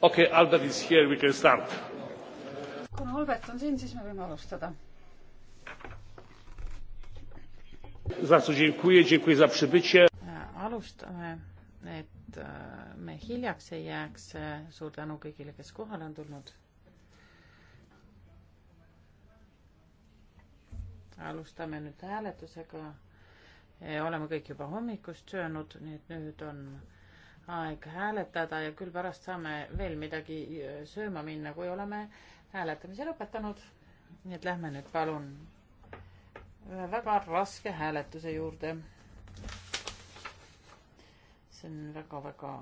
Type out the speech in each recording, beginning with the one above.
okei okay,, Albert is here, we can start. kuna Albert on siin, siis me võime alustada. Äh, alustame, et äh, me hiljaks ei jääks. suur tänu kõigile, kes kohale on tulnud. alustame nüüd hääletusega. Äh, oleme kõik juba hommikust söönud, nii et nüüd on aeg hääletada ja küll pärast saame veel midagi äh, sööma minna, kui oleme hääletamise lõpetanud. nii et lähme nüüd palun ühe väga raske hääletuse juurde. see on väga-väga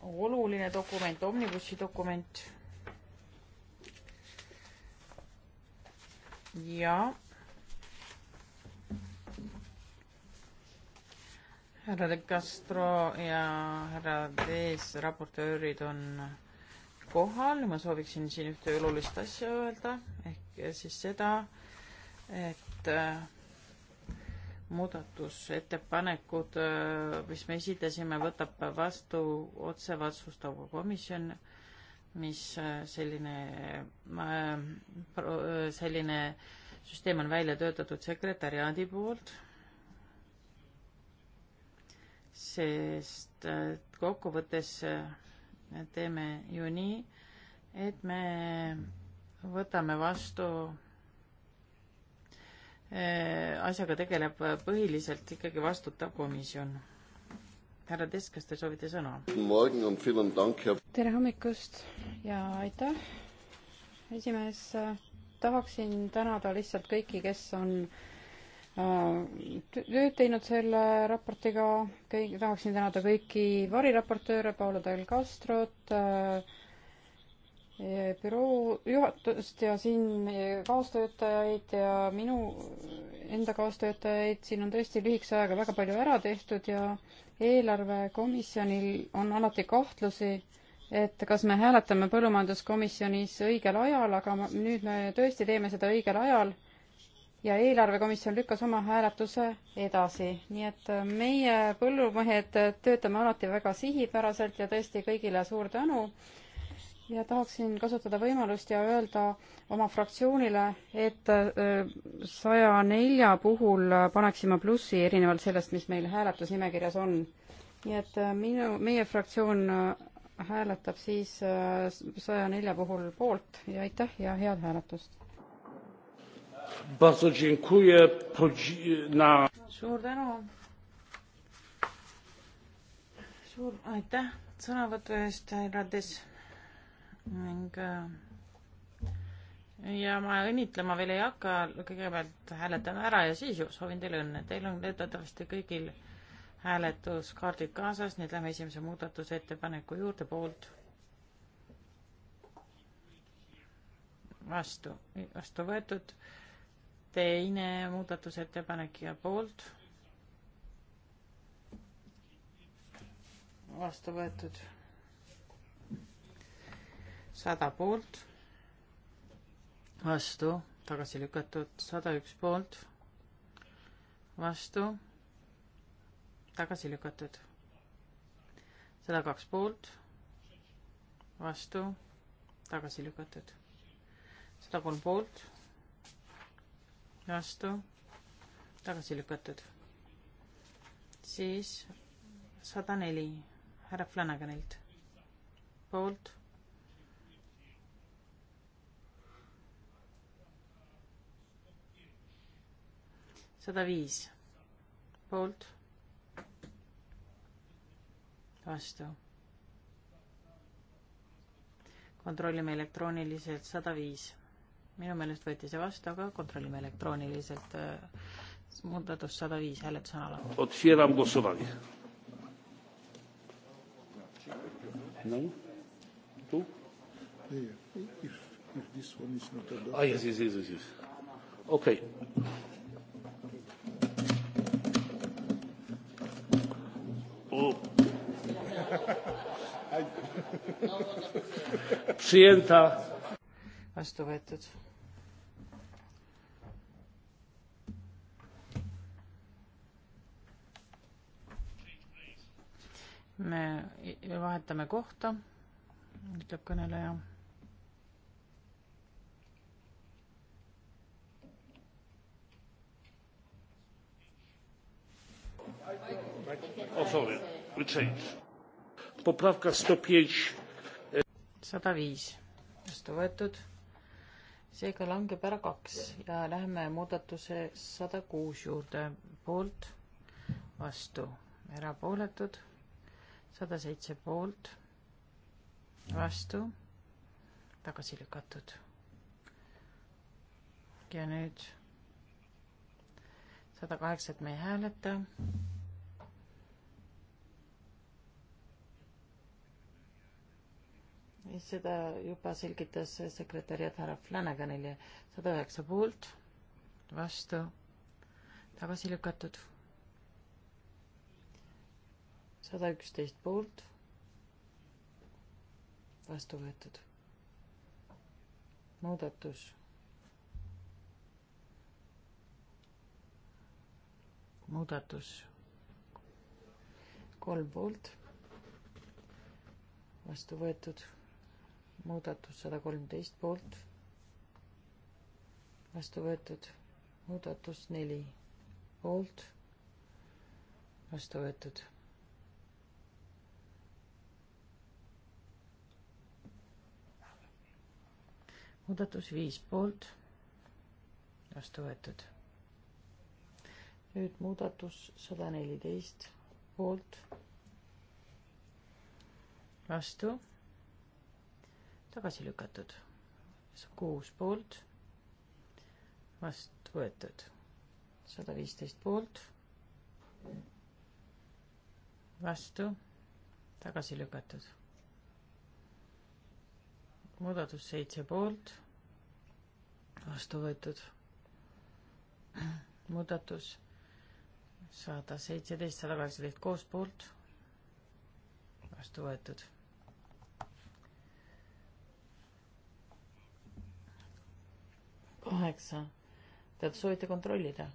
oluline dokument, omnibussi dokument. ja härra De Castro ja härra Dees, raportöörid on kohal, ma sooviksin siin ühte olulist asja öelda, ehk siis seda, et äh, muudatusettepanekud, äh, mis me esitasime, võtab vastu otse vastustav komisjon, mis äh, selline, selline süsteem on välja töötatud sekretäriaadi poolt sest äh, kokkuvõttes äh, teeme ju nii, et me võtame vastu äh, asjaga tegeleb põhiliselt ikkagi vastutav komisjon. härra Tess, kas te soovite sõna? tere hommikust ja aitäh, esimees. tahaksin tänada lihtsalt kõiki, kes on äh, Äh, tööd teinud selle raportiga, kõik, tahaksin tänada kõiki variraportööre, Paolo del Castrot, äh, büroo juhatust ja siin kaastöötajaid ja minu enda kaastöötajaid, siin on tõesti lühikese ajaga väga palju ära tehtud ja eelarvekomisjonil on alati kahtlusi, et kas me hääletame põllumajanduskomisjonis õigel ajal, aga nüüd me tõesti teeme seda õigel ajal ja eelarvekomisjon lükkas oma hääletuse edasi, nii et äh, meie põllumehed äh, töötame alati väga sihipäraselt ja tõesti kõigile suur tänu. ja tahaksin kasutada võimalust ja öelda oma fraktsioonile, et äh, saja nelja puhul paneksime plussi erinevalt sellest, mis meil hääletusnimekirjas on. nii et minu, meie fraktsioon hääletab siis saja nelja puhul poolt ja aitäh ja head hääletust! Bardzo dziękuję. Na... suur tänu. suur aitäh sõnavõtu eest, härra Tess. ning äh, ja ma õnnitlema veel ei hakka, kõigepealt hääletame ära ja siis ju soovin teile õnne. Teil on teatavasti kõigil hääletuskaardid kaasas, nüüd lähme esimese muudatusettepaneku juurde, poolt vastu, vastu võetud teine muudatusettepanek ja poolt. vastu võetud. sada poolt. vastu, tagasi lükatud, sada üks poolt. vastu, tagasi lükatud. sada kaks poolt. vastu, tagasi lükatud. sada kolm poolt vastu, tagasi lükatud. siis sada neli härra Flanaganilt, poolt. sada viis poolt, vastu. kontrollime elektrooniliselt sada viis minu meelest võeti see vastu, aga kontrollime elektrooniliselt. muudatus sada viis, hääletus on alanud. Otwieram głosowanie. No, tu? If, if this one is not adopted. Ah, yes, yes, yes, yes, yes. Okay. O. Przyjęta. Vastu võetud. me vahetame kohta, ütleb kõneleja. Oh, sada viis vastu võetud, seega langeb ära kaks ja läheme muudatuse sada kuus juurde, poolt, vastu, erapooletud sada seitse poolt, vastu, tagasi lükatud. ja nüüd sada kaheksat me ei hääleta. seda juba selgitas sekretäriat härra Flanaganile, sada üheksa poolt, vastu, tagasi lükatud sada üksteist poolt, vastu võetud. muudatus. muudatus kolm poolt, vastu võetud. muudatus sada kolmteist poolt, vastu võetud. muudatus neli poolt, vastu võetud muudatus viis poolt, vastu võetud. nüüd muudatus sada neliteist poolt, vastu, tagasi lükatud, kuus poolt, vastu võetud, sada viisteist poolt, vastu, tagasi lükatud muudatus seitse poolt, vastu võetud. muudatus sada seitseteist, sada kaheksateist koos poolt, vastu võetud. kaheksa, tead, soovite kontrollida?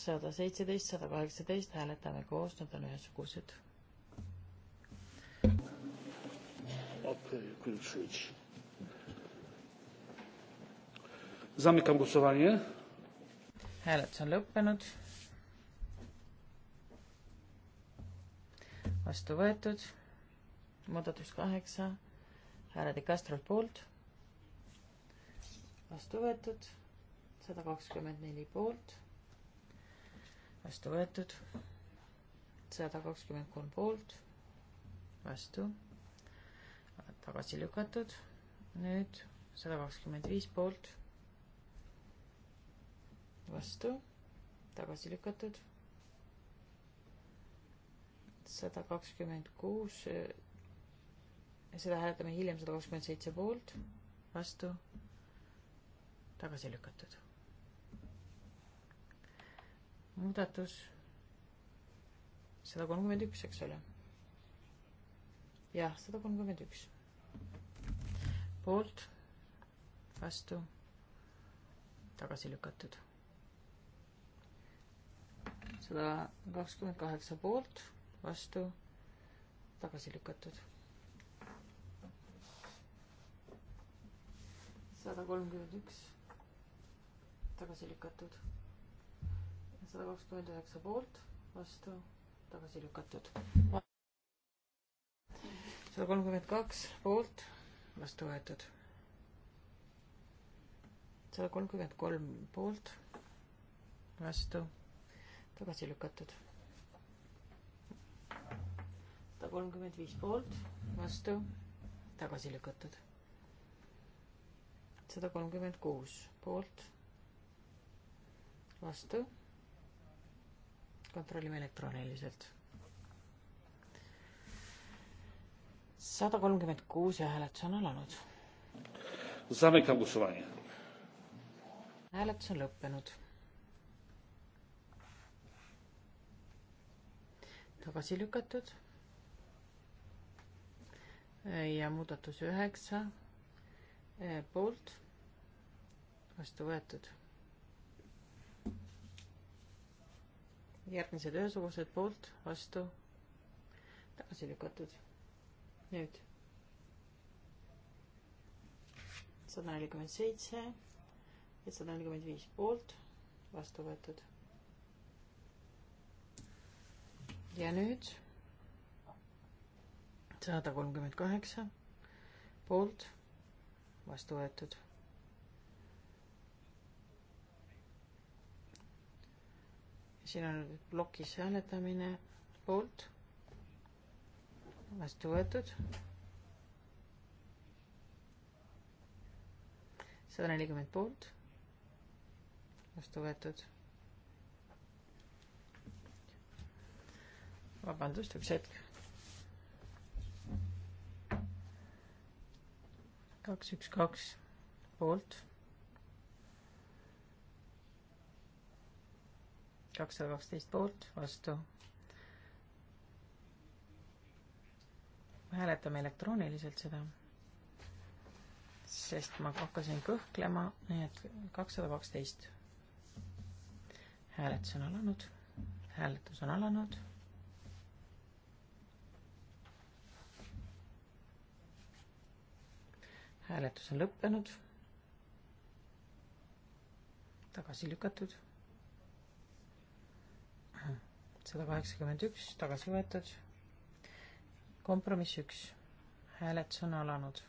sada seitseteist, sada kaheksateist, hääletame koos, nad on ühesugused wykluczyć. Zamykam głosowanie. Hääletus on lõppenud. vastu võetud. muudatus kaheksa. hääled Castrolt poolt. vastu võetud. sada kakskümmend neli poolt. vastu võetud. sada kakskümmend kolm poolt. vastu tagasi lükatud. nüüd sada kakskümmend viis poolt, vastu, tagasi lükatud. sada kakskümmend kuus, seda hääletame hiljem, sada kakskümmend seitse poolt, vastu, tagasi lükatud. muudatus sada kolmkümmend üks, eks ole? jah, sada kolmkümmend üks poolt, vastu, tagasi lükatud. sada kakskümmend kaheksa poolt, vastu, tagasi lükatud. sada kolmkümmend üks, tagasi lükatud. sada kakskümmend üheksa poolt, vastu, tagasi lükatud. sada kolmkümmend kaks poolt vastu võetud. sada kolmkümmend kolm poolt, vastu, tagasi lükatud. sada kolmkümmend viis poolt, vastu, tagasi lükatud. sada kolmkümmend kuus poolt, vastu. kontrollime elektrooniliselt sada kolmkümmend kuus ja hääletus on alanud. hääletus on lõppenud. tagasi lükatud. ja muudatus üheksa e, poolt vastu võetud. järgmised ühesugused poolt, vastu, tagasi lükatud nüüd. sada nelikümmend seitse ja sada nelikümmend viis poolt, vastu võetud. ja nüüd sada kolmkümmend kaheksa poolt, vastu võetud siin on plokis hääletamine poolt, vastu võetud. sada nelikümmend poolt, vastu võetud. vabandust, üks hetk. kaks, üks, kaks poolt. kakssada kaksteist poolt, vastu hääletame elektrooniliselt seda, sest ma hakkasin kõhklema, nii et kakssada kaksteist. hääletus on alanud, hääletus on alanud. hääletus on lõppenud. tagasi lükatud. sada kaheksakümmend üks, tagasi võetud kompromiss üks, hääletus on alanud.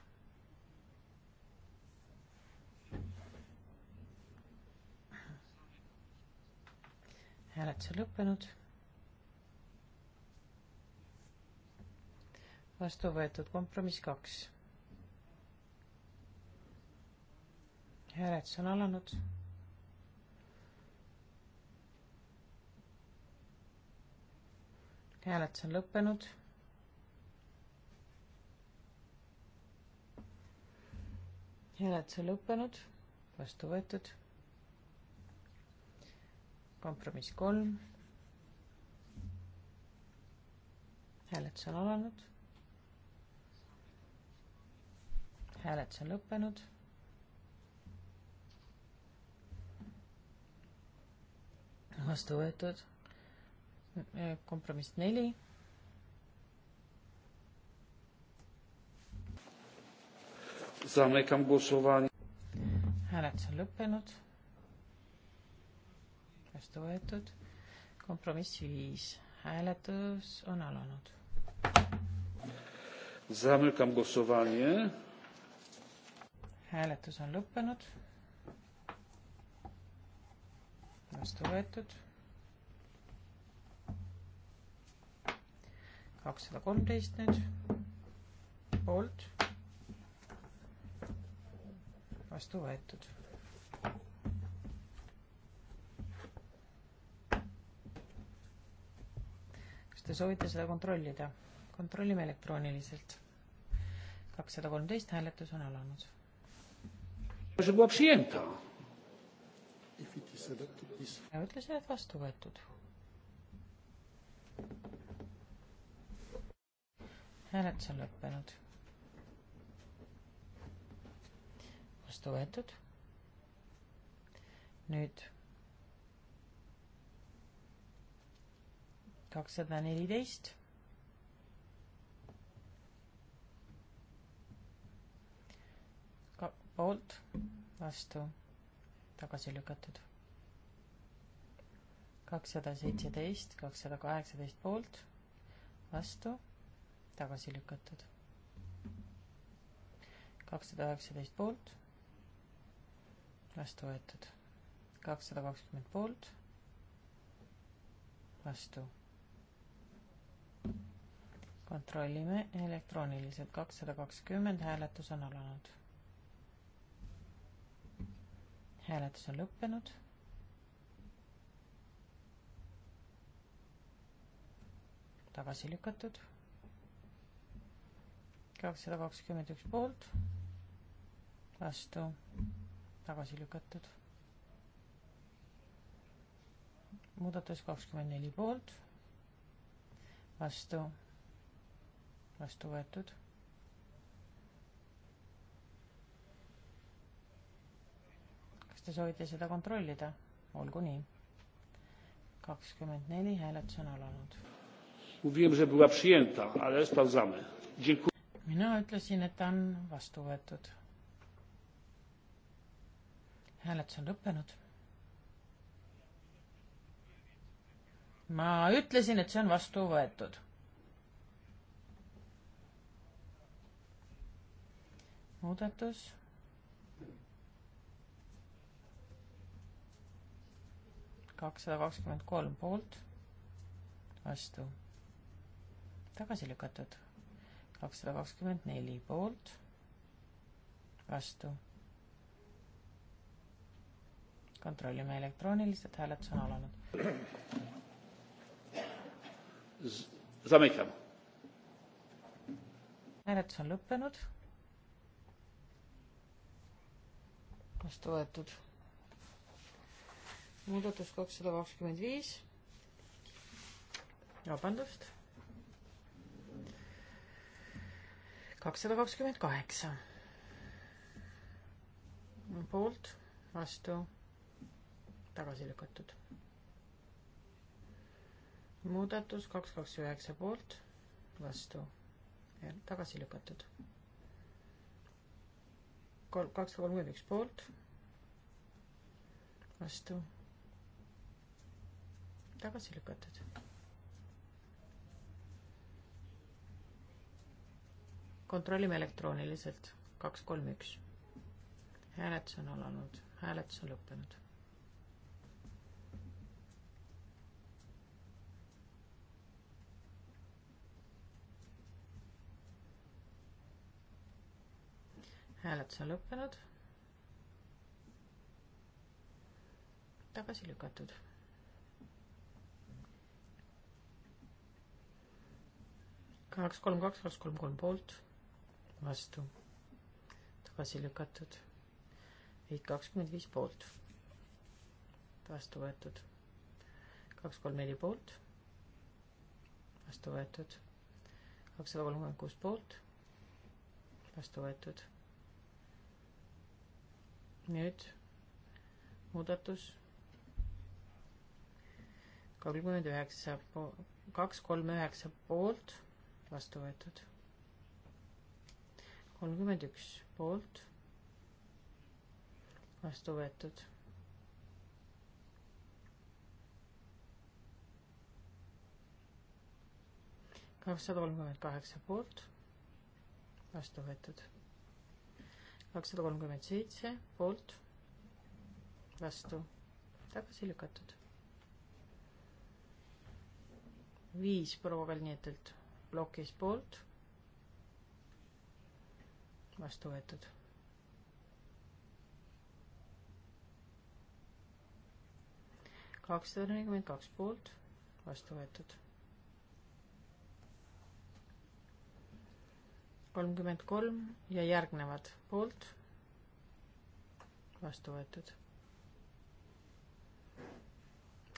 hääletus on lõppenud. vastu võetud kompromiss kaks. hääletus on alanud hääletus on lõppenud. hääletus on lõppenud, vastu võetud. kompromiss kolm. hääletus on alanud. hääletus on lõppenud vastu võetud. kompromiss neli, Zamykam głosowanie. Hääletus on lõppenud. Vastu võetud. Kompromiss 5. Hääletus on alanud. Zamykam głosowanie. Hääletus on lõppenud. Vastu võetud. 213 nüüd. Poolt vastu võetud. kas te soovite seda kontrollida? kontrollime elektrooniliselt. kakssada kolmteist hääletus on alanud. ja ütlesin, et vastu võetud. hääletus on lõppenud vastu võetud. nüüd kakssada neliteist. poolt, vastu, tagasi lükatud. kakssada seitseteist, kakssada kaheksateist poolt, vastu, tagasi lükatud. kakssada üheksateist poolt, vastu võetud. kakssada kakskümmend poolt, vastu. kontrollime elektrooniliselt, kakssada kakskümmend, hääletus on alanud. hääletus on lõppenud. tagasi lükatud. kakssada kakskümmend üks poolt, vastu tagasi lükatud. muudatus kakskümmend neli poolt, vastu, vastu võetud. kas te soovite seda kontrollida? olgu nii. kakskümmend neli hääletus on alanud. mina ütlesin, et ta on vastu võetud hääletus on lõppenud. ma ütlesin, et see on vastu võetud. muudatus. kakssada kakskümmend kolm poolt, vastu, tagasi lükatud, kakssada kakskümmend neli poolt, vastu kontrollime elektrooniliselt, hääletus on alanud. hääletus on lõppenud. vastu võetud. muudatus kakssada kakskümmend viis. vabandust. kakssada kakskümmend kaheksa poolt, vastu, tagasi lükatud. muudatus kaks, kaks, üheksa poolt, vastu, tagasi lükatud. kolm, kakssada kolmkümmend üks poolt, vastu, tagasi lükatud. kontrollime elektrooniliselt, kaks, kolm, üks. hääletus on alanud, hääletus on lõppenud hääletus on lõppenud. tagasi lükatud. kaks, kolm, kaks, kaks, kolm, kolm poolt, vastu, tagasi lükatud. viis, kakskümmend viis poolt, vastu võetud. kaks, kolm, neli poolt, vastu võetud. kakssada kolmkümmend kuus poolt, vastu võetud nüüd muudatus kolmkümmend üheksa, kaks kolm üheksa poolt, vastu võetud. kolmkümmend üks poolt, vastu võetud. kakssada kolmkümmend kaheksa poolt, vastu võetud kakssada kolmkümmend seitse poolt, vastu, tagasi lükatud. viis proua Kalnietelt plokis poolt, vastu võetud. kakssada nelikümmend kaks poolt, vastu võetud kolmkümmend kolm ja järgnevad poolt, vastu võetud.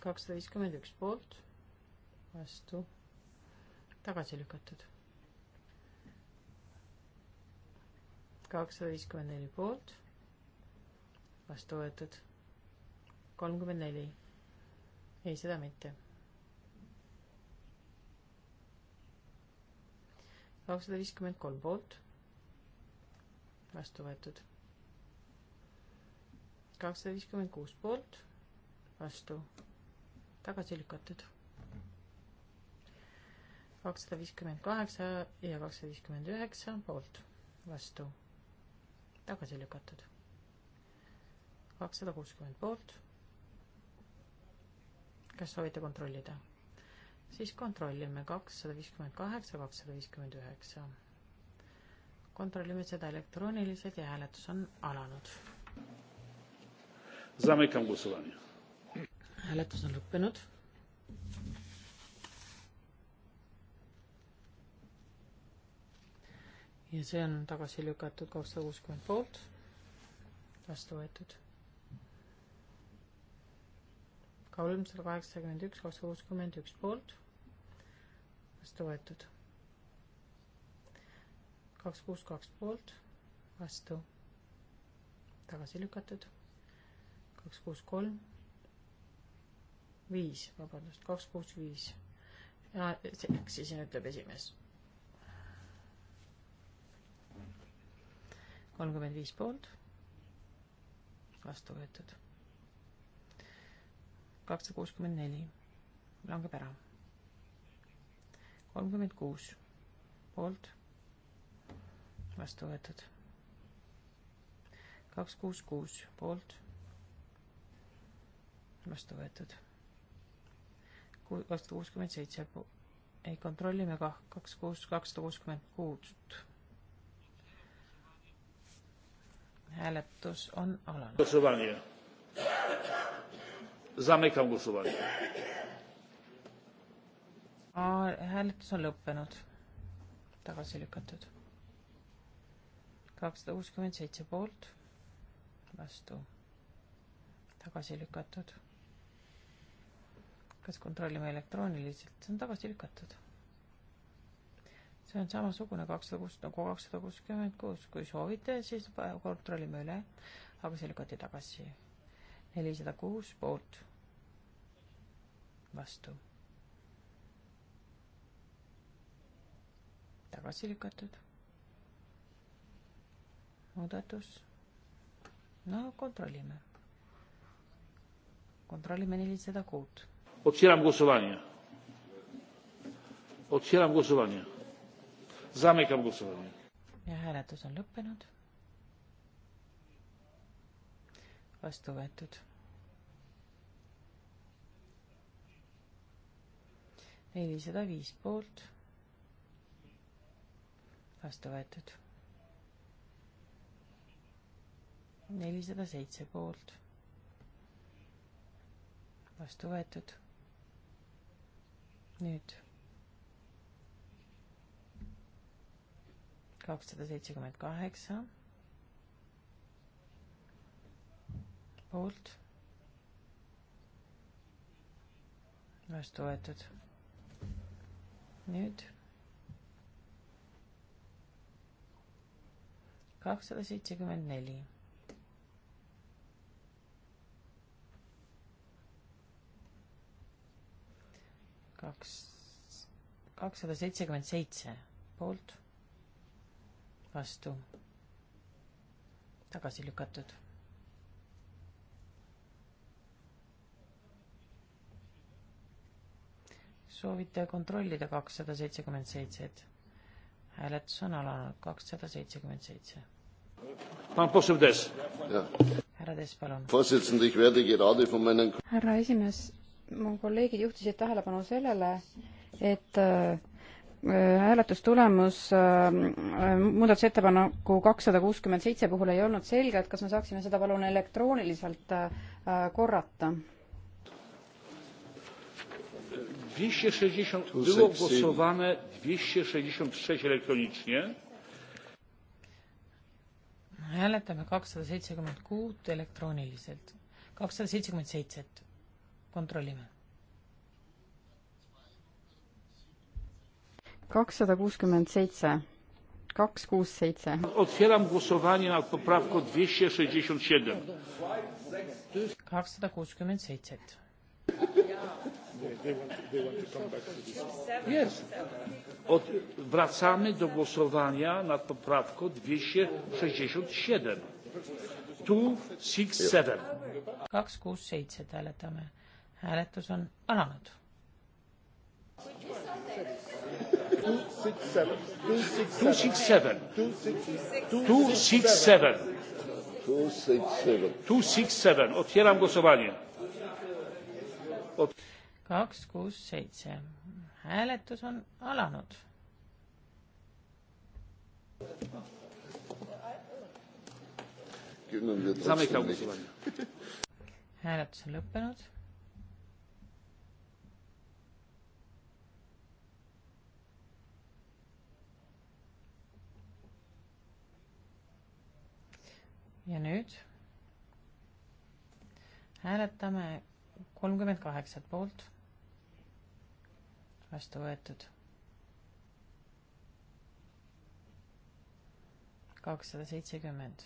kakssada viiskümmend üks poolt, vastu, tagasi lükatud. kakssada viiskümmend neli poolt, vastu võetud. kolmkümmend neli, ei seda mitte kakssada viiskümmend kolm poolt, vastu võetud. kakssada viiskümmend kuus poolt, vastu, tagasi lükatud. kakssada viiskümmend kaheksa ja kakssada viiskümmend üheksa poolt, vastu, tagasi lükatud. kakssada kuuskümmend poolt. kas soovite kontrollida? siis kontrollime kakssada viiskümmend kaheksa, kakssada viiskümmend üheksa. kontrollime seda elektrooniliselt ja hääletus on alanud. hääletus on lõppenud. ja see on tagasi lükatud kakssada kuuskümmend poolt, vastu võetud kolmsada kaheksakümmend üks, kakssada kuuskümmend üks poolt, vastu võetud. kaks kuus kaks poolt, vastu, tagasi lükatud. kaks kuus kolm, viis, vabandust, kaks kuus viis. ja selleks siis ütleb esimees. kolmkümmend viis poolt, vastu võetud. kakssada kuuskümmend neli langeb ära kolmkümmend kuus poolt, vastu võetud. kaks, kuus, kuus poolt, vastu võetud. ku-, vastu kuuskümmend seitse, ei kontrollime kah, kaks, kuus, kakssada kuuskümmend kuut. hääletus on alanud. Zamykam głosowanie hääletus on lõppenud, tagasi lükatud. kakssada kuuskümmend seitse poolt, vastu, tagasi lükatud. kas kontrollime elektrooniliselt, see on tagasi lükatud. see on samasugune kakssada kuus, nagu kakssada kuuskümmend kuus, kui soovite, siis kontrollime üle, aga see lükati tagasi. nelisada kuus poolt, vastu tagasi lükatud. muudatus. no kontrollime. kontrollime nelisada kuut. Otwieram głosowanie. Otwieram głosowanie. Zamykam głosowanie. ja hääletus on lõppenud. vastu võetud nelisada viis poolt vastu võetud. nelisada seitse poolt, vastu võetud. nüüd kakssada seitsekümmend kaheksa poolt, vastu võetud. nüüd kakssada seitsekümmend neli. kaks, kakssada seitsekümmend seitse poolt, vastu, tagasi lükatud. soovite kontrollida kakssada seitsekümmend seitset? hääletus on alanud kakssada seitsekümmend seitse härra Tess, palun. härra esimees, mu kolleegid juhtisid tähelepanu sellele, et äh, äh, hääletustulemus äh, äh, muudatusettepaneku kakssada kuuskümmend seitse puhul ei olnud selge, et kas me saaksime seda palun elektrooniliselt äh, korrata? było głosowane 266 elektronicznie hääletame kakssada seitsekümmend kuut elektrooniliselt. kakssada seitsekümmend seitset, kontrollime. kakssada kuuskümmend seitse, kaks kuus seitse. Otwieram głosowanie nad poprawką dwieście sześćdziesiąt siedem. kakssada kuuskümmend seitset. Yes, Od, wracamy do głosowania nad poprawką dwieście sześćdziesiąt siedem kaks kuus seitset hääletame hääletus on alanud kaks kuus seitse hääletus on alanud. hääletus on lõppenud. ja nüüd hääletame kolmkümmend kaheksat poolt vastu võetud. kakssada seitsekümmend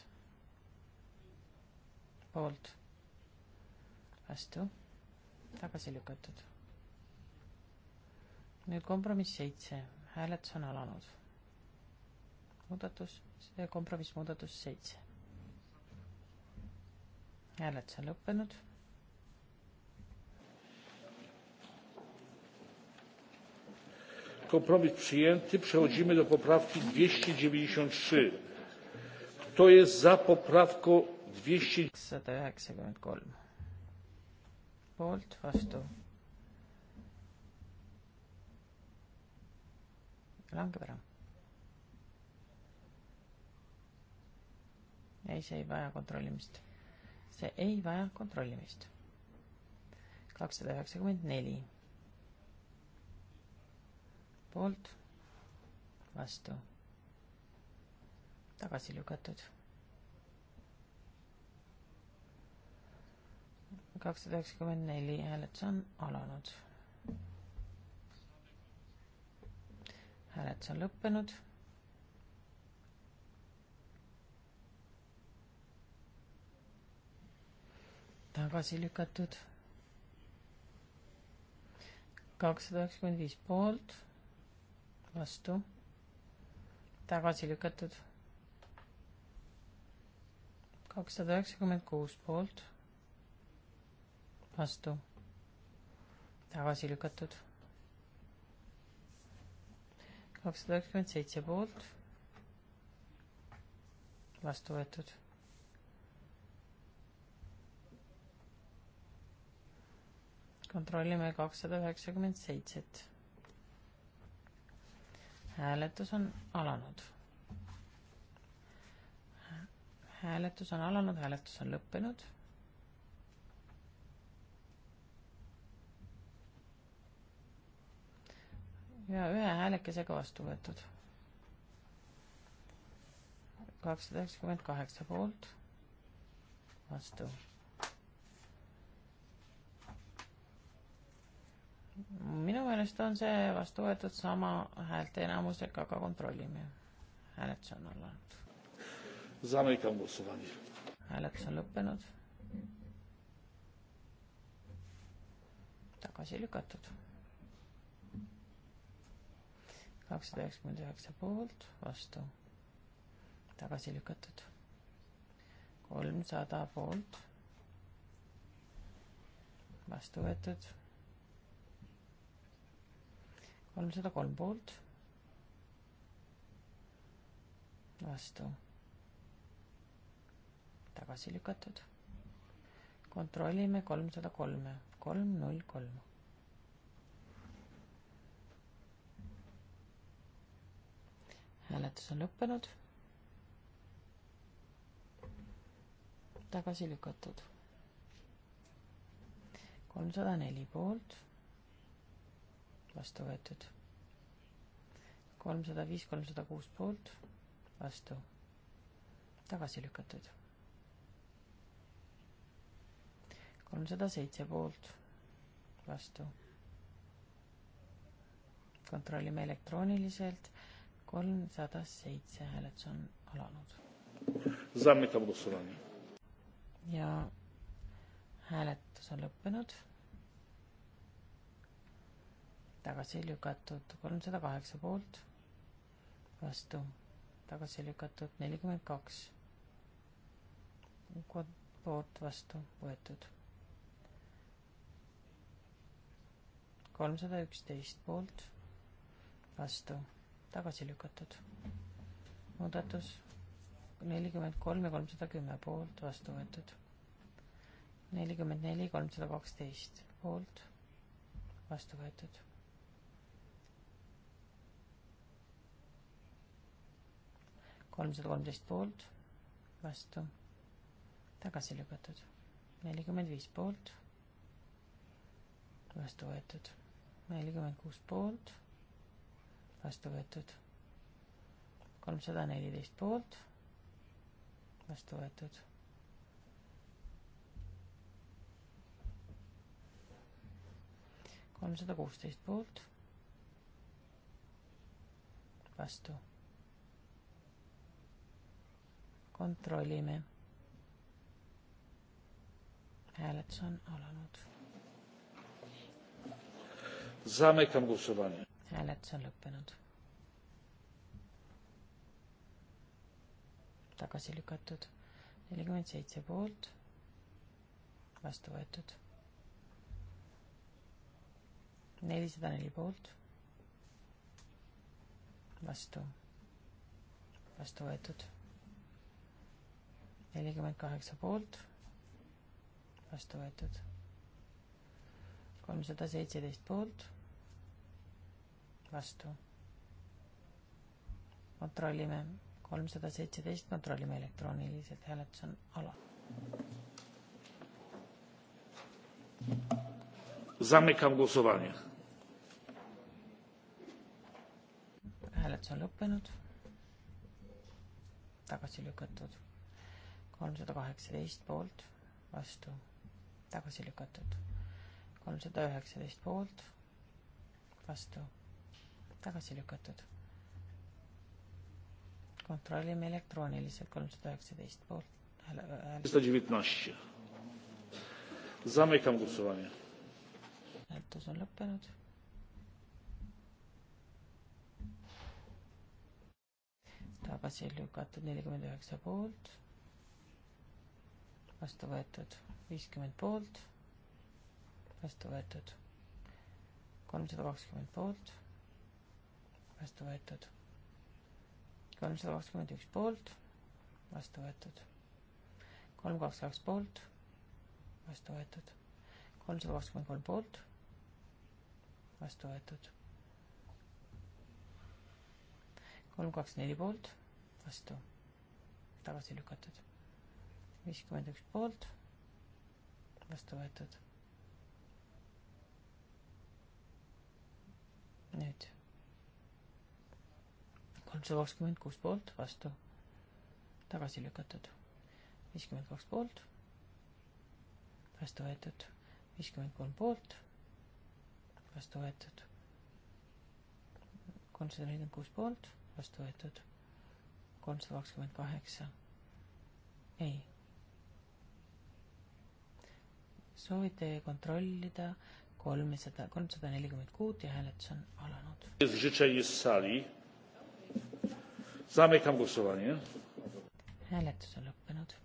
poolt, vastu, tagasi lükatud. nüüd kompromiss seitse, hääletus on alanud. muudatus, kompromiss muudatus seitse. hääletus on lõppenud kompromis przyjęty. przechodzimy do poprawki dwieście dziewięćdzisiąt trzy kto jest za poprawką dwieście poolt vastu langeb ära ei see ei vaja kontrollimist see ei vaja kontrollimist kakssada üheksakümmend neli poolt, vastu, tagasi lükatud. kakssada üheksakümmend neli hääletus on alanud. hääletus on lõppenud tagasi lükatud. kakssada üheksakümmend viis poolt, vastu, tagasi lükatud. kakssada üheksakümmend kuus poolt, vastu, tagasi lükatud. kakssada üheksakümmend seitse poolt, vastu võetud kontrollime kakssada üheksakümmend seitset hääletus on alanud. hääletus on alanud, hääletus on lõppenud. ja ühe häälekesega vastu võetud. kakssada üheksakümmend kaheksa poolt, vastu minu meelest on see vastu võetud sama häälte enamusega, aga kontrollime. hääletus on alanud. hääletus on lõppenud. tagasi lükatud. kakssada üheksakümmend üheksa poolt, vastu, tagasi lükatud. kolmsada poolt, vastu võetud kolmsada kolm poolt, vastu, tagasi lükatud. kontrollime kolmsada kolme, kolm null kolm. hääletus on lõppenud. tagasi lükatud. kolmsada neli poolt vastu võetud. kolmsada viis, kolmsada kuus poolt, vastu, tagasi lükatud. kolmsada seitse poolt, vastu. kontrollime elektrooniliselt, kolmsada seitse hääletus on alanud. ja hääletus on lõppenud tagasi lükatud, kolmsada kaheksa poolt, vastu, tagasi lükatud, nelikümmend kaks poolt vastu võetud. kolmsada üksteist poolt vastu tagasi lükatud. muudatus nelikümmend kolm ja kolmsada kümme poolt vastu võetud. nelikümmend neli, kolmsada kaksteist poolt vastu võetud kolmsada kolmteist poolt, vastu, tagasi lükatud. nelikümmend viis poolt, vastu võetud. nelikümmend kuus poolt, vastu võetud. kolmsada neliteist poolt, vastu võetud. kolmsada kuusteist poolt, vastu kontrollime. hääletus on alanud. hääletus on lõppenud. tagasi lükatud nelikümmend seitse poolt, vastu võetud nelisada neli poolt, vastu, vastu võetud nelikümmend kaheksa poolt, vastu võetud. kolmsada seitseteist poolt, vastu. kontrollime, kolmsada seitseteist, kontrollime elektrooniliselt, hääletus on alanud. Zamykam głosowanie. Hääletus on lõppenud. Tagasi lükatud kolmsada kaheksateist poolt, vastu, tagasi lükatud. kolmsada üheksateist poolt, vastu, tagasi lükatud. kontrollime elektrooniliselt kolmsada üheksateist poolt. Äh, Zamykam głosowanie. Hääletus on lõppenud. tagasi lükatud nelikümmend üheksa poolt vastu võetud viiskümmend poolt, vastu võetud kolmsada kakskümmend poolt, vastu võetud kolmsada kakskümmend üks poolt, vastu võetud kolm kaks kaks poolt, vastu võetud kolmsada kakskümmend kolm poolt, vastu võetud kolm kaks neli poolt, vastu, tagasi lükatud viiskümmend üks poolt, vastu võetud. nüüd kolmsada kakskümmend kuus poolt, vastu, tagasi lükatud, viiskümmend kaks poolt, vastu võetud, viiskümmend kolm poolt, vastu võetud, kolmsada nelikümmend kuus poolt, vastu võetud, kolmsada kakskümmend kaheksa, ei soovite kontrollida kolmesada, kolmsada nelikümmend kuut ja hääletus on alanud. hääletus on lõppenud.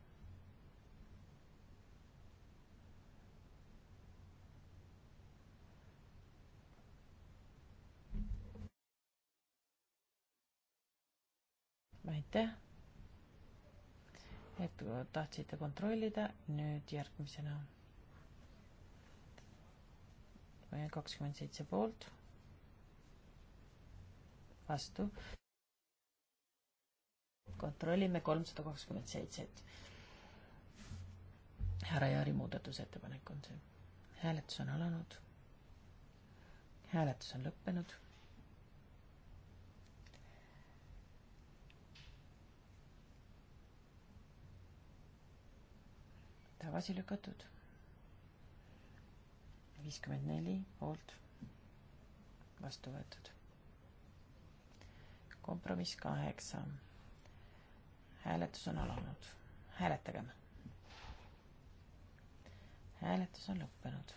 aitäh, et tahtsite kontrollida, nüüd järgmisena kakskümmend seitse poolt, vastu. kontrollime kolmsada kakskümmend seitset. härra Jaari muudatusettepanek on see. hääletus on alanud. hääletus on lõppenud. tagasi lükatud viiskümmend neli poolt, vastu võetud. kompromiss kaheksa. hääletus on alanud, hääletagem. hääletus on lõppenud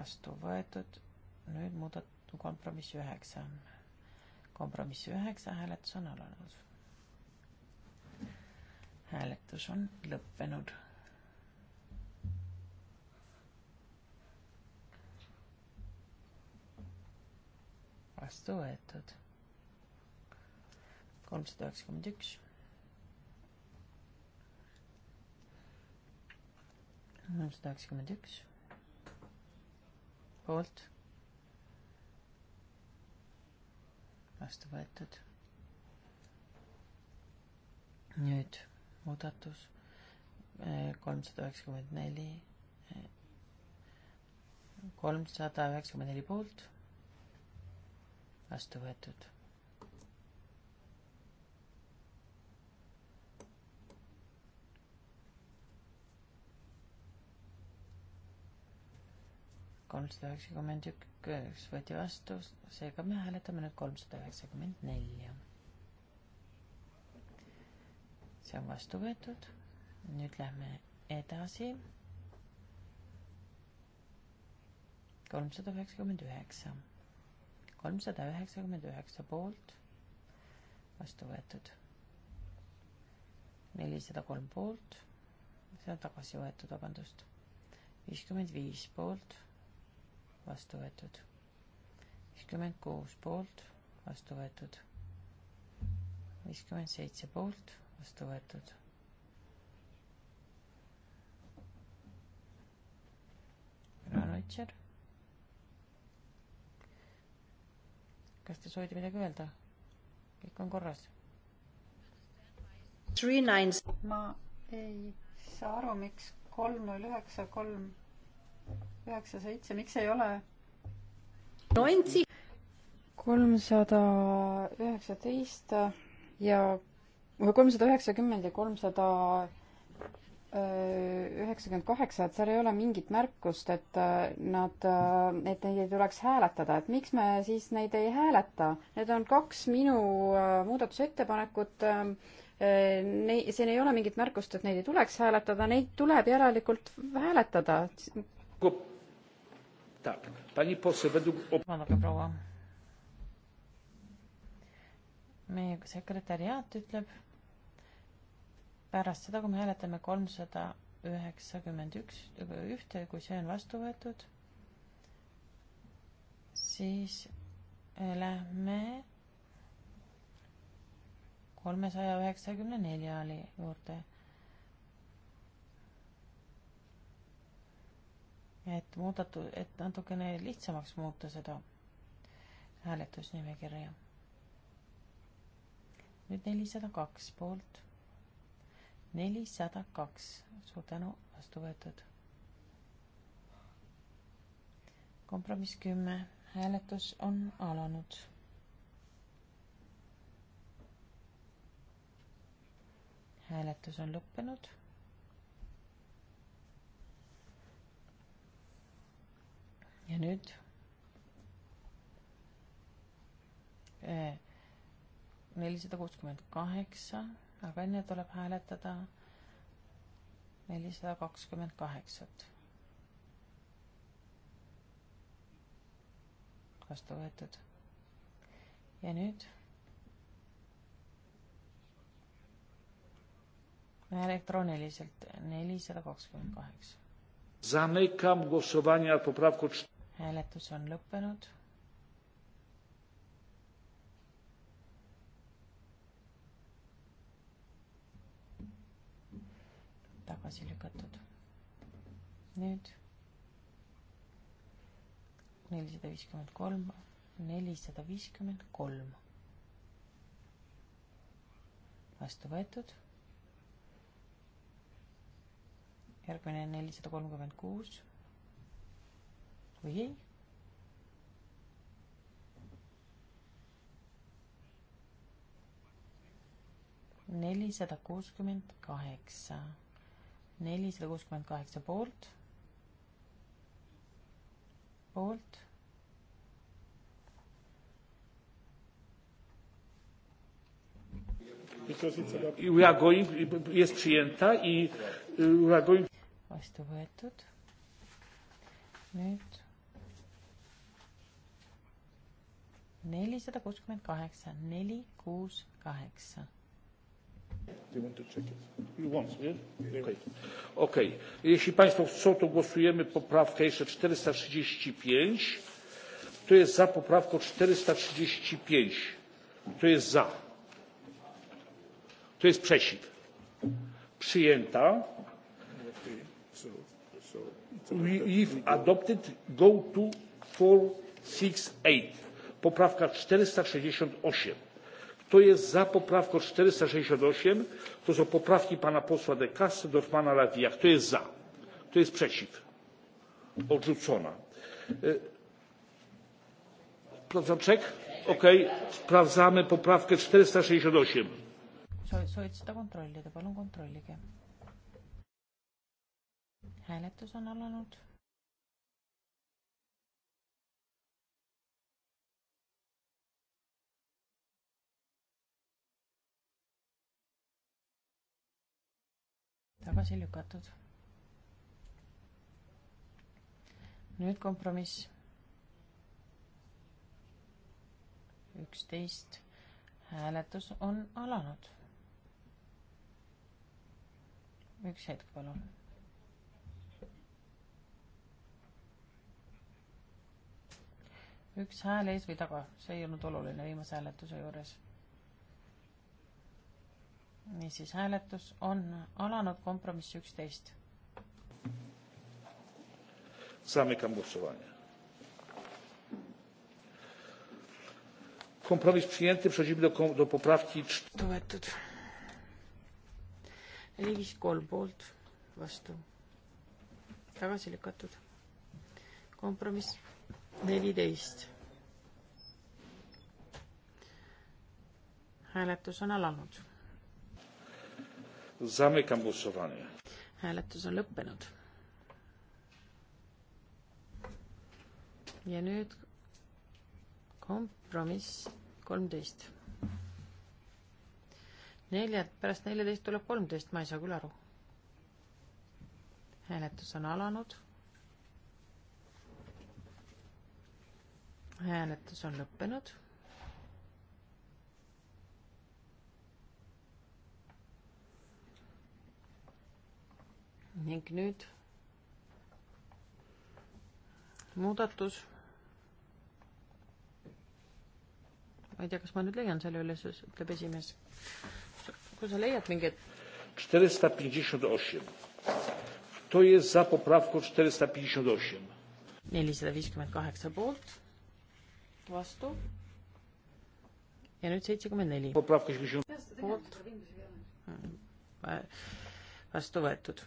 vastu võetud, nüüd muudatud kompromiss üheksa. kompromiss üheksa hääletus on alanud hääletus on lõppenud. vastu võetud. kolmsada üheksakümmend üks. kolmsada üheksakümmend üks. poolt. vastu võetud. nüüd muudatus eh, kolmsada üheksakümmend neli, eh, kolmsada üheksakümmend neli poolt, vastu võetud. kolmsada üheksakümmend üks võeti vastu, seega me hääletame nüüd kolmsada üheksakümmend nelja see on vastu võetud. nüüd lähme edasi. kolmsada üheksakümmend üheksa, kolmsada üheksakümmend üheksa poolt, vastu võetud. nelisada kolm poolt, see on tagasi võetud, vabandust. viiskümmend viis poolt, vastu võetud. viiskümmend kuus poolt, vastu võetud. viiskümmend seitse poolt vastu võetud. Ratcher. kas te soovite midagi öelda? kõik on korras. ma ei saa aru, miks kolm null üheksa, kolm üheksa, seitse, miks ei ole? kolmsada üheksateist ja kolmsada üheksakümmend ja kolmsada üheksakümmend kaheksa, et seal ei ole mingit märkust, et äh, nad, äh, et neid ei tuleks hääletada, et miks me siis neid ei hääleta. Need on kaks minu äh, muudatusettepanekut. Nei-, siin ei ole mingit märkust, et neid ei tuleks hääletada, neid tuleb järelikult hääletada. vabandage, proua. meie sekretäriaat ütleb pärast seda, kui me hääletame kolmsada üheksakümmend üks, ühte, kui see on vastu võetud, siis lähme kolmesaja üheksakümne neljali juurde. et muudatu-, et natukene lihtsamaks muuta seda hääletusnimekirja. nüüd nelisada kaks poolt nelisada kaks, suur tänu, vastu võetud. kompromiss kümme, hääletus on alanud. hääletus on lõppenud. ja nüüd eh, nelisada kuuskümmend kaheksa aga enne tuleb hääletada nelisada kakskümmend kaheksat. vastu võetud. ja nüüd elektrooniliselt nelisada kakskümmend kaheksa. Zamykam głosowanie nad poprawką. Hääletus on lõppenud tagasi lükatud. nüüd nelisada viiskümmend kolm, nelisada viiskümmend kolm. vastu võetud. järgmine nelisada kolmkümmend kuus või ei nelisada kuuskümmend kaheksa nelisada kuuskümmend kaheksa poolt, poolt. vastu võetud. nüüd nelisada kuuskümmend kaheksa, neli, kuus, kaheksa Okay. Jeśli Państwo chcą, to głosujemy poprawkę jeszcze 435. Kto jest za poprawką 435? Kto jest za? Kto jest przeciw? Przyjęta. If adopted, go to 468. Poprawka 468 kto jest za poprawką czterysta sześćdziesiąt osiem to są poprawki pana posła de castro dorfmanna la via kto jest za kto jest przeciw? odrzucona. E, sprawdzam czek? ok sprawdzamy poprawkę czterysta sześćdziesiąt osiem soovite seda kontrollida palun kontrollige hääletus on alanud tagasi lükatud. nüüd kompromiss. üksteist hääletus on alanud. üks hetk, palun. üks hääl ees või taga, see ei olnud oluline viimase hääletuse juures niisiis, hääletus on alanud, kompromiss üksteist. Zamykam głosowanie. Kompromis przyjęty. Przechodzimy do, do poprawki. Toetud. Riigis kolm poolt, vastu, tagasi lükatud. kompromiss neliteist. hääletus on alanud Zamykam głosowanie. Hääletus on lõppenud. ja nüüd kompromiss kolmteist. nelja, pärast neljateist tuleb kolmteist, ma ei saa küll aru. hääletus on alanud. hääletus on lõppenud ning nüüd muudatus. ma ei tea, kas ma nüüd leian selle üles, ütleb esimees. kui sa leiad mingeid. Czterysta pięćdziesiąt osiem. Kto jest za poprawką czterysta pięćdziesiąt osiem? nelisada viiskümmend kaheksa poolt, vastu. ja nüüd seitsekümmend neli. poolt, vastu võetud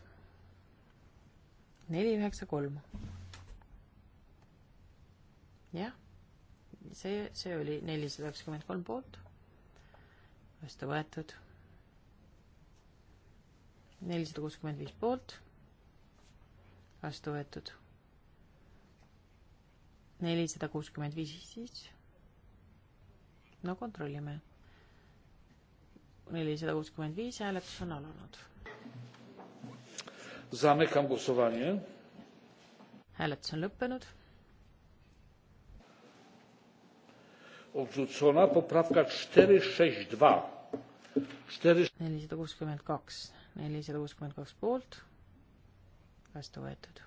neli üheksa kolm. jah, see, see oli nelisada üheksakümmend kolm poolt, vastu võetud. nelisada kuuskümmend viis poolt, vastu võetud. nelisada kuuskümmend viis siis. no kontrollime. nelisada kuuskümmend viis hääletus on alanud Zamykam głosowanie. Hääletus on lõppenud. Odrzucona poprawka 462. 462. 462 poolt. Vastu võetud.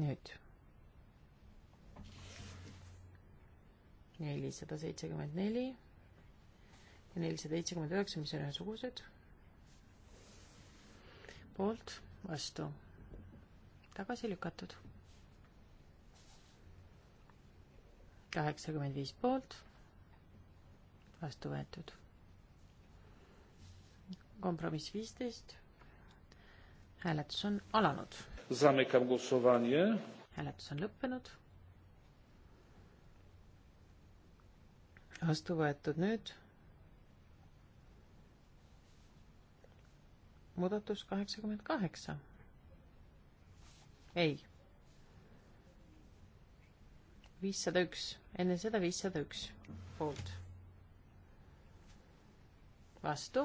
Nüüd. nelisada seitsekümmend neli ja nelisada seitsekümmend üheksa, mis on ühesugused poolt, vastu, tagasi lükatud. kaheksakümmend viis poolt, vastu võetud. kompromiss viisteist. hääletus on alanud. hääletus on lõppenud. vastu võetud nüüd muudatus kaheksakümmend kaheksa. ei. viissada üks, enne seda viissada üks poolt. vastu.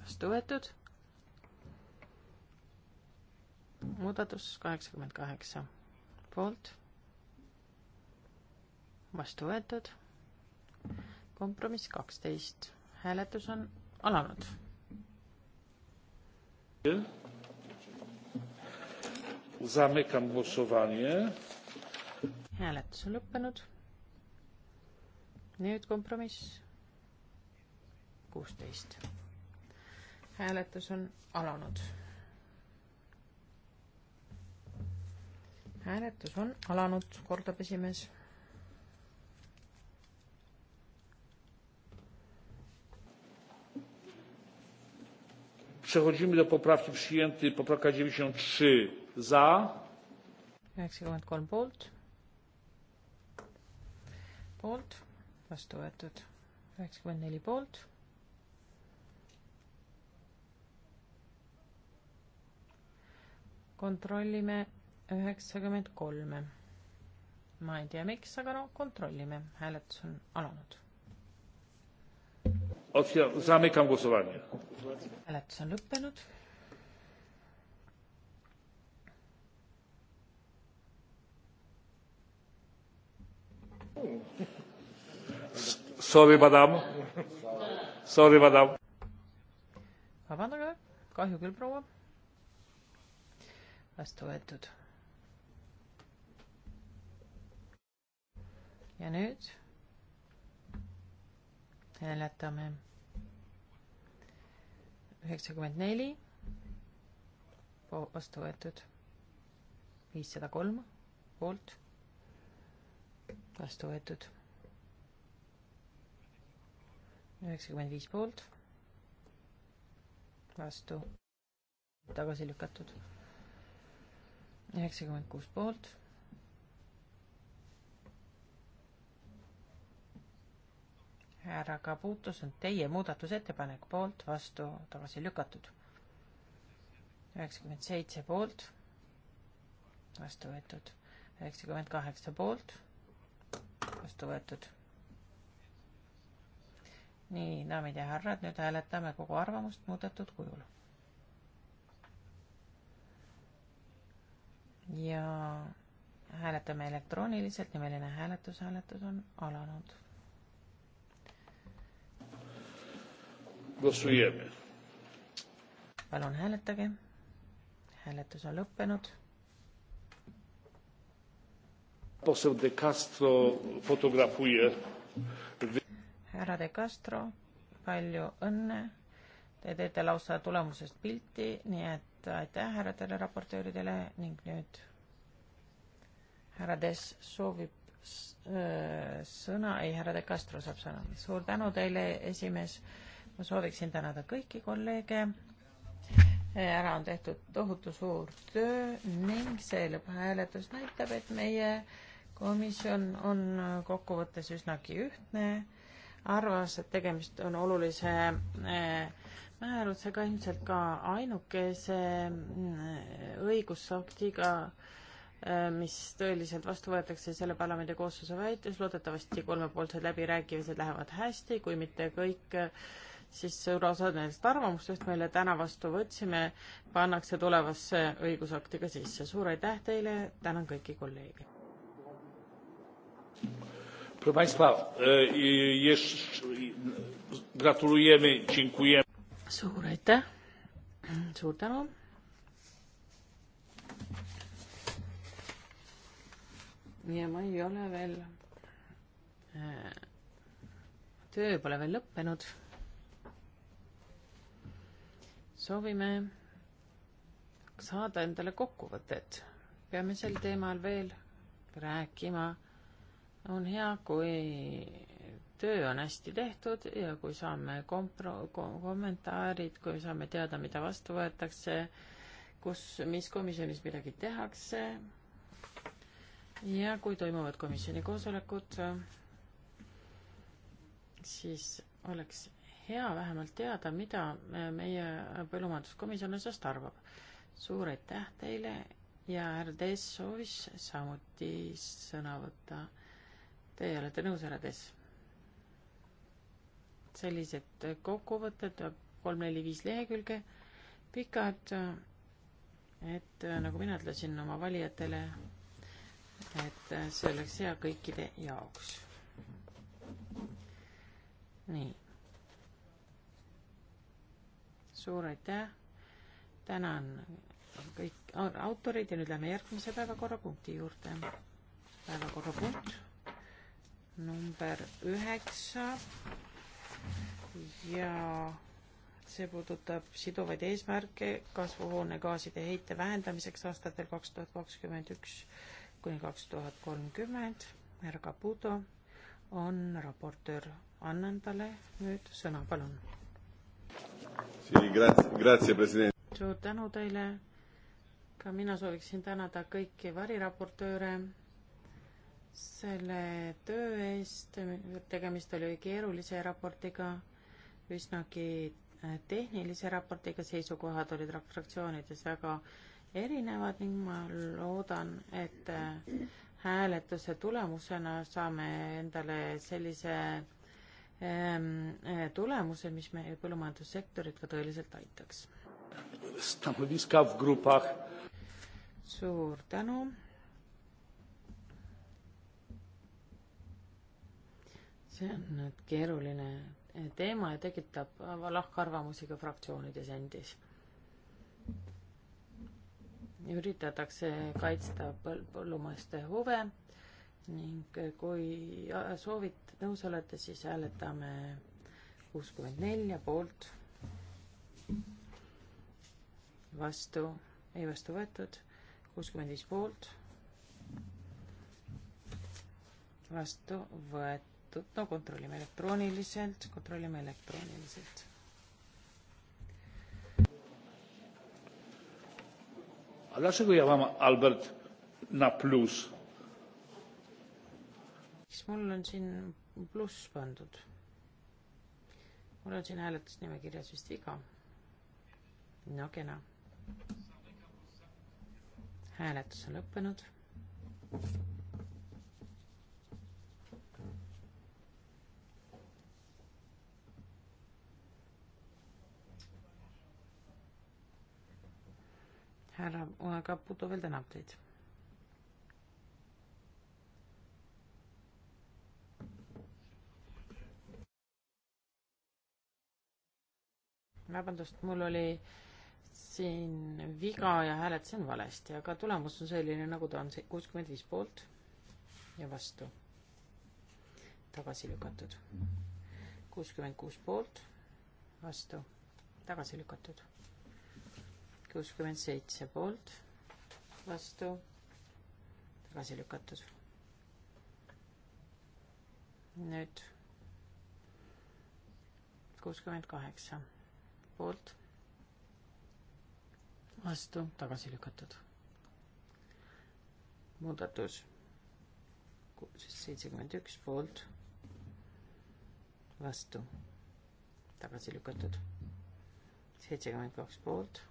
vastu võetud. muudatus kaheksakümmend kaheksa poolt. vastu võetud. kompromiss kaksteist hääletus on alanud. hääletus on lõppenud. nüüd kompromiss kuusteist. hääletus on alanud. hääletus on alanud, kordab esimees Przechodzimy do poprawki przyjętej. Poprawka 93 za. 93 poolt. Poolt. Vastu võetud. 94 poolt. kontrollime üheksakümmend kolme. ma ei tea, miks, aga no kontrollime, hääletus on alanud Zamykam głosowanie. Hääletus on lõppenud. Sorry, madam. Sorry, madam. vabandage, kahju küll, proua. vastu võetud. ja nüüd hääletame. üheksakümmend neli, vastu võetud. viissada kolm, poolt, vastu võetud. üheksakümmend viis poolt, vastu, tagasi lükatud. üheksakümmend kuus poolt härra Kabutus on teie muudatusettepanek poolt, vastu, tagasi lükatud. üheksakümmend seitse poolt, vastu võetud. üheksakümmend kaheksa poolt, vastu võetud. nii, daamid ja härrad, nüüd hääletame kogu arvamust muudetud kujul. ja hääletame elektrooniliselt, nimeline hääletus, hääletus on alanud Głosujemy. palun hääletage. hääletus on lõppenud. härra De Castro, palju õnne. Te teete lausa tulemusest pilti, nii et aitäh härradele raportööridele ning nüüd härra Dess soovib äh, sõna, ei, härra De Castro saab sõna. suur tänu teile, esimees ma sooviksin tänada kõiki kolleege. ära on tehtud tohutu suur töö ning see lõpphääletus näitab, et meie komisjon on kokkuvõttes üsnagi ühtne, arvas, et tegemist on olulise eh, määrusega, ilmselt ka ainukese eh, õigusaktiga, eh, mis tõeliselt vastu võetakse selle parlamendi koosseisu väites, loodetavasti kolmepoolsed läbirääkimised lähevad hästi, kui mitte kõik siis suurosa nendest arvamustest, mille täna vastu võtsime, pannakse tulevasse õigusakti ka sisse. suur aitäh teile, tänan kõiki kolleege. E, suur aitäh, suur tänu. ja ma ei ole veel, e, töö pole veel lõppenud soovime saada endale kokkuvõtet. peame sel teemal veel rääkima. on hea, kui töö on hästi tehtud ja kui saame kompro-, kommentaarid, kui saame teada, mida vastu võetakse, kus, mis komisjonis midagi tehakse ja kui toimuvad komisjoni koosolekud, siis oleks hea vähemalt teada, mida äh, meie põllumajanduskomisjon asjast arvab. suur aitäh teile ja härra Tess soovis samuti sõna võtta. Teie olete nõus, härra Tess? sellised kokkuvõtted, kolm-neli-viis lehekülge, pikad, et äh, nagu mina ütlesin oma valijatele, et äh, see oleks hea kõikide jaoks. nii suur aitäh, tänan kõik autorid ja nüüd lähme järgmise päevakorrapunkti juurde. päevakorrapunkt number üheksa ja see puudutab siduvaid eesmärke kasvuhoonegaaside heite vähendamiseks aastatel kaks tuhat kakskümmend üks kuni kaks tuhat kolmkümmend. härra Caputo on raportöör, annan talle nüüd sõna, palun suur tänu teile. ka mina sooviksin tänada kõiki variraportööre selle töö eest. tegemist oli keerulise raportiga, üsnagi äh, tehnilise raportiga, seisukohad olid fraktsioonides väga erinevad ning ma loodan, et äh, hääletuse tulemusena saame endale sellise Ähm, äh, tulemuse, mis meie põllumajandussektorit ka tõeliselt aitaks. suur tänu. see on nüüd keeruline teema ja tekitab lahkarvamusi ka fraktsioonides endis. üritatakse kaitsta põllumeeste huve ning kui äh, soovid, nõus olete, siis hääletame kuuskümmend nelja poolt, vastu, ei vastu võetud, kuuskümmend viis poolt, vastu võetud, no kontrollime elektrooniliselt, kontrollime elektrooniliselt dlaczego ja mam albert na plus? siis mul on siin pluss pandud. mul on siin hääletusnimekirjas vist viga. no kena. hääletus on lõppenud. härra Kaputo veel tänab teid vabandust, mul oli siin viga ja hääletasin valesti, aga tulemus on selline, nagu ta on, kuuskümmend viis poolt ja vastu. tagasi lükatud. kuuskümmend kuus poolt, vastu, tagasi lükatud. kuuskümmend seitse poolt, vastu, tagasi lükatud. nüüd kuuskümmend kaheksa poolt, vastu, tagasi lükatud. muudatus seitsekümmend üks poolt, vastu, tagasi lükatud. seitsekümmend kaks poolt,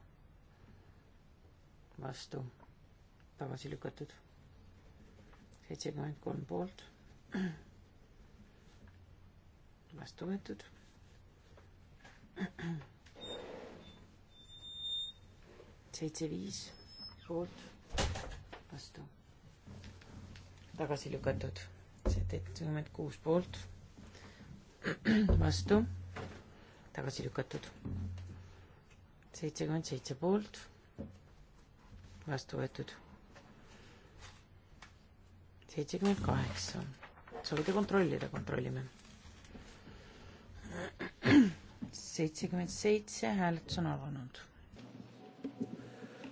vastu, tagasi lükatud. seitsekümmend kolm poolt, vastu võetud seitse, viis poolt, vastu. tagasi lükatud, seitsekümmend kuus poolt, vastu, tagasi lükatud. seitsekümmend seitse poolt, vastu võetud. seitsekümmend kaheksa, soovite kontrollida, kontrollime. seitsekümmend seitse, hääletus on alanud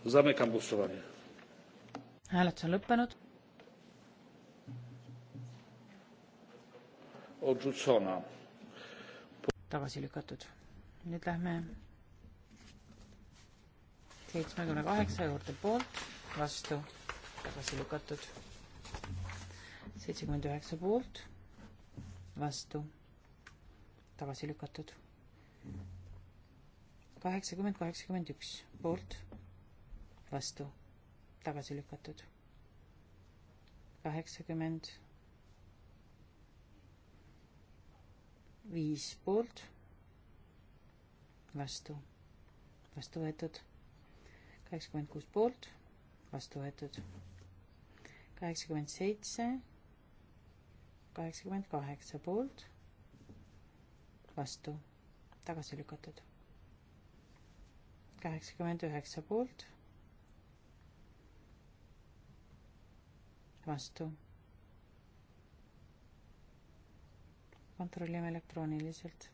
Zamykam głosowanie. Hääletus on lõppenud. Odrzucona. Tagasi lükatud. Nüüd lähme 78 juurde poolt, vastu, tagasi lükatud. 79 poolt, vastu, tagasi lükatud. 80, 81 poolt vastu, tagasi lükatud. kaheksakümmend viis poolt, vastu, vastu võetud. kaheksakümmend kuus poolt, vastu võetud. kaheksakümmend seitse, kaheksakümmend kaheksa poolt, vastu, tagasi lükatud kaheksakümmend üheksa poolt, vastu. kontrollime elektrooniliselt.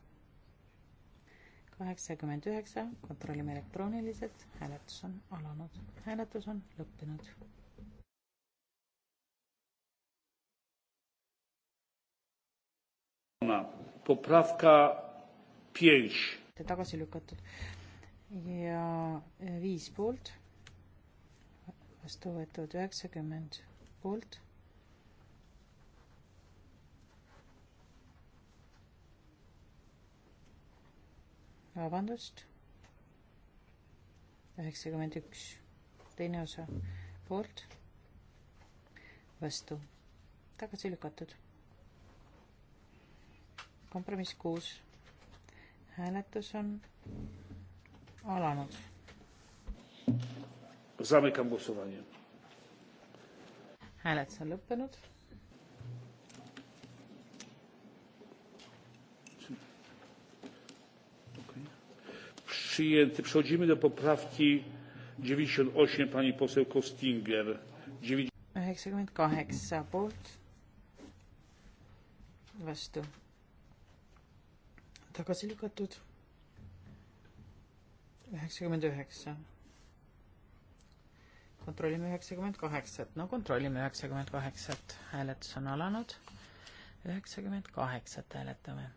kaheksakümmend üheksa, kontrollime elektrooniliselt, hääletus on alanud, hääletus on lõppenud. poprawka pięć. tagasi lükatud ja viis poolt, vastu võetud üheksakümmend poolt. vabandust. üheksakümmend üks, teine osa poolt, vastu, tagasi lükatud. kompromiss kuus. hääletus on alanud. Zamykam głosowanie hääletus on lõppenud. przyjęty. Przechodzimy do poprawki 98 pani poseł Kostinger. 98 poolt. Vastu. Tagasi lükatud. 99 kontrollime üheksakümmend kaheksat, no kontrollime üheksakümmend kaheksat, hääletus on alanud, üheksakümmend kaheksat hääletame.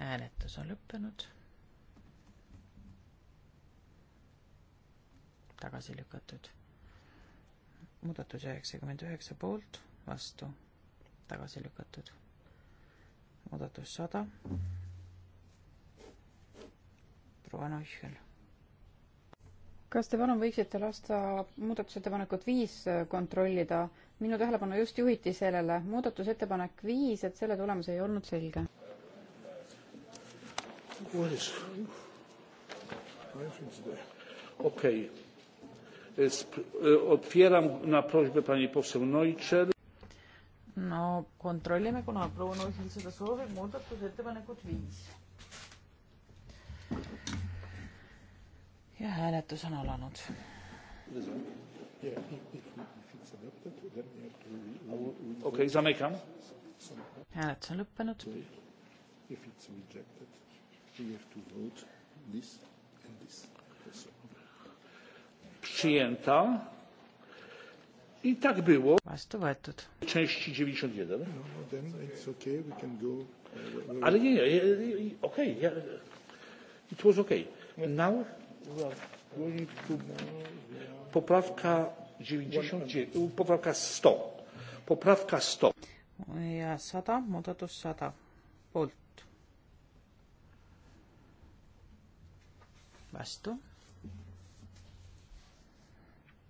hääletus on lõppenud. tagasi lükatud. muudatus üheksakümmend üheksa poolt, vastu, tagasi lükatud. muudatus sada. proua Neuchel kas te palun võiksite lasta muudatusettepanekut viis äh, kontrollida? minu tähelepanu just juhiti sellele, muudatusettepanek viis, et selle tulemus ei olnud selge. okei okay., otwieram na prośbę pani poseł Neutschel. no kontrollime, kuna proua Neutschel seda soovib, muudatusettepanekut viis ja hääletus on alanud. okei, zamykam. hääletus on lõppenud. Przyjęta. I tak było. Vastu võetud. Części 91. No, then it's okay, we can go. Uh, Ale nie, okej. Okay, yeah. It was okay. Now Poprawka 90, poprawka 100. Poprawka 100. ja sada, muudatus sada poolt. vastu.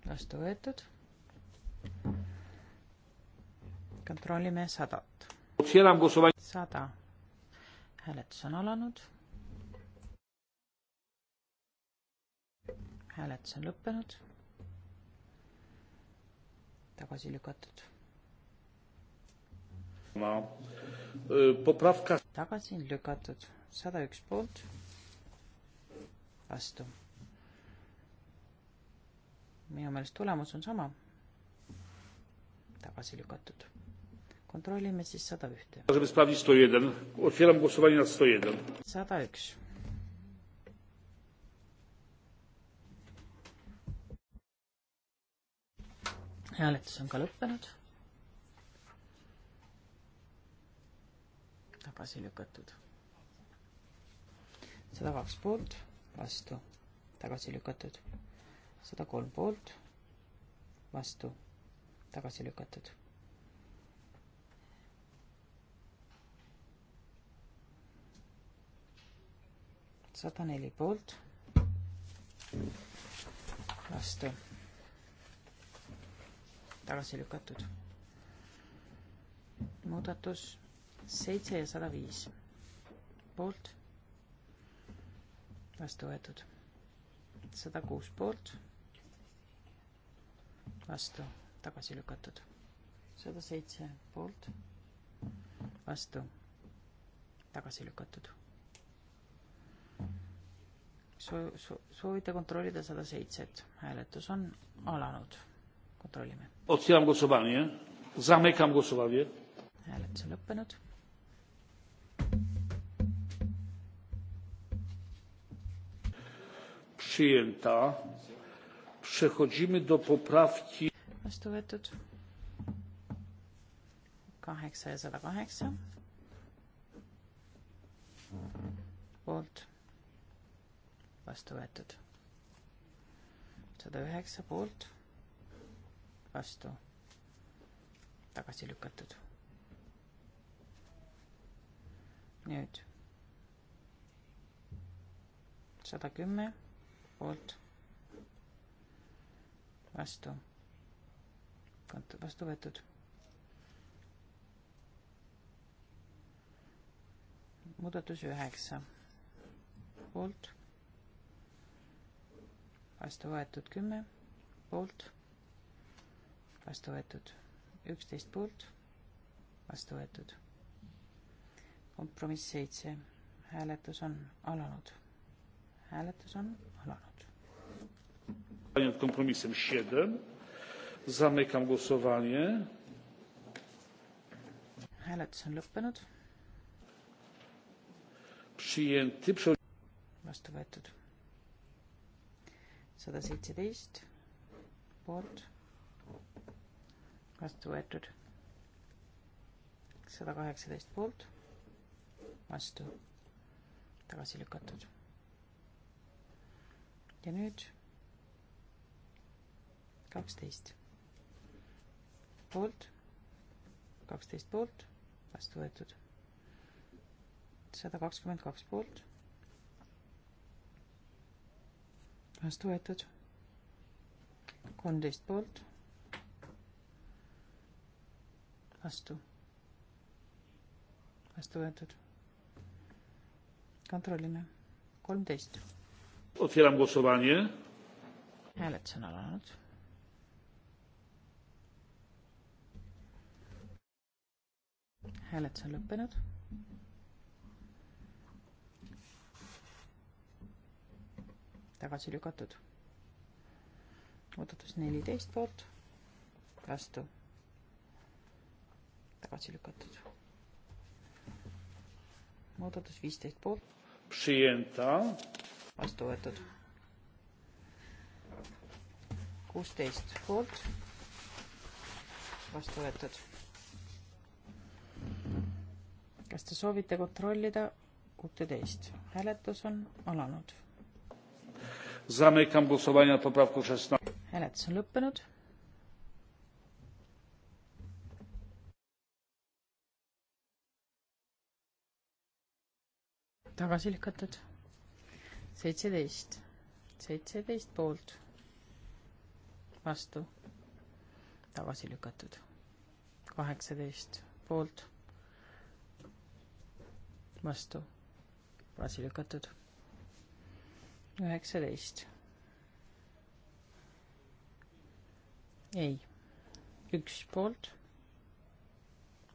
vastu võetud. kontrollime sadat. sada. hääletus on alanud hääletus on lõppenud. tagasi lükatud. E, tagasi lükatud, sada üks poolt, vastu. minu meelest tulemus on sama. tagasi lükatud. kontrollime siis sada ühte. sada üks hääletus on ka lõppenud. tagasi lükatud. sada kaks poolt, vastu, tagasi lükatud. sada kolm poolt, vastu, tagasi lükatud. sada neli poolt, vastu tagasi lükatud. muudatus seitse ja sada viis poolt, vastu võetud. sada kuus poolt, vastu, tagasi lükatud. sada seitse poolt, vastu, tagasi lükatud. soo-, soo-, soovite kontrollida sada seitset, hääletus on alanud kontrollime. hääletus on lõppenud. przyjęta. Przechodzimy do poprawki. vastu võetud. kaheksa ja sada kaheksa. poolt. vastu võetud. sada üheksa poolt vastu, tagasi lükatud. nüüd sada kümme poolt, vastu, vastu võetud. muudatus üheksa poolt vastu võetud kümme, poolt, vastu võetud, üksteist poolt, vastu võetud. kompromiss seitse, hääletus on alanud, hääletus on alanud. nad kompromissem siedem, zamykam głosowanie. hääletus on lõppenud. Przyjęty. vastu võetud sada seitseteist poolt vastu võetud sada kaheksateist poolt, vastu, tagasi lükatud. ja nüüd kaksteist poolt, kaksteist poolt, vastu võetud sada kakskümmend kaks poolt. vastu võetud. kolmteist poolt. vastu, vastu võetud. kontrollime, kolmteist. hääletus on alanud. hääletus on lõppenud tagasi lükatud. muudatus neliteist poolt, vastu tagasi lükatud. muudatus viisteist poolt. vastu võetud. kuusteist poolt. vastu võetud. kas te soovite kontrollida kuuteteist? hääletus on alanud. Zamykam głosowanie nad poprawką 16. Hääletus on lõppenud tagasi lükatud. seitseteist, seitseteist poolt, vastu, tagasi lükatud. kaheksateist poolt, vastu, tagasi lükatud. üheksateist. ei, üks poolt,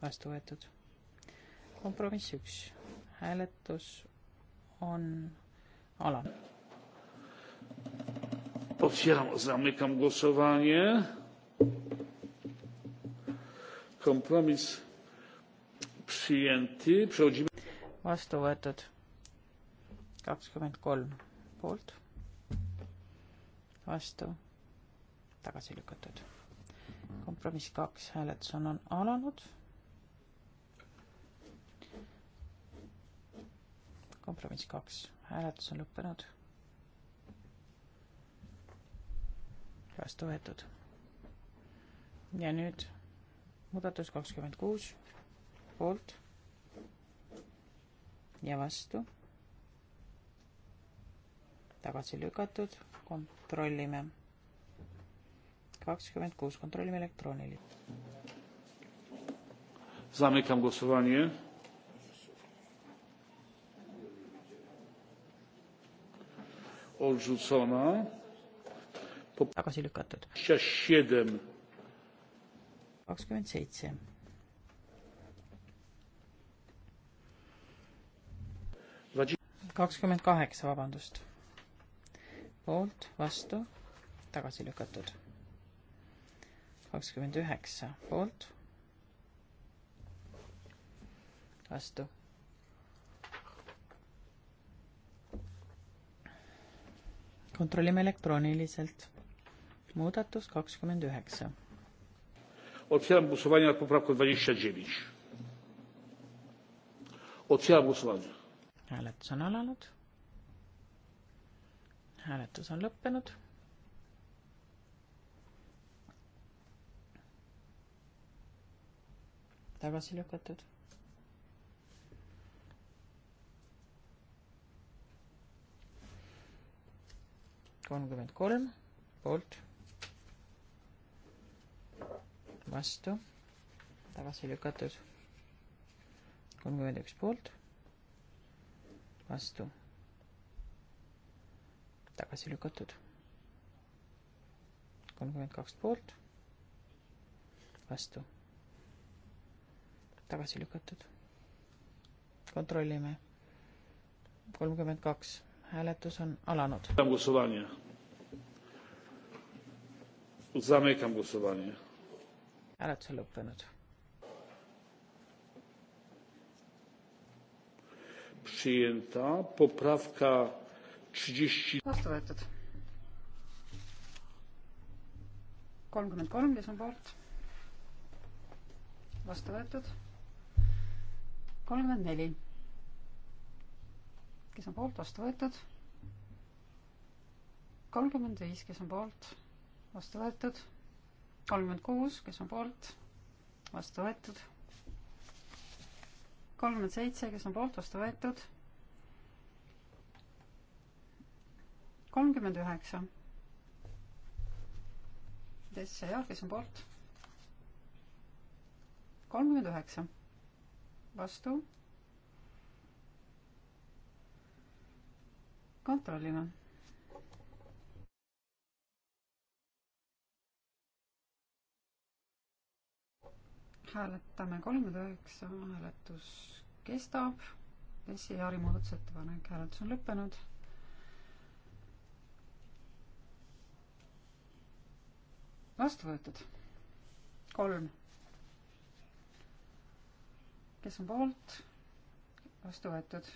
vastu võetud. kompromiss üks hääletus on alanud. Otwieram, zamykam głosowanie. Kompromis przyjęty. Przechodzimy. Vastu võetud. kakskümmend kolm poolt. vastu. tagasi lükatud. kompromiss kaks, hääletus on, on alanud kompromiss kaks, hääletus on lõppenud. vastu võetud. ja nüüd muudatus kakskümmend kuus, poolt ja vastu. tagasi lükatud, kontrollime. kakskümmend kuus, kontrollime elektrooniliselt. Zamykam głosowanie. tagasi lükatud. kakskümmend seitse. kakskümmend kaheksa, vabandust. poolt, vastu, tagasi lükatud. kakskümmend üheksa, poolt, vastu kontrollime elektrooniliselt. muudatus kakskümmend üheksa. Otwieram głosowanie nad poprawką 29. Otwieram głosowanie. Hääletus on alanud. Hääletus on lõppenud. Tagasi lükatud kolmkümmend kolm poolt, vastu, tagasi lükatud, kolmkümmend üks poolt, vastu, tagasi lükatud, kolmkümmend kaks poolt, vastu, tagasi lükatud. kontrollime, kolmkümmend kaks hääletus on alanud. hääletus on lõppenud. przyjęta. Poprawka 30. vastu võetud. kolmkümmend kolm, kes on poolt? vastu võetud. kolmkümmend neli kes on poolt, vastu võetud. kolmkümmend viis, kes on poolt, vastu võetud. kolmkümmend kuus, kes on poolt, vastu võetud. kolmkümmend seitse, kes on poolt, vastu võetud. kolmkümmend üheksa. teise jah, kes on poolt? kolmkümmend üheksa. vastu kontrollime. hääletame kolmkümmend üheksa, hääletus kestab. Vessi ja Jari muudatusettepanek, hääletus on lõppenud. vastu võetud. kolm. kes on poolt? vastu võetud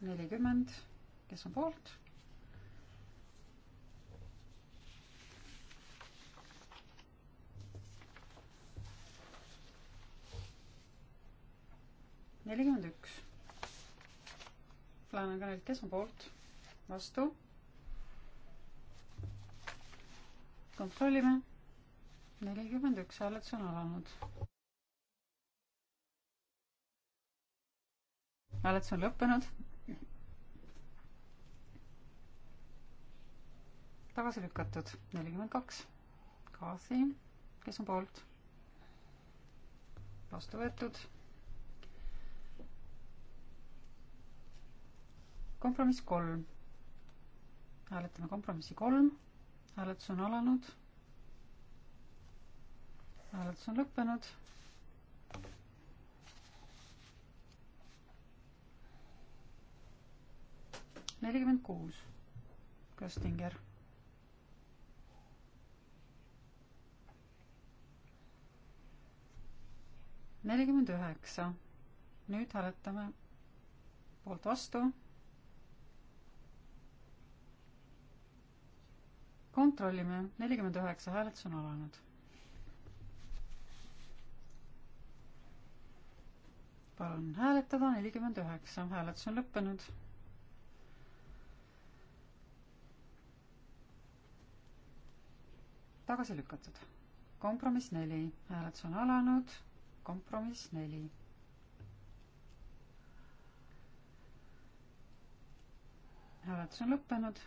nelikümmend kes on poolt? nelikümmend üks. Laenan Kanel, kes on poolt? vastu. kontrollime. nelikümmend üks hääletus on alanud. hääletus on lõppenud tagasi lükatud, nelikümmend kaks. Kaasi, kes on poolt? vastu võetud. kompromiss kolm. hääletame kompromissi kolm. hääletus on alanud. hääletus on lõppenud. nelikümmend kuus. Köstinger nelikümmend üheksa. nüüd hääletame poolt vastu. kontrollime, nelikümmend üheksa hääletus on alanud. palun hääletada, nelikümmend üheksa, hääletus on lõppenud. tagasi lükatud. kompromiss neli, hääletus on alanud kompromiss neli. hääletus on lõppenud.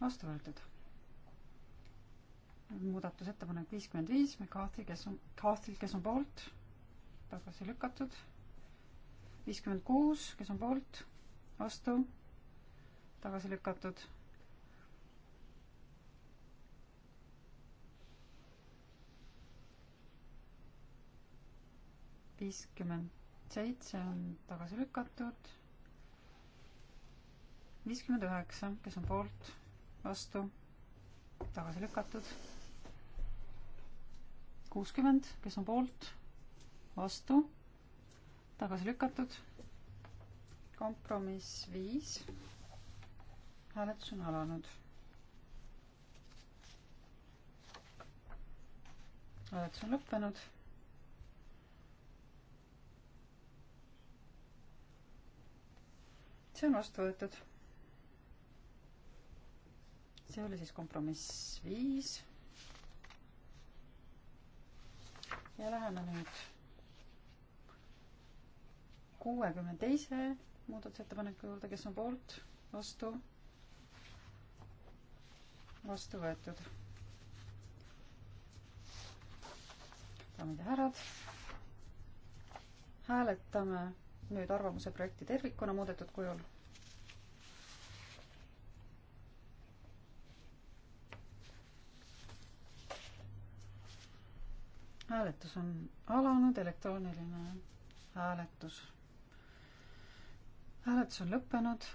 vastu võetud. muudatusettepanek viiskümmend viis, McCarthy, kes on, McCarthy, kes on poolt, tagasi lükatud. viiskümmend kuus, kes on poolt, vastu, tagasi lükatud viiskümmend seitse on tagasi lükatud. viiskümmend üheksa, kes on poolt, vastu, tagasi lükatud. kuuskümmend, kes on poolt, vastu, tagasi lükatud. kompromiss viis. hääletus on alanud hääletus on lõppenud see on vastu võetud. see oli siis kompromiss viis. ja läheme nüüd kuuekümne teise muudatusettepaneku juurde, kes on poolt, vastu, vastu võetud. daamid ja härrad, hääletame nüüd arvamuse projekti tervikuna muudetud kujul. hääletus on alanud, elektrooniline hääletus. hääletus on lõppenud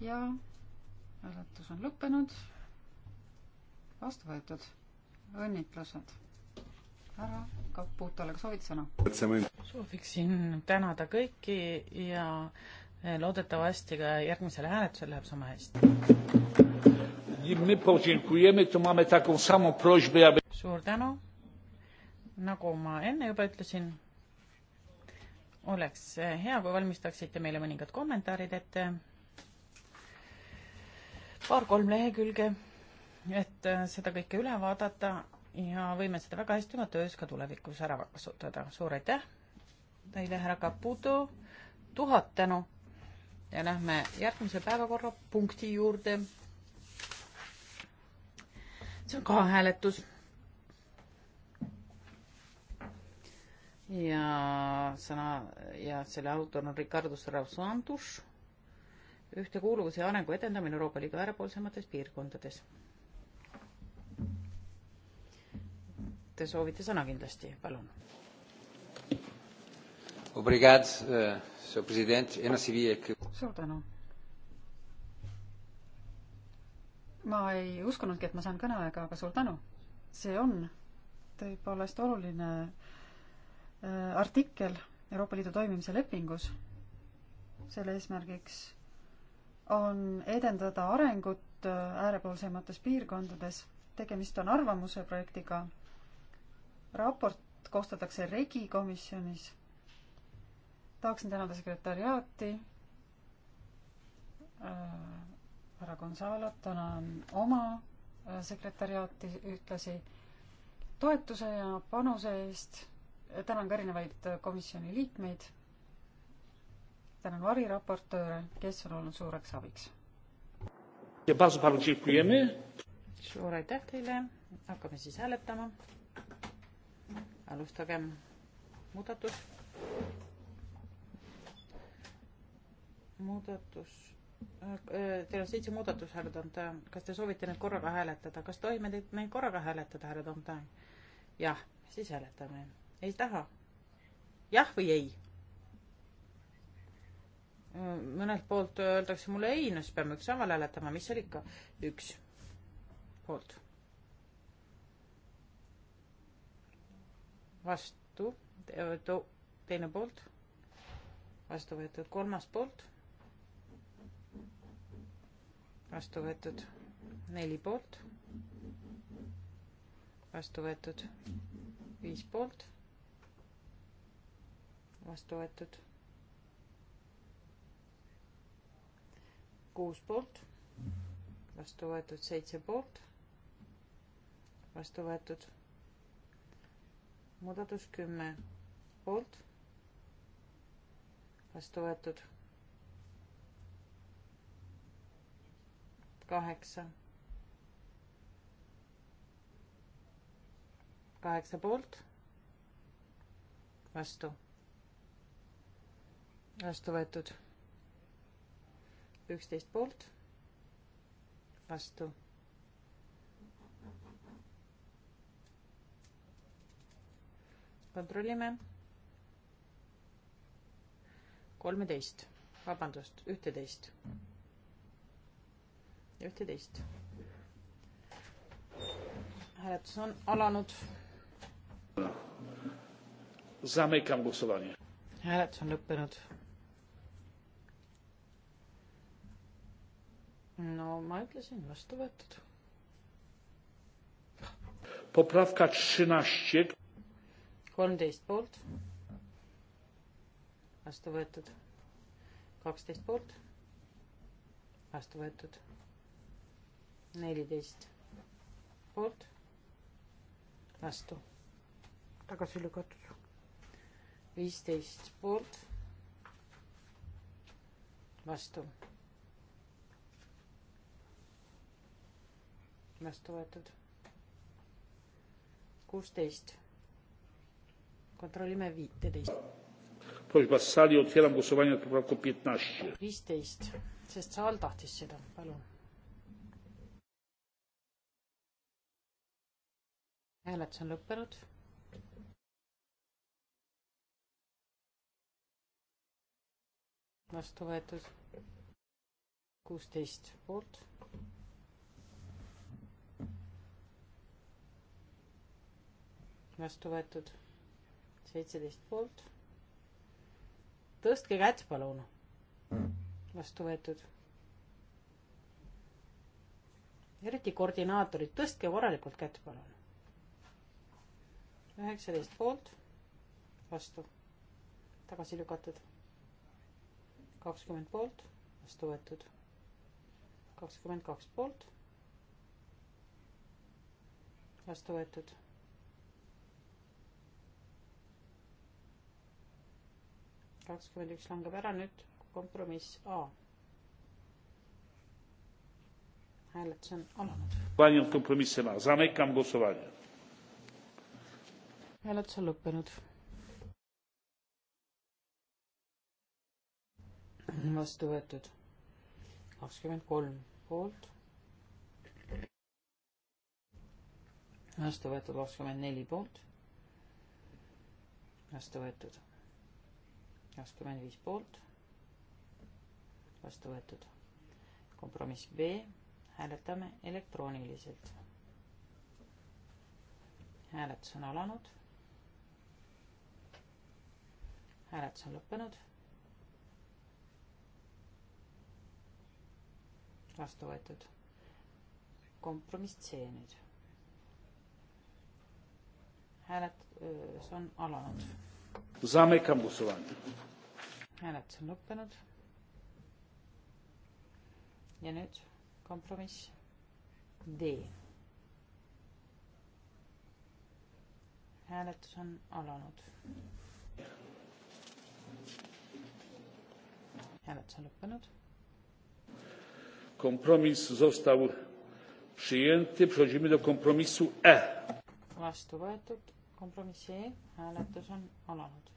ja hääletus on lõppenud vastu võetud. õnnitlused härra Kaputale, kas soovid sõna? sooviksin tänada kõiki ja eh, loodetavasti ka järgmisel hääletusel läheb sama hästi. suur tänu. nagu ma enne juba ütlesin, oleks eh, hea, kui valmistaksite meile mõningad kommentaarid ette. paar-kolm lehekülge et äh, seda kõike üle vaadata ja võime seda väga hästi oma töös ka tulevikus ära kasutada. suur aitäh teile, härra Caputo, tuhat tänu ja lähme järgmise päevakorrapunkti juurde. see on ka hääletus. ja sõna ja selle autor on Ricardo Sarasandus, ühtekuuluvuse ja arengu edendamine Euroopa Liidu äärepoolsemates piirkondades te soovite sõna kindlasti, palun. Eh, suur tänu. ma ei uskunudki, et ma saan kõneaega, aga suur tänu. see on tõepoolest oluline eh, artikkel Euroopa Liidu toimimise lepingus. selle eesmärgiks on edendada arengut eh, äärepoolsemates piirkondades. tegemist on arvamuse projektiga raport koostatakse Regi komisjonis. tahaksin tänada sekretäriaati äh,, härra Gonzalot, tänan oma äh, sekretäriaati ühtlasi toetuse ja panuse eest. tänan ka erinevaid komisjoni liikmeid. tänan variraportööre, kes on olnud suureks abiks. suur aitäh teile, hakkame siis hääletama alustagem muudatus. muudatus, äh, teil on seitse muudatus, härra Tomtan, kas te soovite neid korraga hääletada, kas tohime neid, neid korraga hääletada, härra Tomtan? jah, siis hääletame. ei taha? jah või ei? mõnelt poolt öeldakse mulle ei, no siis peame ükshaaval hääletama, mis seal ikka, üks poolt vastu, teine poolt, vastu võetud, kolmas poolt, vastu võetud, neli poolt, vastu võetud, viis poolt, vastu võetud, kuus poolt, vastu võetud, seitse poolt, vastu võetud muudatus kümme poolt, vastu võetud kaheksa. kaheksa poolt, vastu, vastu võetud üksteist poolt, vastu kontrollime. kolmeteist, vabandust, ühteteist. ühteteist. hääletus on alanud. hääletus on lõppenud. no ma ütlesin, vastu võetud. poprawka trzynaście kolmteist poolt, vastu võetud, kaksteist poolt, vastu võetud, neliteist poolt, vastu, tagasi lükatud, viisteist poolt, vastu, vastu võetud, kuusteist kontrollime viiteist. proovib Assali otselam głosowania poprawku piętnaście. viisteist, sest saal tahtis seda, palun. hääletus on lõppenud vastu võetud kuusteist poolt. vastu võetud seitseteist poolt. tõstke kätt, palun. vastu võetud. eriti koordinaatorid, tõstke korralikult kätt, palun. üheksateist poolt, vastu, tagasi lükatud. kakskümmend poolt, vastu võetud. kakskümmend kaks poolt, vastu võetud kakskümmend üks langeb ära, nüüd kompromiss A. hääletus on alanud. hääletus on lõppenud. vastu võetud kakskümmend kolm poolt. vastu võetud kakskümmend neli poolt. vastu võetud kakskümmend viis poolt, vastu võetud. kompromiss B, hääletame elektrooniliselt. hääletus on alanud. hääletus on lõppenud. vastu võetud. kompromiss C nüüd. hääletus äh, on alanud Zamekam głosowanie. hääletus on lõppenud. ja nüüd kompromiss D. hääletus on alanud. hääletus on lõppenud. kompromiss został przyjęty. Przechodzimy do kompromisu E. vastu võetud kompromissi E hääletus on alanud.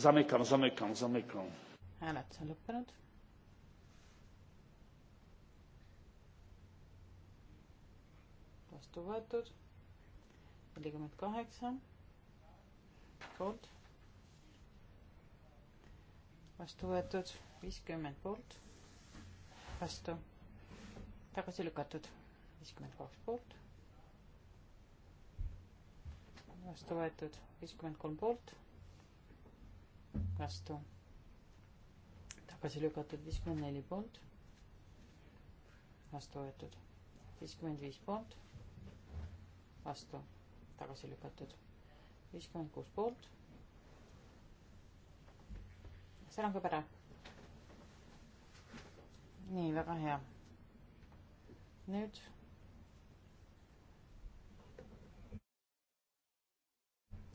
Zamykam, zamykam, zamykam. hääletus on lõppenud. vastu võetud nelikümmend kaheksa poolt, vastu võetud viiskümmend poolt, vastu tagasi lükatud. viiskümmend kaks poolt. vastu võetud viiskümmend kolm poolt. vastu. tagasi lükatud viiskümmend neli poolt. vastu võetud viiskümmend viis poolt. vastu. tagasi lükatud viiskümmend kuus poolt. see langeb ära. nii, väga hea nüüd.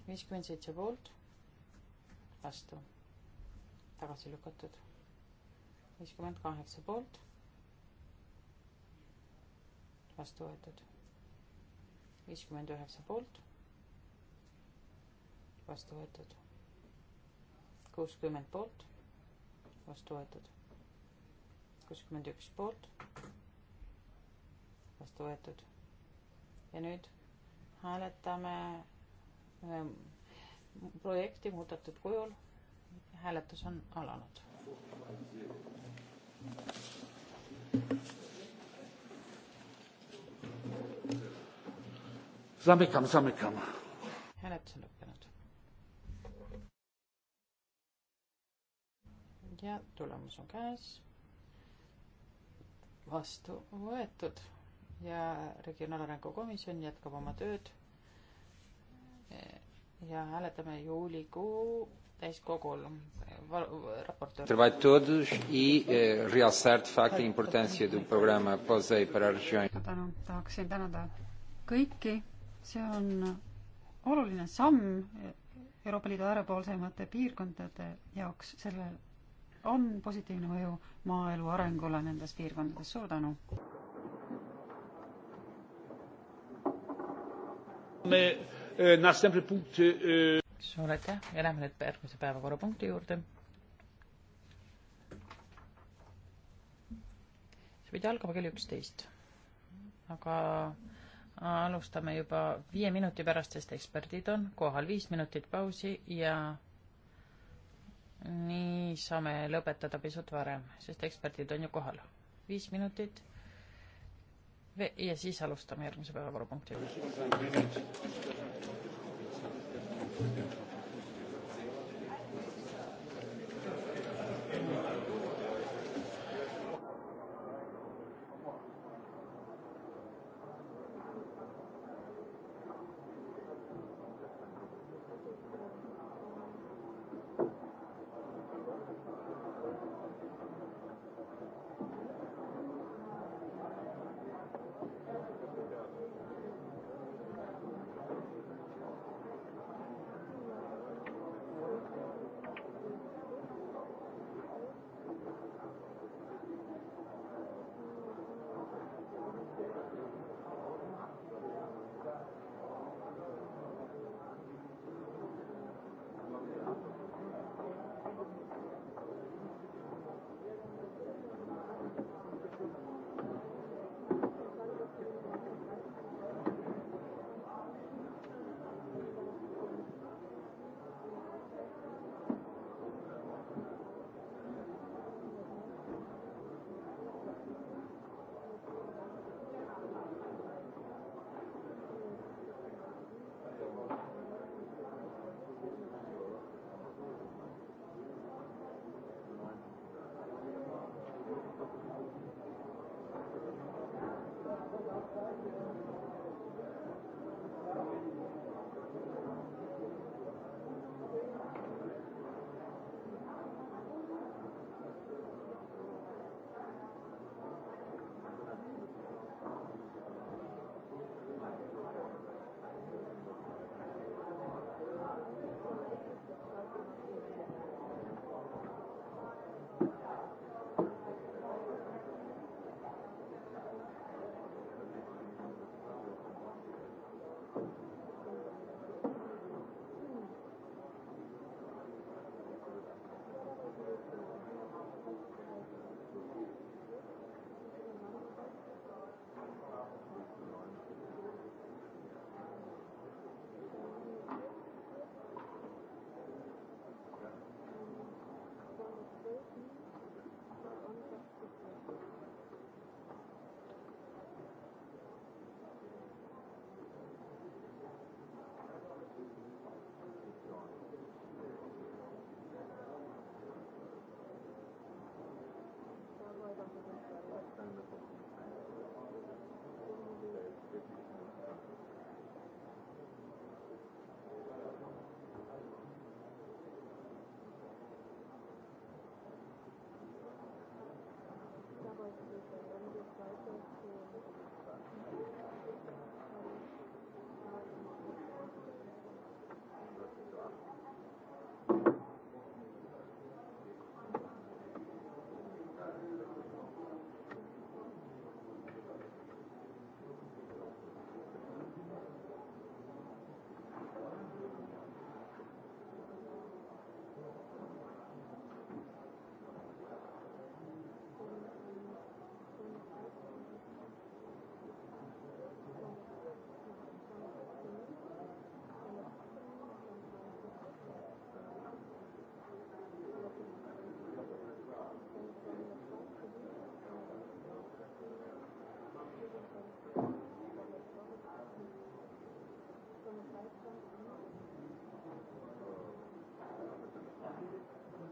viiskümmend seitse poolt, vastu, tagasi lükatud. viiskümmend kaheksa poolt, vastu võetud. viiskümmend üheksa poolt, vastu võetud. kuuskümmend poolt, vastu võetud. kuuskümmend üks poolt vastu võetud. ja nüüd hääletame ähm, projekti muudetud kujul. hääletus on alanud. Zamykam, zamykam. Hääletus on lõppenud. ja tulemus on käes. vastu võetud ja Regionaalarengu Komisjon jätkab oma tööd ja hääletame juulikuu täiskogul. Trabalho todos e eh, realçar de facto a importância do programa POSEI para a região. Tänu, tahaksin tänada kõiki. See on oluline samm Euroopa Liidu äärepoolsemate piirkondade jaoks. Sellel on positiivne mõju maaelu arengule nendes piirkondades. Suur tänu! me äh, następny punkt. Äh, suur aitäh ja lähme nüüd järgmise päevakorrapunkti juurde. see pidi algama kell üksteist, aga alustame juba viie minuti pärast, sest eksperdid on kohal, viis minutit pausi ja nii saame lõpetada pisut varem, sest eksperdid on ju kohal. viis minutit ja siis alustame järgmise päevakorrapunktiga.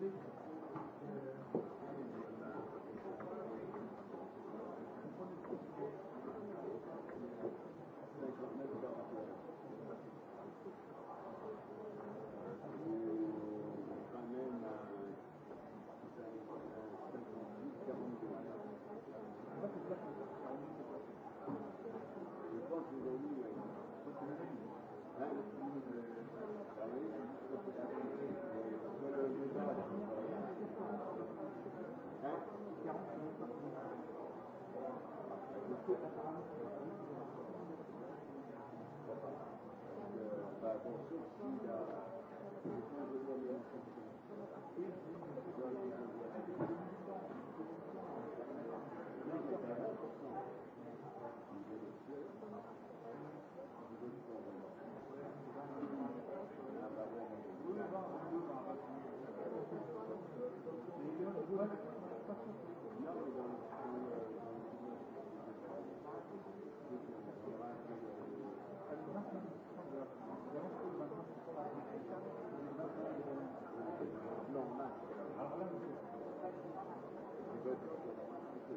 Musik.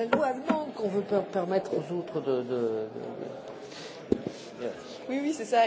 la loi allemande qu'on veut permettre aux autres de. de... Yes. Oui, oui, c'est ça.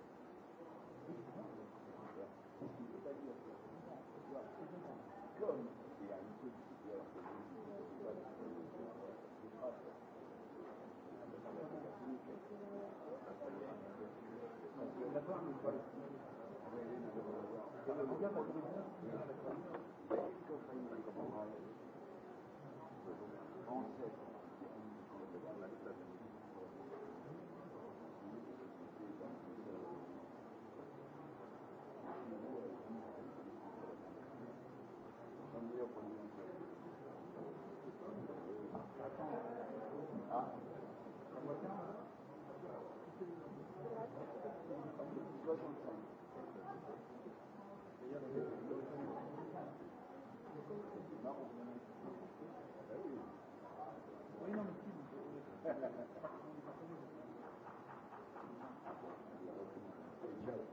no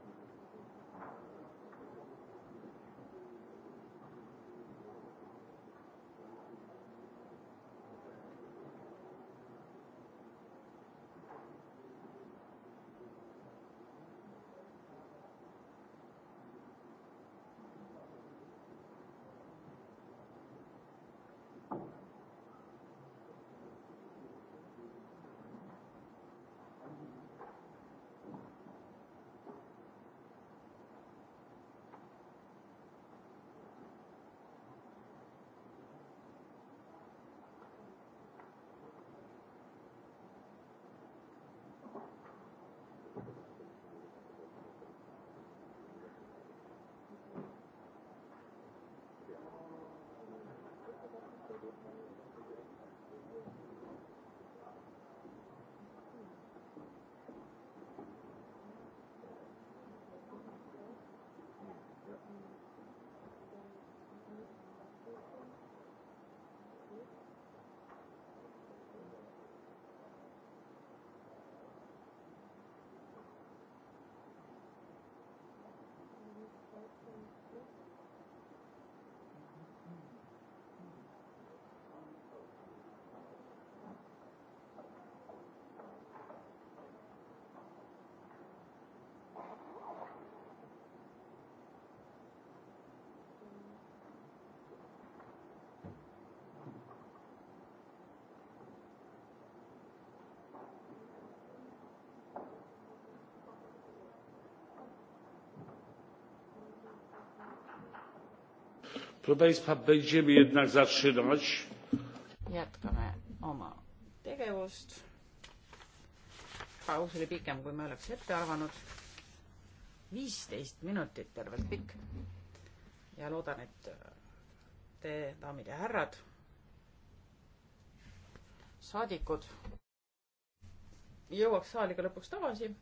Proszę Państwa, będziemy jednak zatrzymać. Jätkame oma tegevust. Paus oli pikem, kui me oleks ette arvanud. 15 minutit tervelt pikk. Ja loodan, et te, daamid ja härrad, saadikud, jõuaks saali ka lõpuks tagasi,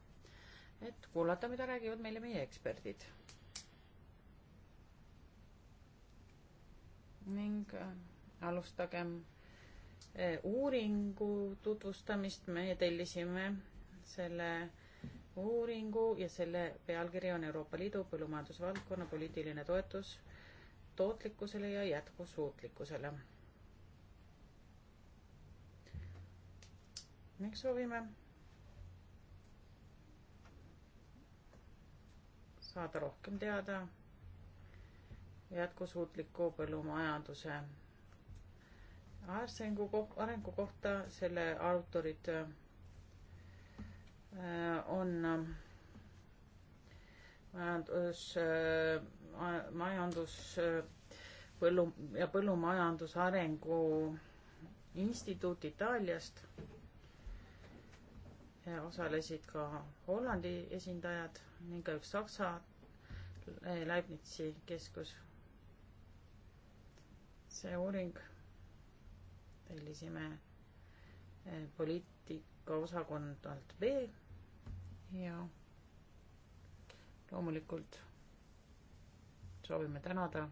et kuulata, mida räägivad meile meie eksperdid ning äh, alustagem äh, uuringu tutvustamist. meie tellisime selle uuringu ja selle pealkiri on Euroopa Liidu põllumajandusvaldkonna poliitiline toetus tootlikkusele ja jätkusuutlikkusele. miks soovime saada rohkem teada jätkusuutliku põllumajanduse arengu, arengu kohta, selle autorid äh, on äh, majandus, äh, majandus, põllu ja põllumajanduse arengu instituut Itaaliast. osalesid ka Hollandi esindajad ning ka üks Saksa Leibnizi keskus see uuring tellisime eh, poliitika osakonnalt B ja loomulikult soovime tänada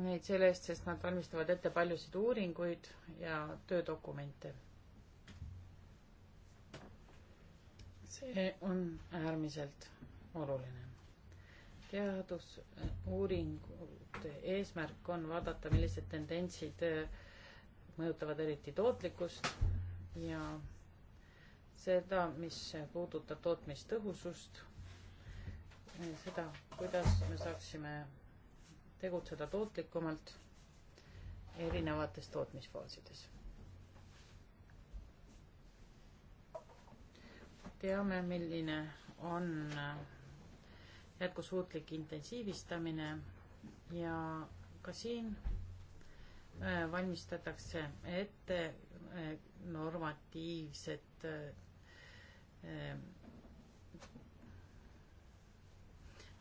neid selle eest, sest nad valmistavad ette paljusid uuringuid ja töödokumente. see on äärmiselt oluline teadusuuringute eesmärk on vaadata, millised tendentsid äh, mõjutavad eriti tootlikkust ja seda, mis puudutab tootmistõhusust, äh, seda, kuidas me saaksime tegutseda tootlikumalt erinevates tootmisfaasides. teame, milline on äh, jätkusuutlik intensiivistamine ja ka siin äh, valmistatakse ette äh, normatiivset äh,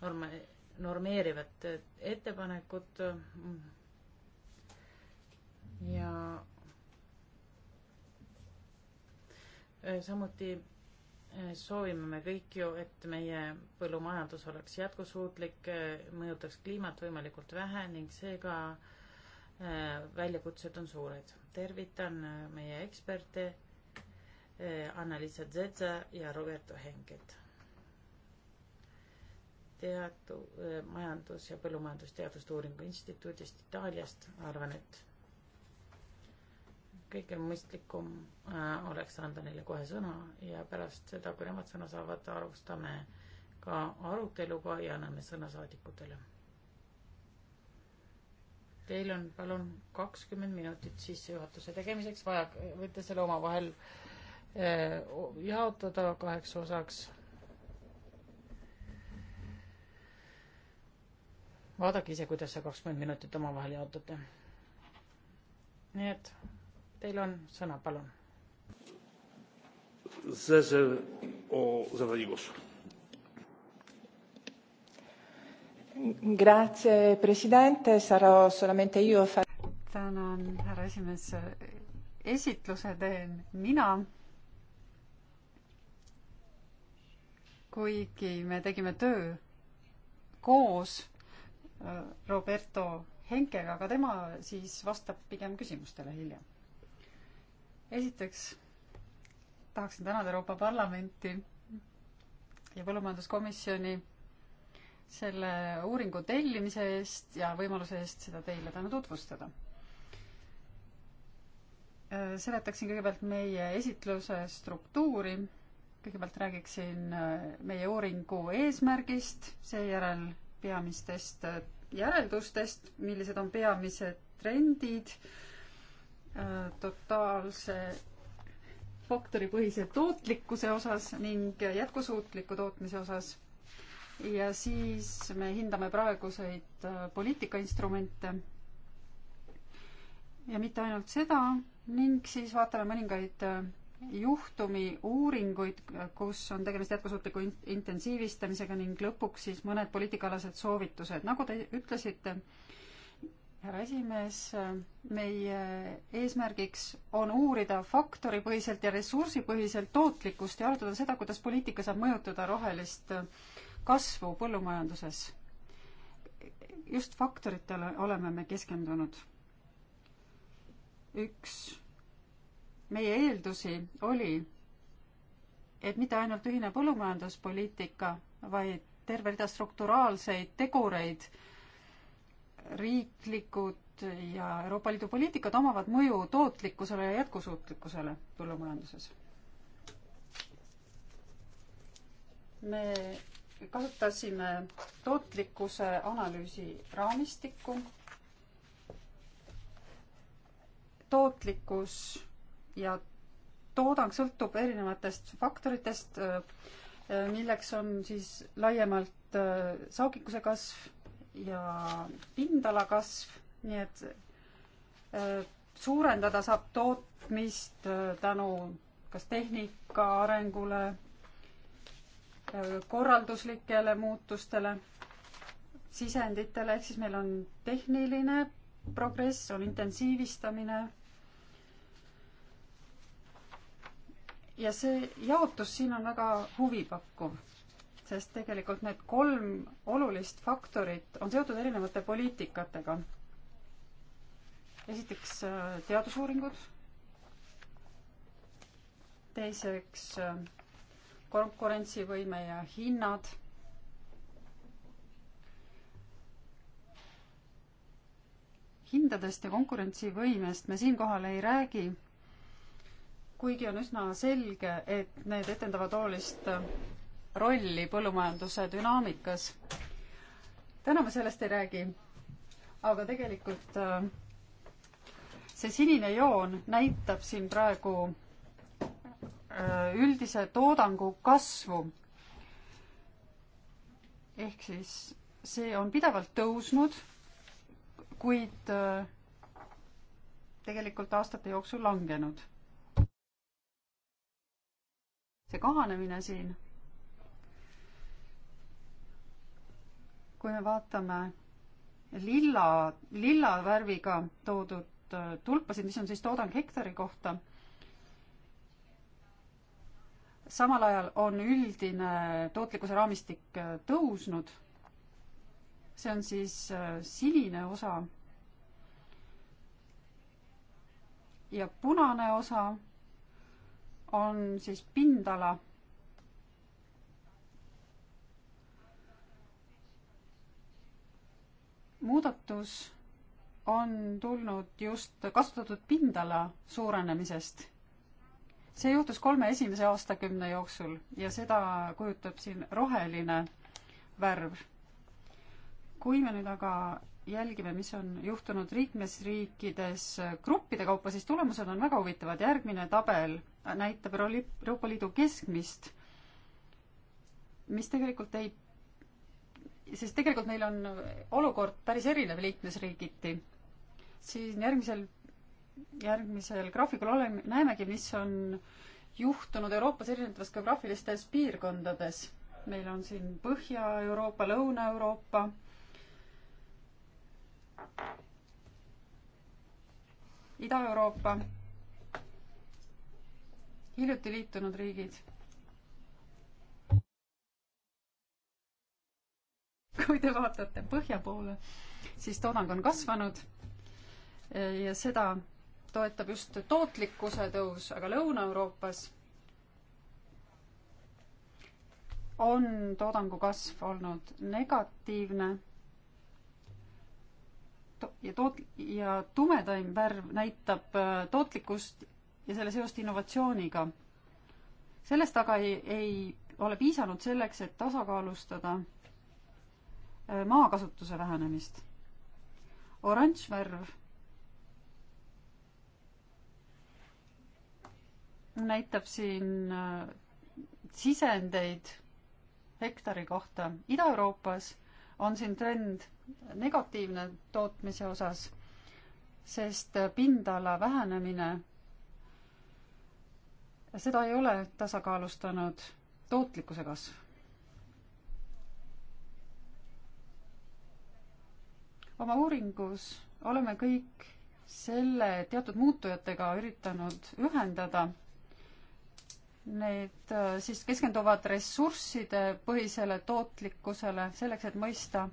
norm-, normeerivat ettepanekut ja samuti soovime me kõik ju, et meie põllumajandus oleks jätkusuutlik, mõjutaks kliimat võimalikult vähe ning seega äh, väljakutsed on suured. tervitan äh, meie eksperte äh, Anna-Liisa Zedza ja Roberto Henget. teadu-, Majandus- ja Põllumajandusteaduste Uuringu Instituudist Itaaliast, arvan, et kõige mõistlikum äh, oleks anda neile kohe sõna ja pärast seda, kui nemad sõna saavad, alustame ka aruteluga ja anname sõna saadikutele. Teil on palun kakskümmend minutit sissejuhatuse tegemiseks vaja, võite selle omavahel äh, jaotada kaheks osaks. vaadake ise, kuidas see kakskümmend minutit omavahel jaotate. nii et Teil on sõna, palun. Grazie presidente, sarò solamente io. tänan, härra esimees. esitluse teen mina. kuigi me tegime töö koos äh, Roberto Henkega, aga tema siis vastab pigem küsimustele hiljem esiteks tahaksin tänada Euroopa Parlamenti ja Põllumajanduskomisjoni selle uuringu tellimise eest ja võimaluse eest seda teile täna tutvustada. Äh, seletaksin kõigepealt meie esitluse struktuuri, kõigepealt räägiksin äh, meie uuringu eesmärgist, seejärel peamistest äh, järeldustest, millised on peamised trendid, totaalse faktoripõhise tootlikkuse osas ning jätkusuutliku tootmise osas. ja siis me hindame praeguseid äh, poliitikainstrumente ja mitte ainult seda, ning siis vaatame mõningaid äh, juhtumi uuringuid, äh, kus on tegemist jätkusuutliku intensiivistamisega ning lõpuks siis mõned poliitikaalased soovitused. nagu te ütlesite, härra esimees, meie eesmärgiks on uurida faktoripõhiselt ja ressursipõhiselt tootlikkust ja arutada seda, kuidas poliitika saab mõjutada rohelist kasvu põllumajanduses. just faktoritele oleme me keskendunud. üks meie eeldusi oli, et mitte ainult ühine põllumajanduspoliitika, vaid terve rida strukturaalseid tegureid, riiklikud ja Euroopa Liidu poliitikad omavad mõju tootlikkusele ja jätkusuutlikkusele põllumajanduses. me kasutasime tootlikkuse analüüsi raamistikku. tootlikkus ja toodang sõltub erinevatest faktoritest, milleks on siis laiemalt äh, saagikuse kasv ja pindala kasv, nii et äh, suurendada saab tootmist äh, tänu kas tehnika arengule, äh, korralduslikele muutustele, sisenditele, ehk siis meil on tehniline progress, on intensiivistamine. ja see jaotus siin on väga huvipakkuv sest tegelikult need kolm olulist faktorit on seotud erinevate poliitikatega. esiteks äh, teadusuuringud, teiseks äh, konkurentsivõime ja hinnad, hindadest ja konkurentsivõimest me siinkohal ei räägi, kuigi on üsna selge, et need etendavad olulist äh, rolli põllumajanduse dünaamikas. täna ma sellest ei räägi, aga tegelikult äh, see sinine joon näitab siin praegu äh, üldise toodangu kasvu. ehk siis see on pidevalt tõusnud, kuid äh, tegelikult aastate jooksul langenud. see kahanemine siin kui me vaatame lilla, lilla värviga toodud äh, tulpasid, mis on siis toodang hektari kohta, samal ajal on üldine tootlikkuse raamistik äh, tõusnud. see on siis äh, sinine osa. ja punane osa on siis pindala muudatus on tulnud just kasutatud pindala suurenemisest. see juhtus kolme esimese aastakümne jooksul ja seda kujutab siin roheline värv. kui me nüüd aga jälgime, mis on juhtunud liikmesriikides gruppide kaupa, siis tulemused on väga huvitavad. järgmine tabel näitab Euroopa Liidu keskmist, mis tegelikult ei sest tegelikult meil on olukord päris erinev liikmesriigiti, siis järgmisel, järgmisel graafikul oleme, näemegi, mis on juhtunud Euroopas erinevates geograafilistes piirkondades. meil on siin Põhja-Euroopa, Lõuna-Euroopa. Ida-Euroopa, hiljuti liitunud riigid kui te vaatate põhja poole, siis toodang on kasvanud ja seda toetab just tootlikkuse tõus, aga Lõuna-Euroopas on toodangu kasv olnud negatiivne to. ja toot- ja tumedaim värv näitab äh, tootlikkust ja selle seost innovatsiooniga. sellest aga ei, ei ole piisanud selleks, et tasakaalustada Äh, maakasutuse vähenemist. oranž värv näitab siin äh, sisendeid hektari kohta. Ida-Euroopas on siin trend negatiivne tootmise osas, sest äh, pindala vähenemine, seda ei ole tasakaalustanud tootlikkuse kasv oma uuringus oleme kõik selle teatud muutujatega üritanud ühendada. Need äh, siis keskenduvad ressursside põhisele tootlikkusele selleks, et mõista,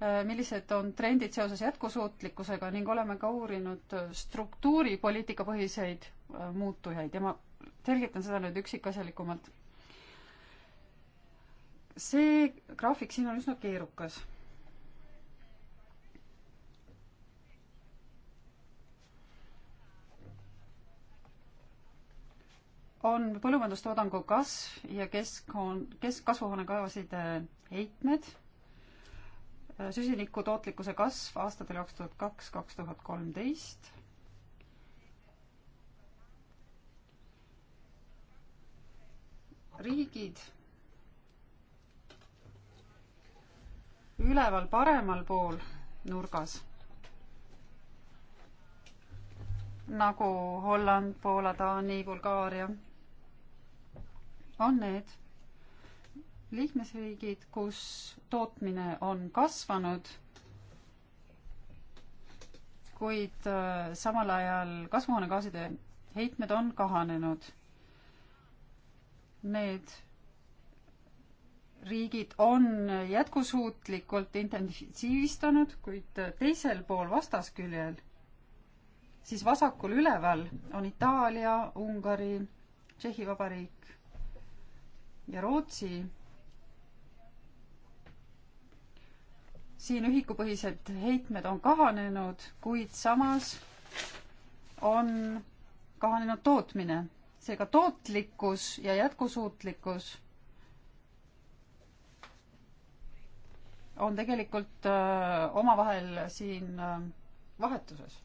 äh, millised on trendid seoses jätkusuutlikkusega ning oleme ka uurinud struktuuripoliitika põhiseid äh, muutujaid ja ma selgitan seda nüüd üksikasjalikumalt. see graafik siin on üsna keerukas on põllumajandustoodangu kasv ja keskkond, kesk-, kasvuhoonegaaside äh, heitmed, äh, süsiniku tootlikkuse kasv aastatel kaks tuhat kaks, kaks tuhat kolmteist, riigid üleval paremal pool nurgas nagu Holland, Poola, Taani, Bulgaaria on need liikmesriigid, kus tootmine on kasvanud, kuid äh, samal ajal kasvuhoonegaaside heitmed on kahanenud. Need riigid on jätkusuutlikult intensiivistanud, kuid äh, teisel pool vastasküljel, siis vasakul üleval on Itaalia, Ungari, Tšehhi Vabariik ja Rootsi. siin ühikupõhised heitmed on kahanenud, kuid samas on kahanenud tootmine, seega tootlikkus ja jätkusuutlikkus on tegelikult öö, äh, omavahel siin öö, äh, vahetuses.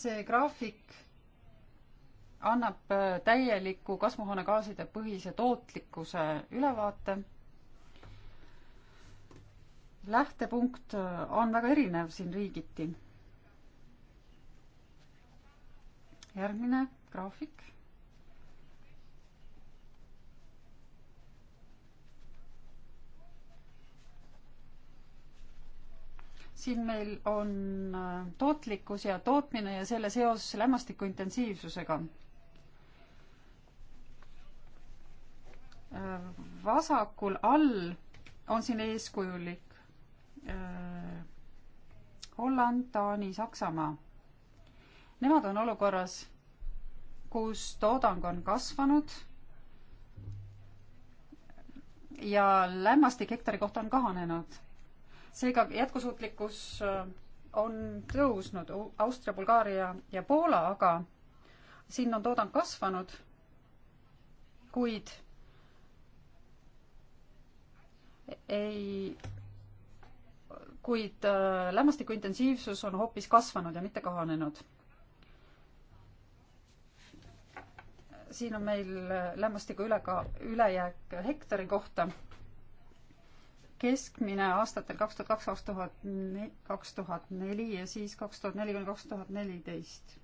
see graafik annab äh, täieliku kasvuhoonegaaside põhise tootlikkuse ülevaate. lähtepunkt äh, on väga erinev siin riigiti. järgmine graafik siin meil on äh, tootlikkus ja tootmine ja selle seos lämmastiku intensiivsusega. vasakul all on siin eeskujulik äh, Holland, Taani, Saksamaa. Nemad on olukorras, kus toodang on kasvanud ja lämmastik hektari kohta on kahanenud. seega jätkusuutlikkus äh, on tõusnud Austria, Bulgaaria ja Poola, aga siin on toodang kasvanud, kuid ei, kuid äh, lämmastiku intensiivsus on hoopis kasvanud ja mitte kahanenud. siin on meil äh, lämmastiku üleka-, ülejääk hektari kohta keskmine aastatel kaks tuhat kaks, kaks tuhat, kaks tuhat neli ja siis kaks tuhat neli kuni kaks tuhat neliteist.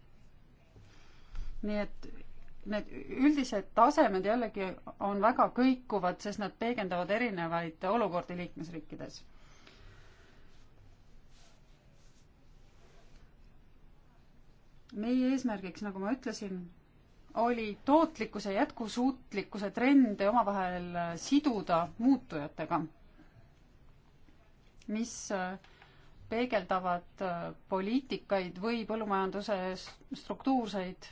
nii et need üldised tasemed jällegi on väga kõikuvad, sest nad peegeldavad erinevaid olukordi liikmesriikides. meie eesmärgiks, nagu ma ütlesin, oli tootlikkuse jätkusuutlikkuse trende omavahel siduda muutujatega, mis äh, peegeldavad äh, poliitikaid või põllumajanduse struktuurseid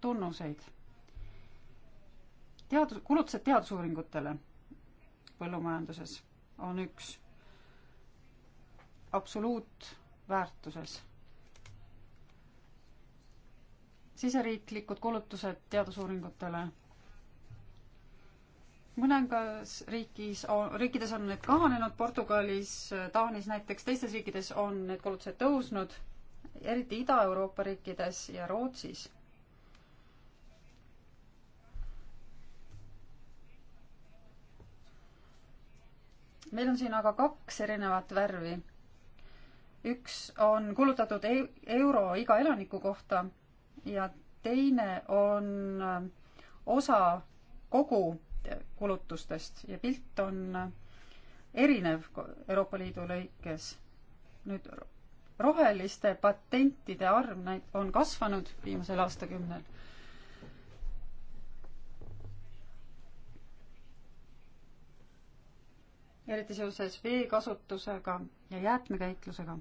tunnuseid teadus, kulutused teadusuuringutele põllumajanduses on üks absoluutväärtuses. siseriiklikud kulutused teadusuuringutele mõningas riigis, riikides on need kahanenud, Portugalis, Taanis näiteks, teistes riikides on need kulutused tõusnud, eriti Ida-Euroopa riikides ja Rootsis meil on siin aga kaks erinevat värvi. üks on kulutatud e-, euro iga elaniku kohta ja teine on äh, osa kogu kulutustest ja pilt on äh, erinev Euroopa Liidu lõikes. nüüd roheliste patentide arv näit-, on kasvanud viimasel aastakümnel eriti seoses veekasutusega ja jäätmekäitlusega.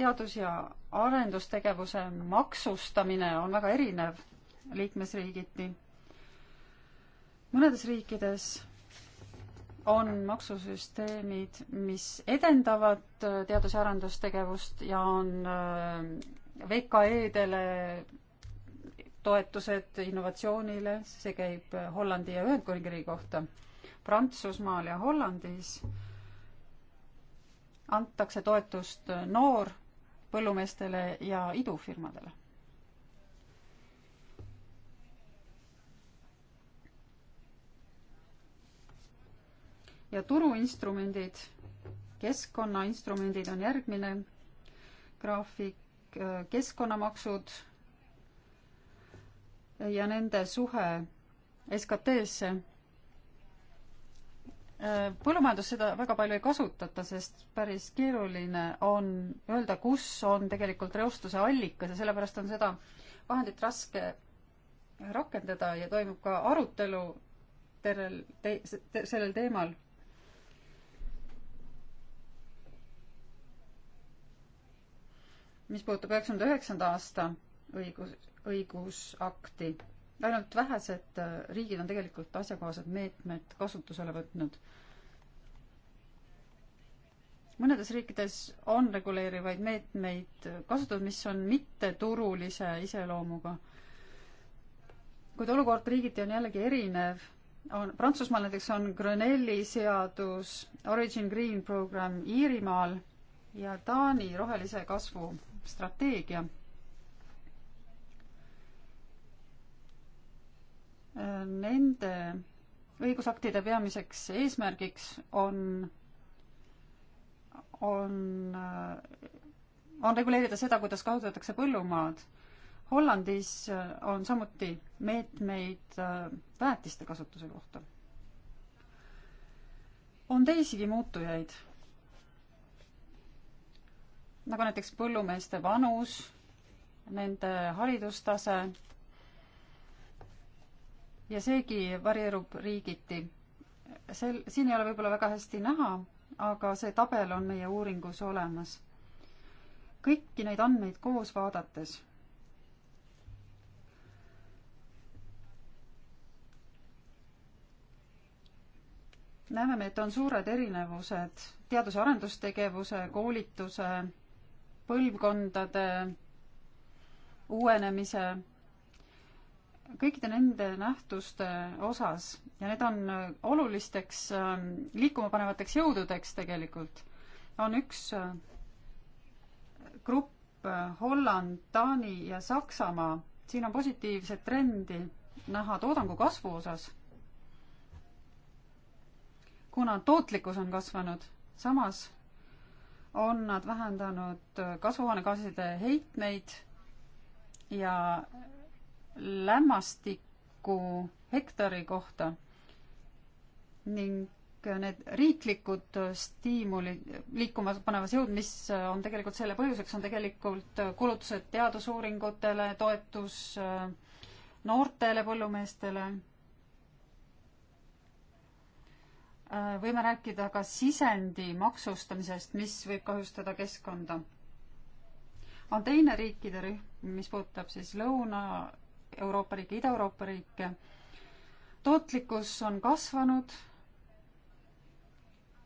teadus- ja arendustegevuse maksustamine on väga erinev liikmesriigiti. mõnedes riikides on maksusüsteemid, mis edendavad teadus- ja arendustegevust ja on äh, VKE-dele toetused innovatsioonile, see käib Hollandi ja Ühendkuningriigi kohta. Prantsusmaal ja Hollandis antakse toetust noor põllumeestele ja idufirmadele. ja turuinstrumendid, keskkonnainstrumendid on järgmine graafik, keskkonnamaksud ja nende suhe SKT-sse. Äh, põllumajandus seda väga palju ei kasutata, sest päris keeruline on öelda, kus on tegelikult reostuse allikas ja sellepärast on seda vahendit raske rakendada ja toimub ka arutelu terrel te,, te, sellel teemal. mis puudutab üheksakümne üheksanda aasta õigus, õigusakti. ainult vähesed äh, riigid on tegelikult asjakohased meetmed kasutusele võtnud. mõnedes riikides on reguleerivaid meetmeid kasutatud, mis on mitteturulise iseloomuga. kuid olukord riigiti on jällegi erinev on, Prantsusmaal näiteks on Grenelli seadus, Origin Green programm Iirimaal ja Taani rohelise kasvu strateegia Nende õigusaktide peamiseks eesmärgiks on, on, on reguleerida seda, kuidas kasutatakse põllumaad. Hollandis on samuti meetmeid äh, väetiste kasutuse kohta. on teisigi muutujaid, nagu näiteks põllumeeste vanus, nende haridustase ja seegi varieerub riigiti. sel, siin ei ole võib-olla väga hästi näha, aga see tabel on meie uuringus olemas. kõiki neid andmeid koos vaadates näeme me, et on suured erinevused teadus- ja arendustegevuse, koolituse, põlvkondade uuenemise kõikide nende nähtuste osas ja need on olulisteks liikuma panevateks jõududeks tegelikult, on üks äh, grupp äh, Holland, Taani ja Saksamaa. siin on positiivset trendi näha toodangu kasvu osas. kuna tootlikkus on kasvanud, samas on nad vähendanud äh, kasvuhoonegaaside heitmeid ja lämmastikku hektari kohta ning need riiklikud stiimulid, liikuma panevas jõud, mis on tegelikult selle põhjuseks, on tegelikult kulutused teadusuuringutele, toetus noortele põllumeestele. võime rääkida ka sisendi maksustamisest, mis võib kahjustada keskkonda. on teine riikide rühm, mis puudutab siis lõuna Euroopa riike, Ida-Euroopa riike. tootlikkus on kasvanud,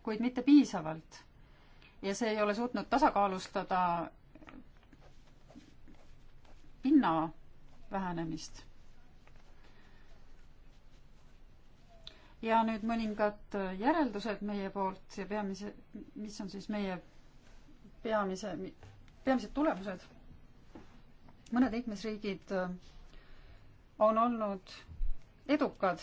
kuid mitte piisavalt. ja see ei ole suutnud tasakaalustada pinna vähenemist. ja nüüd mõningad järeldused meie poolt ja peamise, mis on siis meie peamise, peamised tulemused. mõned liikmesriigid on olnud edukad,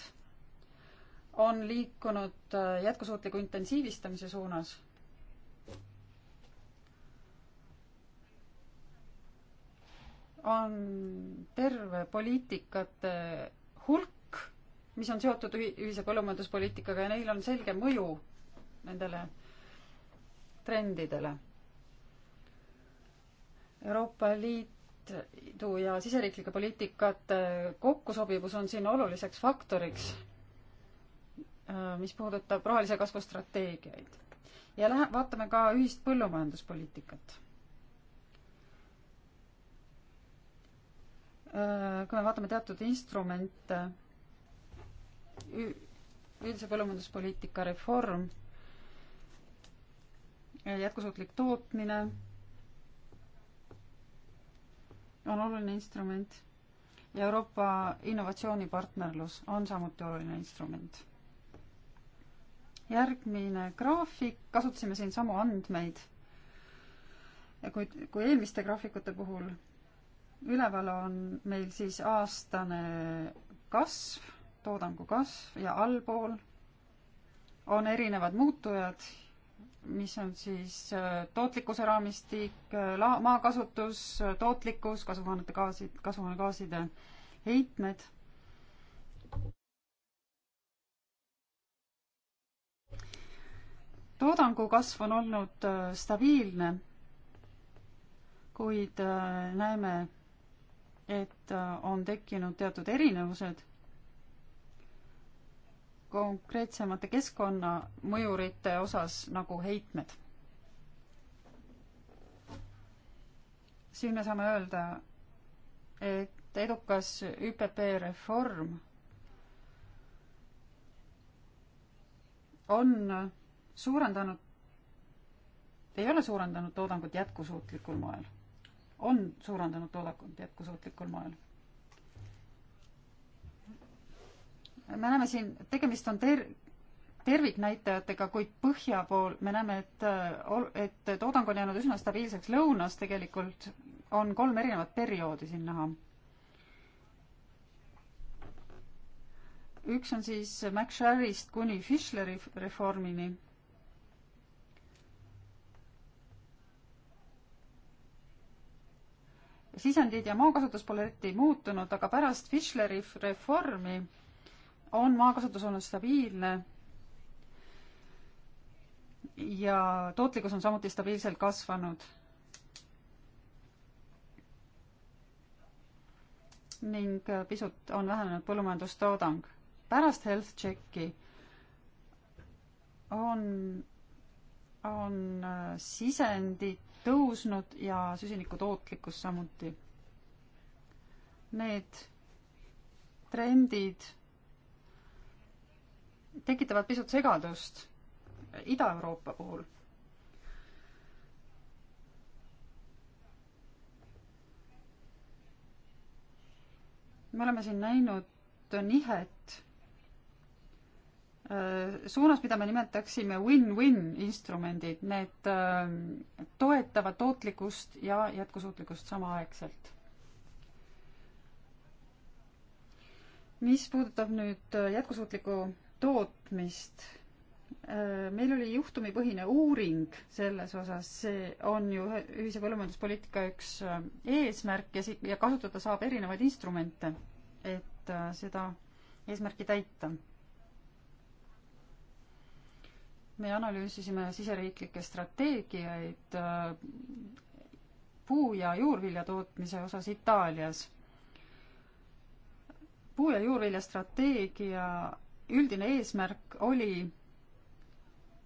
on liikunud äh, jätkusuutliku intensiivistamise suunas. on terve poliitikate hulk, mis on seotud ühise põllumajanduspoliitikaga ja neil on selge mõju nendele trendidele. Euroopa Liit Liidu ja siseriiklike poliitikate äh, kokkusobivus on siin oluliseks faktoriks, äh, mis puudutab rohelise kasvu strateegiaid. ja lähe-, vaatame ka ühist põllumajanduspoliitikat. Äh, kui me vaatame teatud instrumente, üldise põllumajanduspoliitika reform, jätkusuutlik tootmine on oluline instrument ja Euroopa innovatsioonipartnerlus on samuti oluline instrument. järgmine graafik, kasutasime siin samu andmeid kui, kui eelmiste graafikute puhul. üleval on meil siis aastane kasv, toodangu kasv ja allpool on erinevad muutujad mis on siis äh, tootlikkuse raamistik, äh, la-, maakasutus, äh, tootlikkus, kasvuhoonete gaasid, kasvuhoonegaaside heitmed. toodangu kasv on olnud stabiilne, kuid näeme, et on tekkinud teatud erinevused konkreetsemate keskkonnamõjurite osas nagu heitmed. siin me saame öelda, et edukas ÜPP reform on suurendanud, ei ole suurendanud toodangut jätkusuutlikul moel, on suurendanud toodangut jätkusuutlikul moel me näeme siin, tegemist on ter-, terviknäitajatega, kuid põhja pool me näeme, et, äh, et toodang on jäänud üsna stabiilseks. lõunas tegelikult on kolm erinevat perioodi siin näha. üks on siis MacSharist kuni Fischleri reformini. sisendid ja maakasutus pole eriti muutunud, aga pärast Fischleri reformi on maakasutus olnud stabiilne ja tootlikkus on samuti stabiilselt kasvanud. ning pisut on vähenenud põllumajandustoodang. pärast health checki on, on äh, sisendid tõusnud ja süsiniku tootlikkus samuti. Need trendid tekitavad pisut segadust Ida-Euroopa puhul. me oleme siin näinud nihet äh, suunas, mida me nimetaksime win-win instrumendid, need äh, toetavad tootlikkust ja jätkusuutlikkust samaaegselt. mis puudutab nüüd äh, jätkusuutliku tootmist. meil oli juhtumipõhine uuring selles osas, see on ju ühise põllumajanduspoliitika üks äh, eesmärk ja si-, ja kasutada saab erinevaid instrumente, et äh, seda eesmärki täita. me analüüsisime siseriiklikke strateegiaid äh, puu- ja juurvilja tootmise osas Itaalias puu- ja juurviljastrateegia üldine eesmärk oli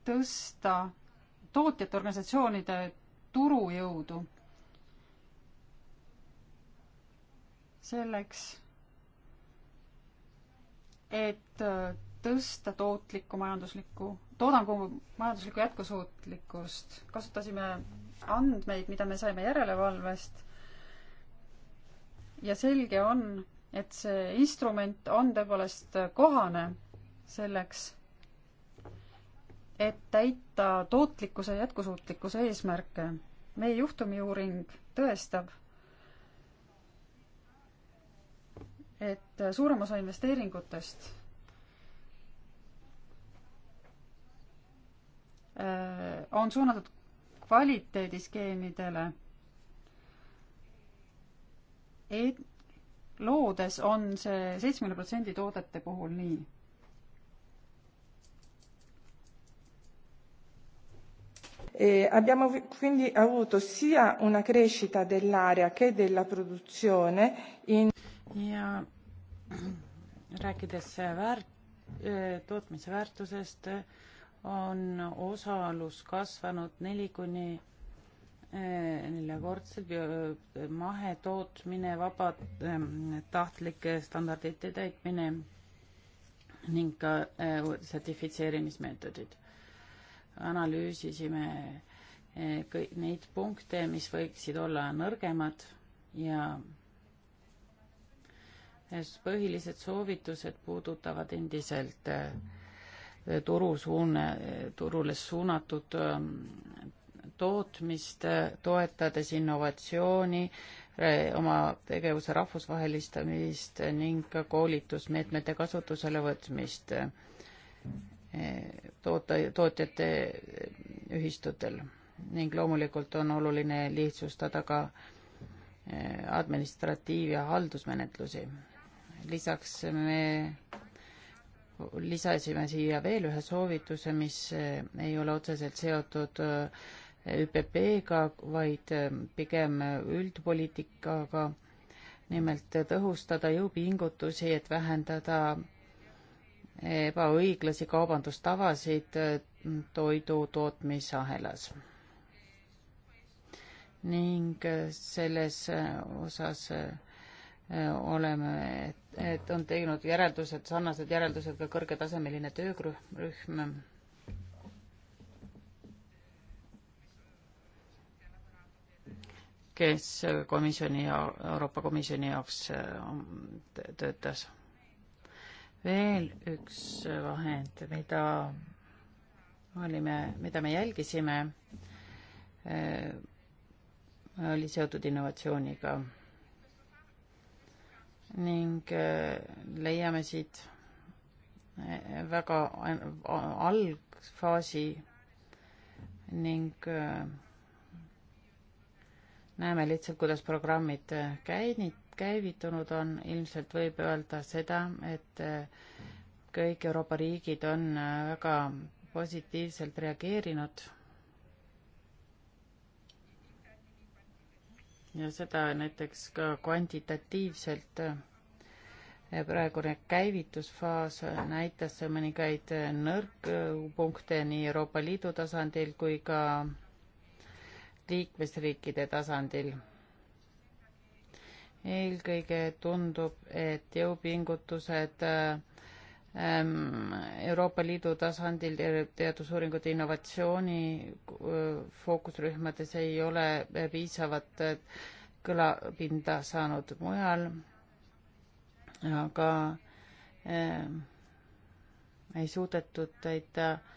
tõsta tootjate organisatsioonide turujõudu. selleks, et tõsta tootlikku majanduslikku, toodangu majanduslikku jätkusuutlikkust, kasutasime andmeid, mida me saime järelevalvest. ja selge on, et see instrument on tõepoolest kohane selleks, et täita tootlikkuse ja jätkusuutlikkuse eesmärke. meie juhtumiuuring tõestab, et suurem osa investeeringutest äh, on suunatud kvaliteediskeemidele. loodes on see seitsmekümne protsendi toodete puhul nii Eh, abbiamo quindi avuto sia una crescita dell'area che della produzione in ja rääkides väärt-, e, tootmise väärtusest, on osalus kasvanud neli kuni e, neljakordselt, e, mahetootmine, vabatahtlike standardite täitmine ning ka sertifitseerimismeetodid analüüsisime eh, kõik neid punkte, mis võiksid olla nõrgemad ja põhilised soovitused puudutavad endiselt eh, turusuune, turule suunatud ehm, tootmist, toetades innovatsiooni, oma tegevuse rahvusvahelistamist ning ka koolitusmeetmete kasutusele võtmist toota, tootjate ühistutel ning loomulikult on oluline lihtsustada ka eh, administratiiv- ja haldusmenetlusi. lisaks me lisasime siia veel ühe soovituse, mis eh, ei ole otseselt seotud eh, ÜPP-ga, vaid pigem üldpoliitikaga, nimelt tõhustada jõupingutusi, et vähendada ebaõiglasi kaubandustavasid äh, toidu tootmisahelas. ning äh, selles äh, osas oleme, et on teinud järeldused, sarnased järeldused ka kõrgetasemeline töörühm. kes komisjoni ja Euroopa Komisjoni jaoks töötas veel üks vahend, mida olime, mida me jälgisime, äh, oli seotud innovatsiooniga. ning äh, leiame siit äh, väga algfaasi ning näeme lihtsalt, kuidas programmid käinit-, käivitunud on, ilmselt võib öelda seda, et eh, kõik Euroopa riigid on eh, väga positiivselt reageerinud. ja seda näiteks ka kvantitatiivselt. Eh, praegune käivitusfaas näitas mõningaid nõrku punkte nii Euroopa Liidu tasandil kui ka liikmesriikide tasandil eelkõige tundub, et jõupingutused ähm, Euroopa Liidu tasandil teadusuuringute innovatsiooni äh, fookusrühmades ei ole piisavat äh, kõlapinda saanud mujal, aga ähm, ei suudetud täita äh,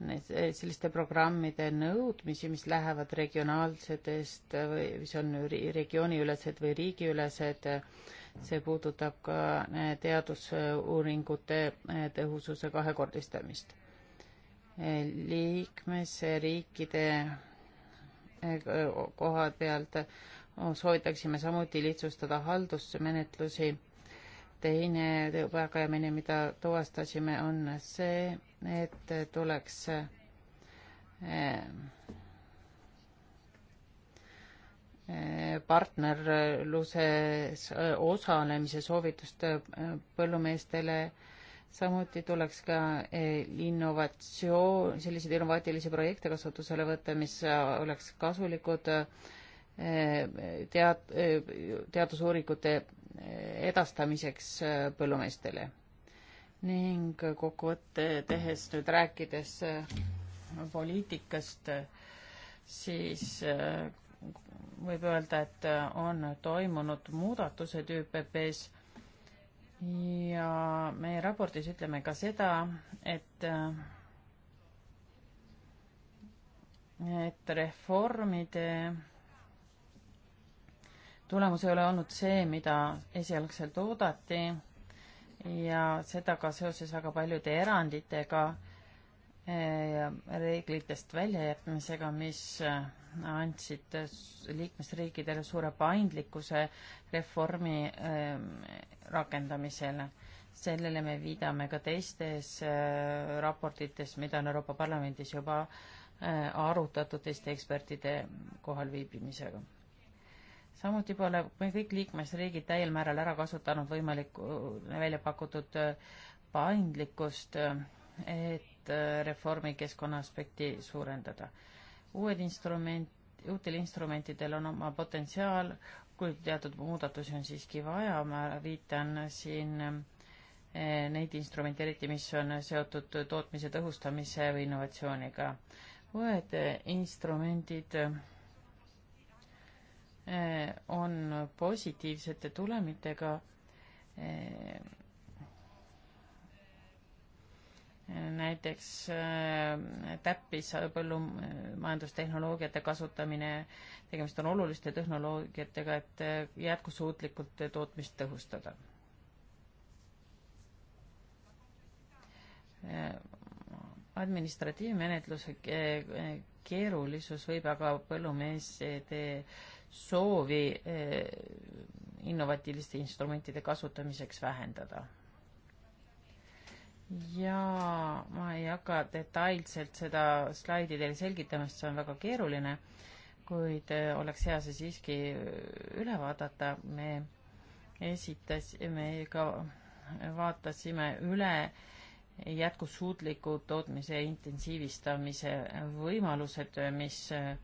Eh, selliste programmide nõudmisi, mis lähevad regionaalsetest või mis on regiooniülesed või riigiülesed, see puudutab ka eh, teadusuuringute eh, tõhususe kahekordistamist. liikmesriikide koha pealt soovitaksime samuti lihtsustada haldusmenetlusi. teine väga hea mene, mida tuvastasime, on see, et tuleks eh, partnerluses osalemise soovitust põllumeestele, samuti tuleks ka eh, innovatsioon, selliseid innovaatilisi projekte kasutusele võtta, mis oleks kasulikud eh, tead-, teadusuuringute edastamiseks põllumeestele ning kokkuvõtte tehes nüüd rääkides äh, poliitikast, siis äh, võib öelda, et äh, on toimunud muudatused ÜPP-s ja meie raportis ütleme ka seda, et et reformide tulemus ei ole olnud see, mida esialgselt oodati ja seda ka seoses väga paljude eranditega, eh, reeglitest väljajätmisega, mis eh, andsid liikmesriikidele suure paindlikkuse reformi eh, rakendamisel. sellele me viidame ka teistes raportites, mida on Euroopa Parlamendis juba arutatud teiste ekspertide kohalviibimisega samuti pole me kõik liikmesriigid täiel määral ära kasutanud võimalikku välja pakutud äh, paindlikkust, äh, et äh, reformi keskkonna aspekti suurendada. uued instrument, uutel instrumentidel on oma potentsiaal, kuid teatud muudatusi on siiski vaja, ma viitan siin neid instrumente eriti, mis on seotud tootmise tõhustamise või innovatsiooniga. uued instrumendid Eh, on positiivsete tulemitega eh, näiteks eh, täppispõllumajandustehnoloogiate kasutamine, tegemist on oluliste tehnoloogiatega, et jätkusuutlikult tootmist tõhustada. administratiivmenetluse keerulisus võib aga põllumeeste soovi eh, innovatiivsete instrumentide kasutamiseks vähendada. ja ma ei hakka detailselt seda slaidi teile selgitama, sest see on väga keeruline, kuid eh, oleks hea see siiski eh, üle vaadata, me esitas, me ka vaatasime üle jätkusuutliku tootmise intensiivistamise võimalused, mis äh,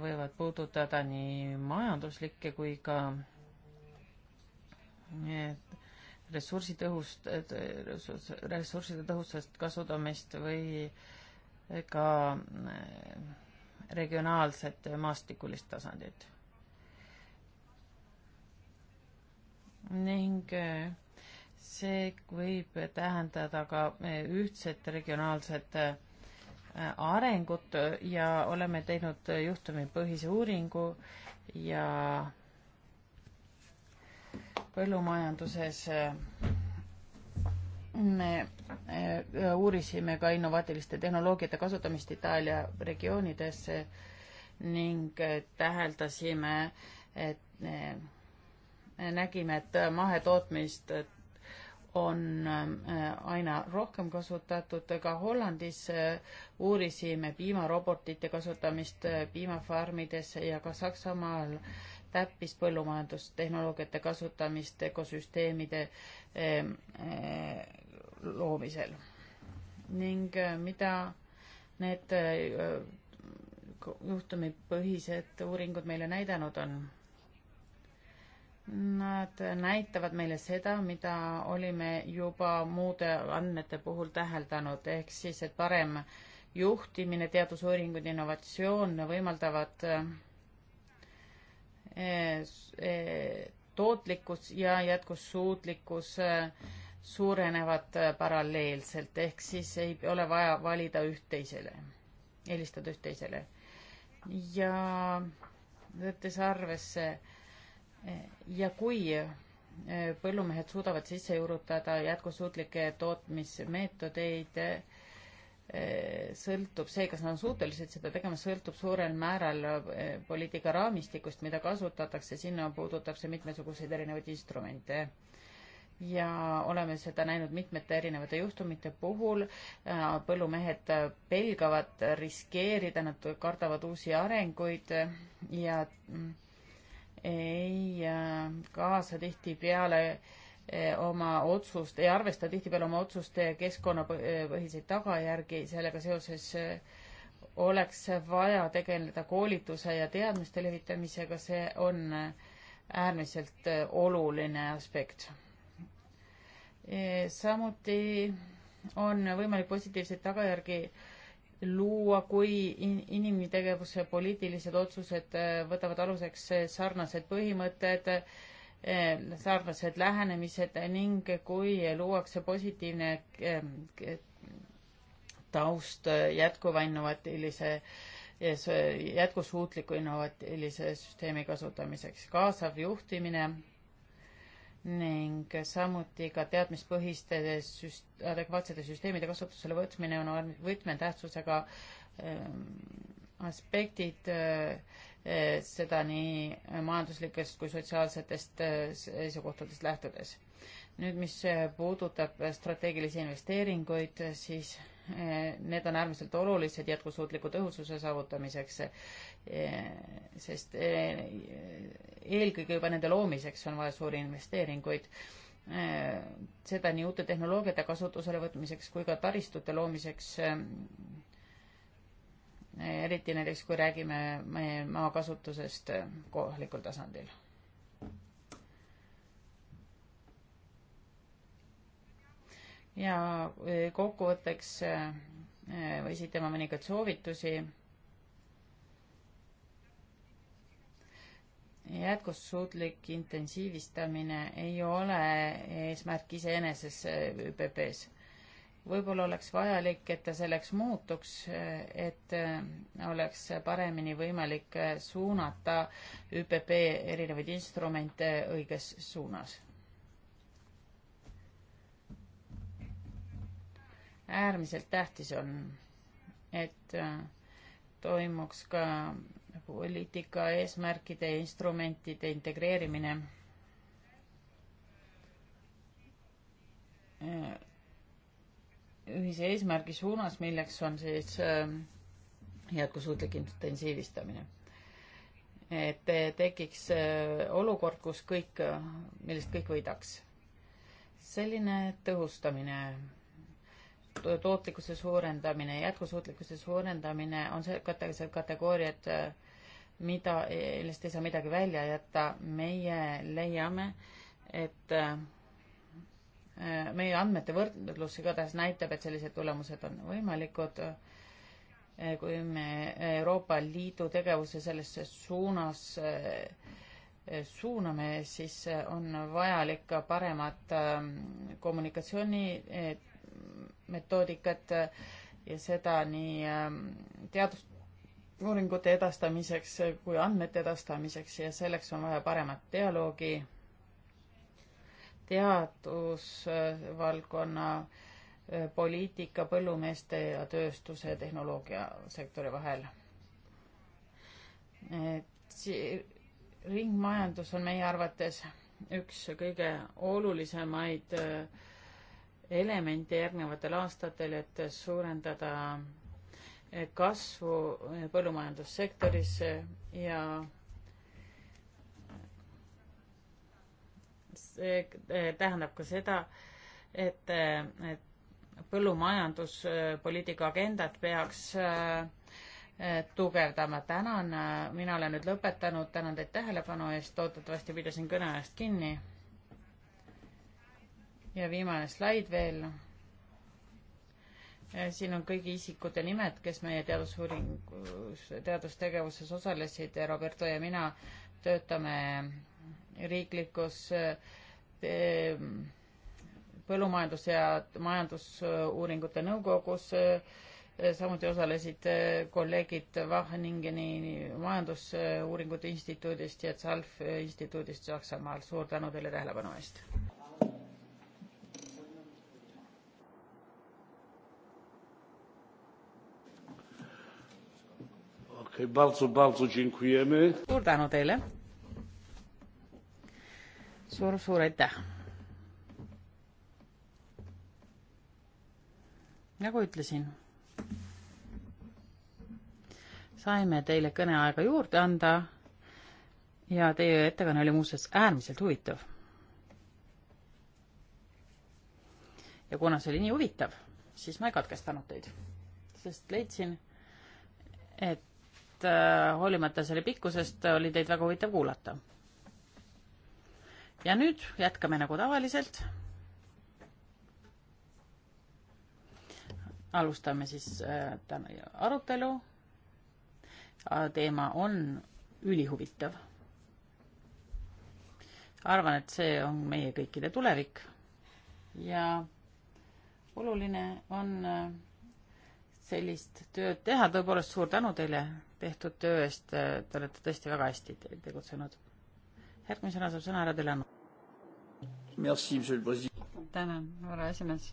võivad puudutada nii majanduslikke kui ka ressursitõhust, ressursside tõhusast kasutamist või ka eh, regionaalset maastikulist tasandit. ning eh, see võib tähendada ka eh, ühtset regionaalset arengut ja oleme teinud juhtumipõhise uuringu ja põllumajanduses eh, me eh, uurisime ka innovaatiliste tehnoloogiate kasutamist Itaalia regioonides ning eh, täheldasime, et nägime, et mahetootmist on äh, aina rohkem kasutatud, ka Hollandis äh, uurisime piimarobotite kasutamist äh, piimafarmides ja ka Saksamaal täppispõllumajandustehnoloogiate kasutamist ökosüsteemide ähm, loomisel. ning mida need juhtumipõhised uuringud meile näidanud on? Nad näitavad meile seda, mida olime juba muude andmete puhul täheldanud, ehk siis, et parem juhtimine, teadusuuringud, innovatsioon võimaldavad eh, eh, tootlikkus ja jätkussuutlikkus eh, suurenevad paralleelselt, ehk siis ei ole vaja valida üht teisele, eelistada üht teisele. ja võttes arvesse äh, ja kui e, põllumehed suudavad sisse juurutada jätkusuutlikke tootmismeetodeid, e, sõltub see, kas nad on suutelised seda tegema, sõltub suurel määral e, poliitika raamistikust, mida kasutatakse, sinna puudutab see mitmesuguseid erinevaid instrumente. ja oleme seda näinud mitmete erinevate juhtumite puhul, põllumehed pelgavad riskeerida, nad kardavad uusi arenguid ja mm, ei äh, kaasa tihtipeale äh, oma otsust, ei arvesta tihtipeale oma otsuste keskkonnapõhiseid tagajärgi, sellega seoses äh, oleks vaja tegeleda koolituse ja teadmiste levitamisega, see on äärmiselt oluline aspekt. samuti on võimalik positiivseid tagajärgi luua, kui inimtegevuse poliitilised otsused äh, võtavad aluseks äh, sarnased põhimõtted, äh, sarnased lähenemised ning kui luuakse positiivne ähm, taust jätkuva innovatiivse, jätkusuutliku innovatiivse süsteemi kasutamiseks. kaasav juhtimine ning samuti ka teadmispõhiste süst-, adekvaatsete süsteemide kasutusele võtmine on võtmetähtsusega ähm, aspektid, äh, äh, seda nii majanduslikest kui sotsiaalsetest äh, seisukohtadest lähtudes. nüüd, mis puudutab strateegilisi investeeringuid, siis need on äärmiselt olulised jätkusuutliku tõhususe saavutamiseks, eh, sest eh, eelkõige juba nende loomiseks on vaja suuri investeeringuid. Eh, seda nii uute tehnoloogiate kasutusele võtmiseks kui ka taristute loomiseks, eriti näiteks, kui räägime maakasutusest kohalikul tasandil ja kokkuvõtteks esitama mõningaid soovitusi. jätkussuutlik intensiivistamine ei ole eesmärk iseeneses ÜPP-s võib-olla oleks vajalik, et ta selleks muutuks, et oleks paremini võimalik suunata ÜPP erinevaid instrumente õiges suunas. äärmiselt tähtis on, et äh, toimuks ka poliitika eesmärkide ja instrumentide integreerimine äh, ühise eesmärgi suunas, milleks on siis äh, jätkusuutlik intensiivistamine. et tekiks olukord, kus kõik, millest kõik võidaks. selline tõhustamine tootlikkuse suurendamine, jätkusuutlikkuse suurendamine on see kategooriad, mida, millest ei saa midagi välja jätta. meie leiame, et meie andmete võrdlus igatahes näitab, et sellised tulemused on võimalikud. kui me Euroopa Liidu tegevuse sellesse suunas suuname, siis on vajalik ka paremat ähm, kommunikatsiooni metoodikat äh, ja seda nii ähm, teadusuuringute edastamiseks kui andmete edastamiseks ja selleks on vaja paremat dialoogi teadusvaldkonna äh, poliitika põllumeeste ja tööstuse tehnoloogiasektori vahel. ringmajandus on meie arvates üks kõige olulisemaid äh, elemente järgnevatel aastatel, et suurendada eh, kasvu eh, põllumajandussektoris eh, ja see tähendab ka seda, et, et põllumajanduspoliitika agendat peaks tugevdama. tänan, mina olen nüüd lõpetanud, tänan teid tähelepanu eest, loodetavasti pidasin kõne ajast kinni ja viimane slaid veel. siin on kõigi isikute nimed, kes meie teadusuuringus, teadustegevuses osalesid. Roberto ja mina töötame riiklikus ehm, põllumajandus- ja majandusuuringute nõukogus. samuti osalesid eh, kolleegid Wageningeni Majandusuuringute Instituudist ja Zalf instituudist Saksamaal. suur tänu teile tähelepanu eest! E, bardzo, bardzo dziękujemy. suur tänu teile suur,. suur-suur aitäh. nagu ütlesin, saime teile kõneaega juurde anda ja teie ettekanne oli muuseas äärmiselt huvitav. ja kuna see oli nii huvitav, siis ma ei katkestanud teid, sest leidsin, et et äh, hoolimata selle pikkusest äh, oli teid väga huvitav kuulata. ja nüüd jätkame nagu tavaliselt. alustame siis äh, täna arutelu. teema on ülihuvitav. arvan, et see on meie kõikide tulevik ja oluline on sellist tööd teha, tõepoolest suur tänu teile tehtud töö eest, te olete tõesti väga hästi tegutsenud. järgmisena saab sõna härra Delano. tänan, härra esimees.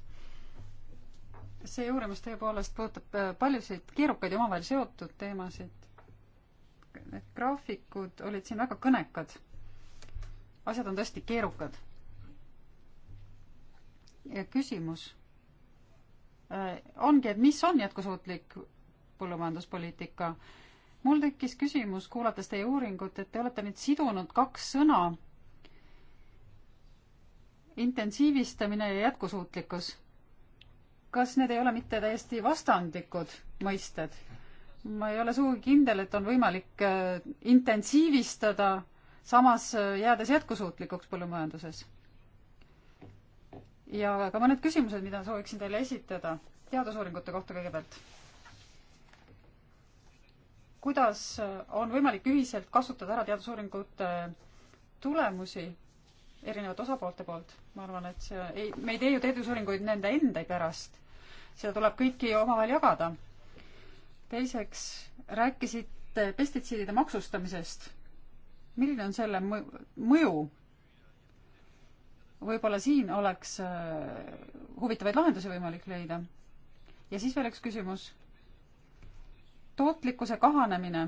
see uurimus tõepoolest puudutab äh, paljusid keerukaid ja omavahel seotud teemasid. Need graafikud olid siin väga kõnekad. asjad on tõesti keerukad. ja küsimus äh, ongi, et mis on jätkusuutlik põllumajanduspoliitika mul tekkis küsimus, kuulates teie uuringut, et te olete nüüd sidunud kaks sõna, intensiivistamine ja jätkusuutlikkus. kas need ei ole mitte täiesti vastandlikud mõisted? ma ei ole sugugi kindel, et on võimalik äh, intensiivistada, samas äh, jäädes jätkusuutlikuks põllumajanduses. ja ka mõned küsimused, mida sooviksin teile esitada teadusuuringute kohta kõigepealt kuidas on võimalik ühiselt kasutada ära teadusuuringute tulemusi erinevate osapoolte poolt. ma arvan, et see ei, me ei tee ju teadusuuringuid nende enda pärast. seda tuleb kõiki omavahel jagada. teiseks rääkisite pestitsiidide maksustamisest. milline on selle mõju? võib-olla siin oleks äh, huvitavaid lahendusi võimalik leida. ja siis veel üks küsimus tootlikkuse kahanemine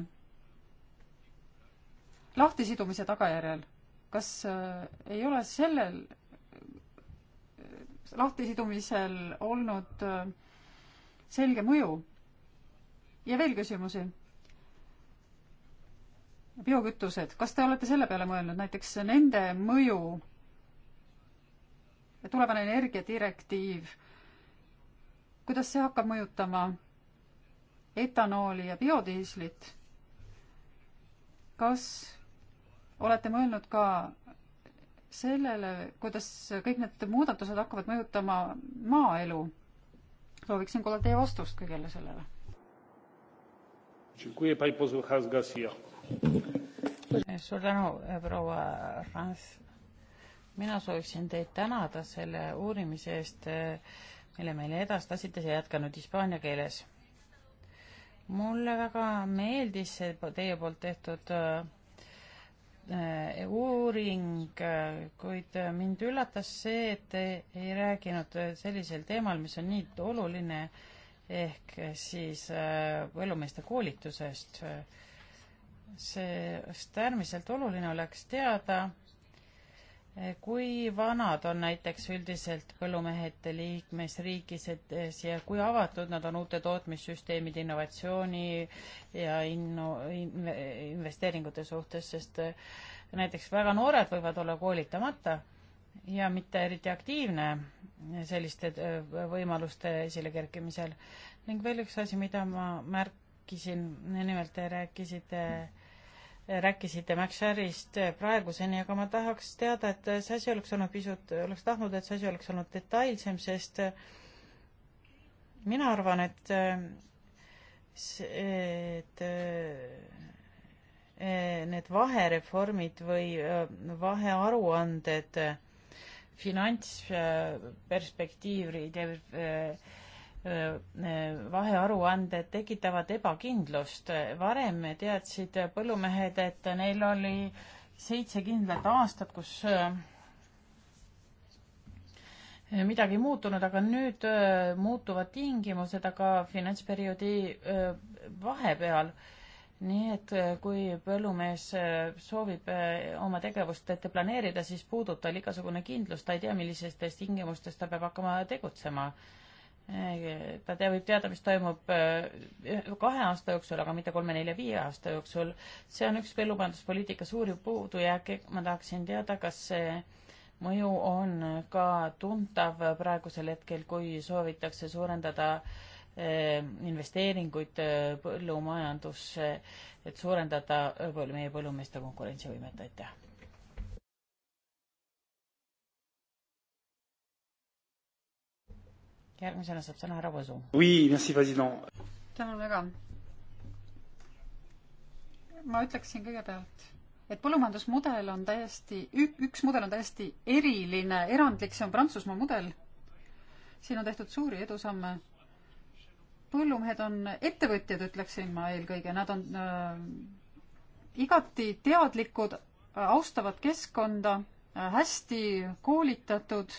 lahtisidumise tagajärjel, kas äh, ei ole sellel äh, lahtisidumisel olnud äh, selge mõju? ja veel küsimusi? biokütused, kas te olete selle peale mõelnud, näiteks nende mõju, tulevane energiadirektiiv, kuidas see hakkab mõjutama etanooli ja biodiislit. kas olete mõelnud ka sellele, kuidas kõik need muudatused hakkavad mõjutama maaelu? sooviksin kuulda teie vastust kõigele sellele. suur tänu, proua Rans. mina sooviksin teid tänada selle uurimise eest, mille meile edastasite, see jätkan nüüd hispaania keeles mulle väga meeldis see teie poolt tehtud äh, äh, uuring, äh, kuid mind üllatas see, et te ei rääkinud sellisel teemal, mis on nii oluline, ehk siis põllumeeste koolitusest. sest äärmiselt oluline oleks teada, kui vanad on näiteks üldiselt põllumehed liikmesriikides ja kui avatud nad on uute tootmissüsteemide innovatsiooni ja inno- in,, investeeringute suhtes, sest äh, näiteks väga noored võivad olla koolitamata ja mitte eriti aktiivne selliste äh, võimaluste esilekerkimisel. ning veel üks asi, mida ma märkisin, nimelt te rääkisite rääkisite Max Sharist praeguseni, aga ma tahaks teada, et see asi oleks olnud pisut, oleks tahtnud, et see asi oleks olnud detailsem, sest mina arvan, et see, et eh, need vahereformid või eh, vahearuanded finantsperspektiivide vahearuanded tekitavad ebakindlust. varem teadsid põllumehed, et neil oli seitse kindlat aastat, kus midagi muutunud, aga nüüd muutuvad tingimused aga finantsperioodi vahepeal. nii et kui põllumees soovib oma tegevust ette planeerida, siis puudub tal igasugune kindlus, ta ei tea, millistest tingimustest ta peab hakkama tegutsema ta tea, võib teada, mis toimub eh, kahe aasta jooksul, aga mitte kolme-nelja-viie aasta jooksul. see on üks põllumajanduspoliitika suuri puudujääke. ma tahaksin teada, kas see mõju on ka tuntav praegusel hetkel, kui soovitakse suurendada eh, investeeringuid eh, põllumajandusse, et suurendada meie põllumeeste konkurentsivõimet. aitäh järgmisena saab sõna härra Võsu. tänan väga. ma ütleksin kõigepealt, et põllumajandusmudel on täiesti, üks mudel on täiesti eriline, erandlik, see on Prantsusmaa mudel. siin on tehtud suuri edusamme. põllumehed on ettevõtjad, ütleksin ma eelkõige, nad on äh, igati teadlikud, austavad keskkonda, äh, hästi koolitatud,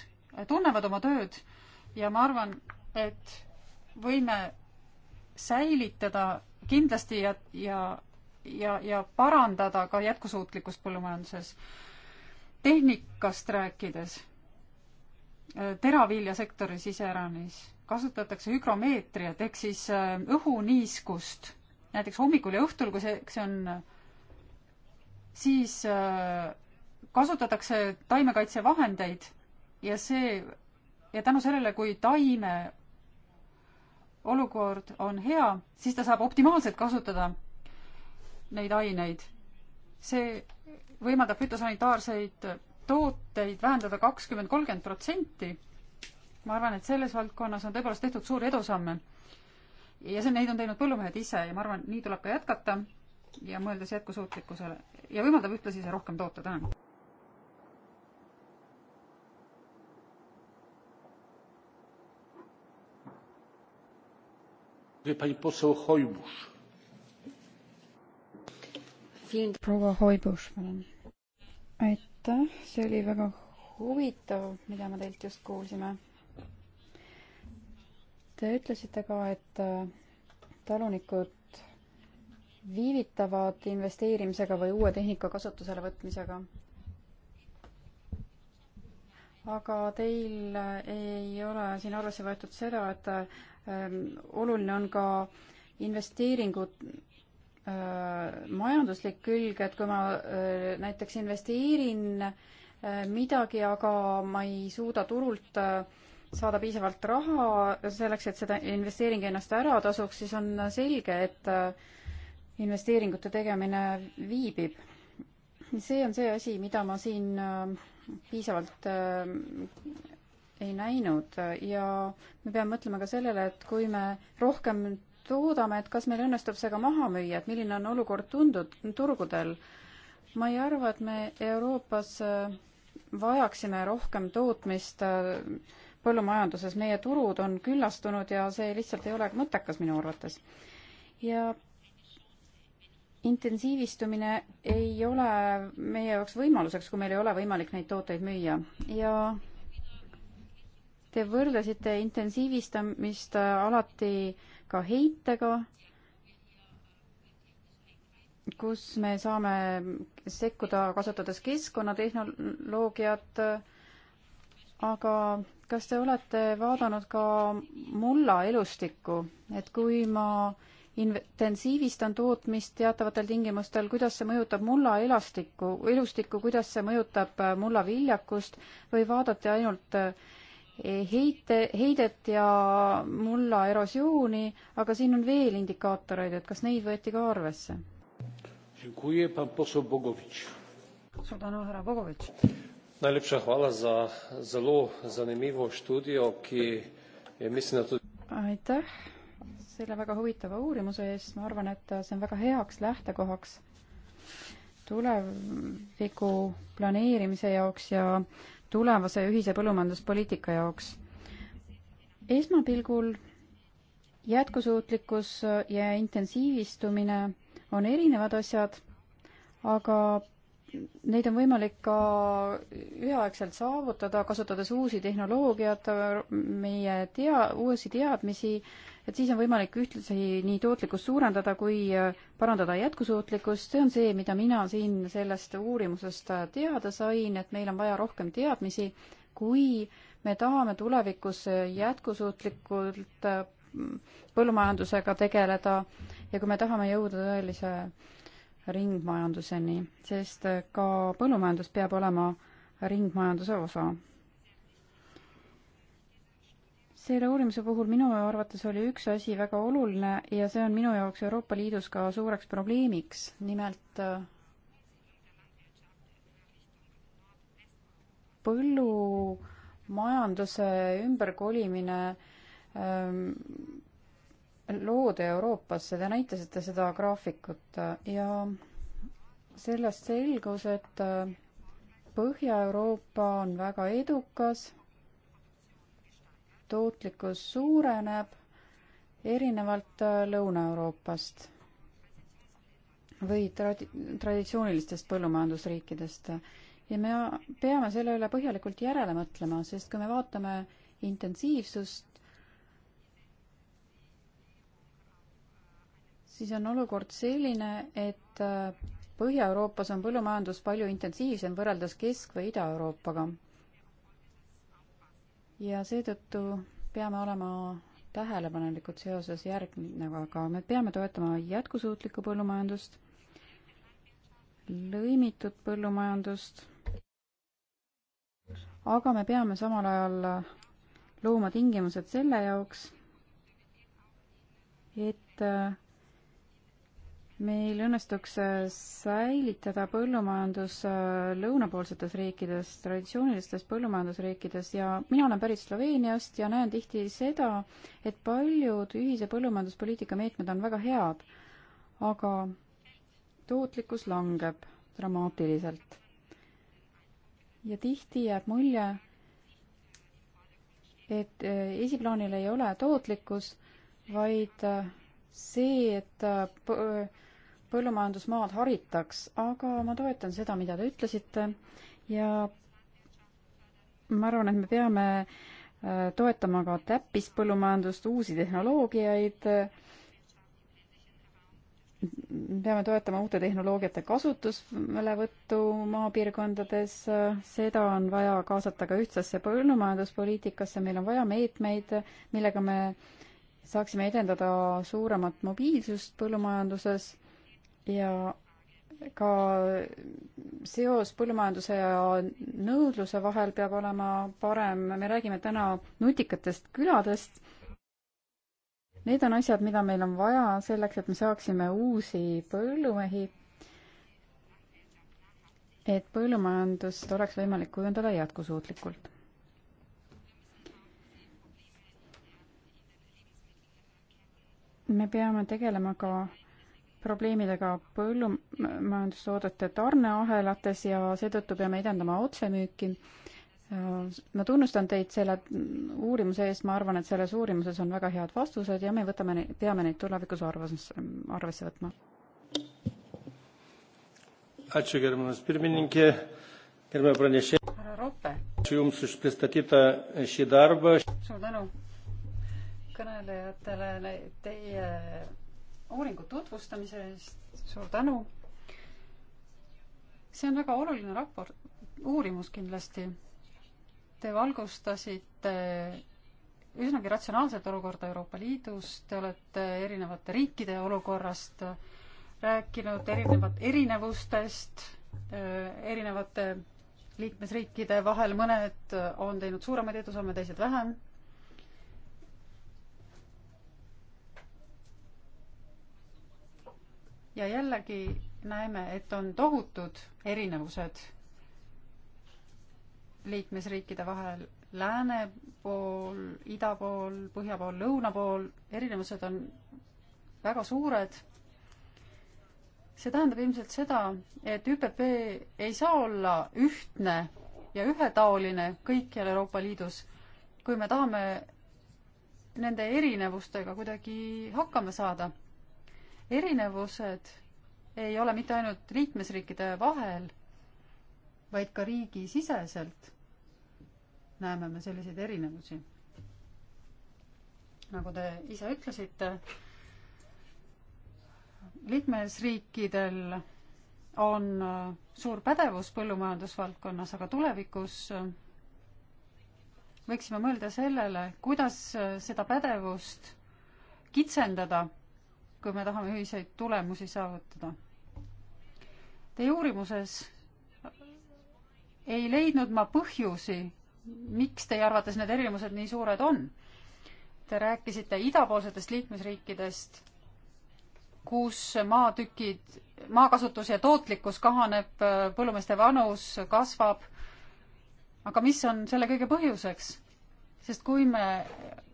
tunnevad oma tööd ja ma arvan, et võime säilitada kindlasti ja, ja, ja, ja parandada ka jätkusuutlikkust põllumajanduses. tehnikast rääkides, äh, teraviljasektoris iseäranis kasutatakse hügromeetriat ehk siis äh, õhuniiskust, näiteks hommikul ja õhtul, kui see, see on, siis äh, kasutatakse taimekaitsevahendeid ja see ja tänu sellele, kui taime olukord on hea, siis ta saab optimaalselt kasutada neid aineid. see võimaldab fütosanitaarseid tooteid vähendada kakskümmend, kolmkümmend protsenti. ma arvan, et selles valdkonnas on tõepoolest tehtud suuri edusamme. ja see, neid on teinud põllumehed ise ja ma arvan, nii tuleb ka jätkata ja mõeldes jätkusuutlikkusele ja võimaldab ühtlasi ise rohkem toota. tänan! pani poseł Hoibuš. proua Hoibuš, palun. aitäh, see oli väga huvitav, mida me teilt just kuulsime. Te ütlesite ka, et äh, talunikud viivitavad investeerimisega või uue tehnika kasutusele võtmisega. aga teil äh, ei ole siin arvesse võetud seda, et Ehm, oluline on ka investeeringud ehm, majanduslik külg, et kui ma ehm, näiteks investeerin midagi, aga ma ei suuda turult saada piisavalt raha selleks, et seda investeering ennast ära tasuks, siis on selge, et investeeringute tegemine viibib. see on see asi, mida ma siin piisavalt ei näinud ja me peame mõtlema ka sellele, et kui me rohkem toodame, et kas meil õnnestub see ka maha müüa, et milline on olukord tundud turgudel. ma ei arva, et me Euroopas äh, vajaksime rohkem tootmist äh, põllumajanduses, meie turud on küllastunud ja see lihtsalt ei ole mõttekas minu arvates. ja intensiivistumine ei ole meie jaoks võimaluseks, kui meil ei ole võimalik neid tooteid müüa ja Te võrdlesite intensiivistamist äh, alati ka heitega, kus me saame sekkuda, kasutades keskkonnatehnoloogiat, aga kas te olete vaadanud ka mulla elustikku, et kui ma intensiivistan tootmist teatavatel tingimustel, kuidas see mõjutab mulla elastikku, elustikku, kuidas see mõjutab äh, mulla viljakust või vaadati ainult äh, heite, heidet ja mulla erosiooni, aga siin on veel indikaatoreid, et kas neid võeti ka arvesse? suur tänu, härra Bogovitš! Najlepša hvala za zelo zanimivo študijo, ki je mislim, da tudi aitäh selle väga huvitava uurimuse eest, ma arvan, et see on väga heaks lähtekohaks tuleviku planeerimise jaoks ja tulevase ühise põllumajanduspoliitika jaoks. esmapilgul jätkusuutlikkus ja intensiivistumine on erinevad asjad, aga neid on võimalik ka üheaegselt saavutada, kasutades uusi tehnoloogiat, meie tea-, uusi teadmisi et siis on võimalik ühtlasi nii tootlikkust suurendada kui äh, parandada jätkusuutlikkust, see on see, mida mina siin sellest uurimusest äh, teada sain, et meil on vaja rohkem teadmisi, kui me tahame tulevikus äh, jätkusuutlikult põllumajandusega tegeleda ja kui me tahame jõuda tõelise ringmajanduseni, sest ka põllumajandus peab olema ringmajanduse osa selle uurimise puhul minu arvates oli üks asi väga oluline ja see on minu jaoks Euroopa Liidus ka suureks probleemiks, nimelt põllumajanduse ümberkolimine ähm, loode Euroopasse, te näitasite seda graafikut ja sellest selgus, et äh, Põhja-Euroopa on väga edukas tootlikkus suureneb erinevalt äh, Lõuna-Euroopast või tradi-, traditsioonilistest põllumajandusriikidest. ja me peame selle üle põhjalikult järele mõtlema, sest kui me vaatame intensiivsust, siis on olukord selline, et äh, Põhja-Euroopas on põllumajandus palju intensiivsem võrreldes Kesk- või Ida-Euroopaga ja seetõttu peame olema tähelepanelikud seoses järgnevaga, me peame toetama jätkusuutlikku põllumajandust, lõimitud põllumajandust, aga me peame samal ajal looma tingimused selle jaoks, et meil õnnestuks äh, säilitada põllumajandus äh, lõunapoolsetes riikides, traditsioonilistes põllumajandusriikides ja mina olen pärit Sloveeniast ja näen tihti seda, et paljud ühise põllumajanduspoliitika meetmed on väga head, aga tootlikkus langeb dramaatiliselt. ja tihti jääb mulje, et äh, esiplaanil ei ole tootlikkus, vaid see, et põllumajandusmaad haritaks, aga ma toetan seda, mida te ütlesite ja ma arvan, et me peame äh, toetama ka täppispõllumajandust, uusi tehnoloogiaid, peame toetama uute tehnoloogiate kasutuselevõttu maapiirkondades, seda on vaja kaasata ka ühtsesse põllumajanduspoliitikasse, meil on vaja meetmeid, millega me saaksime edendada suuremat mobiilsust põllumajanduses ja ka seos põllumajanduse ja nõudluse vahel peab olema parem, me räägime täna nutikatest küladest. Need on asjad, mida meil on vaja selleks, et me saaksime uusi põllumehi. et põllumajandust oleks võimalik kujundada jätkusuutlikult. me peame tegelema ka probleemidega põllumajandustoodete tarneahelates ja seetõttu peame edendama otsemüüki. ma tunnustan teid selle uurimuse eest, ma arvan, et selles uurimuses on väga head vastused ja me võtame, peame neid tulevikus arvesse, arvesse võtma. härra Roppe. suur tänu kõnelejatele teie uuringu tutvustamise eest, suur tänu. see on väga oluline raport, uurimus kindlasti. Te valgustasite üsnagi ratsionaalset olukorda Euroopa Liidus, te olete erinevate riikide olukorrast rääkinud, erinevat, erinevustest erinevate liikmesriikide vahel, mõned on teinud suuremaid edusamme, teised vähem ja jällegi näeme, et on tohutud erinevused liikmesriikide vahel lääne pool, ida pool, põhja pool, lõuna pool, erinevused on väga suured. see tähendab ilmselt seda, et ÜPP ei saa olla ühtne ja ühetaoline kõikjal Euroopa Liidus, kui me tahame nende erinevustega kuidagi hakkama saada erinevused ei ole mitte ainult liikmesriikide vahel, vaid ka riigisiseselt näeme me selliseid erinevusi. nagu te ise ütlesite, liikmesriikidel on suur pädevus põllumajandusvaldkonnas, aga tulevikus võiksime mõelda sellele, kuidas seda pädevust kitsendada kui me tahame ühiseid tulemusi saavutada. Teie uurimuses ei leidnud ma põhjusi, miks teie arvates need erinevused nii suured on. Te rääkisite idapoolsetest liikmesriikidest, kus maatükid, maakasutus ja tootlikkus kahaneb, põllumeeste vanus kasvab. aga mis on selle kõige põhjuseks? sest kui me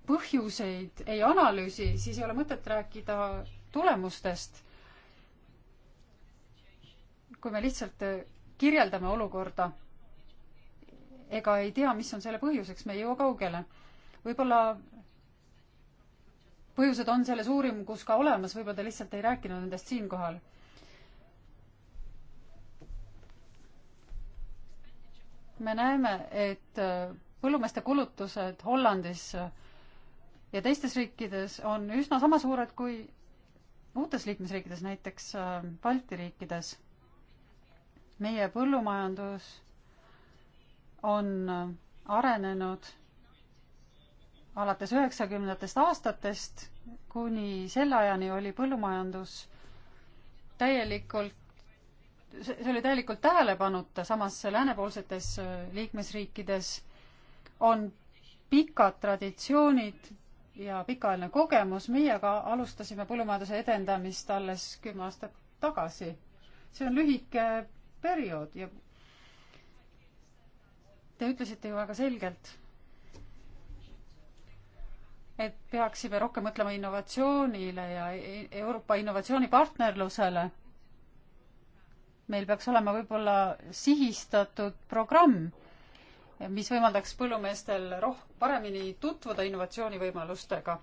põhjuseid ei analüüsi, siis ei ole mõtet rääkida tulemustest. kui me lihtsalt kirjeldame olukorda ega ei tea, mis on selle põhjuseks, me ei jõua kaugele. võib-olla põhjused on selles uurimus ka olemas, võib-olla te lihtsalt ei rääkinud nendest siinkohal. me näeme, et põllumeeste kulutused Hollandis ja teistes riikides on üsna sama suured kui uutes liikmesriikides, näiteks äh, Balti riikides. meie põllumajandus on äh, arenenud alates üheksakümnendatest aastatest kuni selle ajani oli põllumajandus täielikult, see oli täielikult tähelepanuta, samas läänepoolsetes äh, liikmesriikides on pikad traditsioonid ja pikaajaline kogemus. meiega alustasime põllumajanduse edendamist alles kümme aastat tagasi. see on lühike periood ja te ütlesite ju väga selgelt, et peaksime rohkem mõtlema innovatsioonile ja e-, Euroopa innovatsioonipartnerlusele. meil peaks olema võib-olla sihistatud programm mis võimaldaks põllumeestel roh-, paremini tutvuda innovatsioonivõimalustega.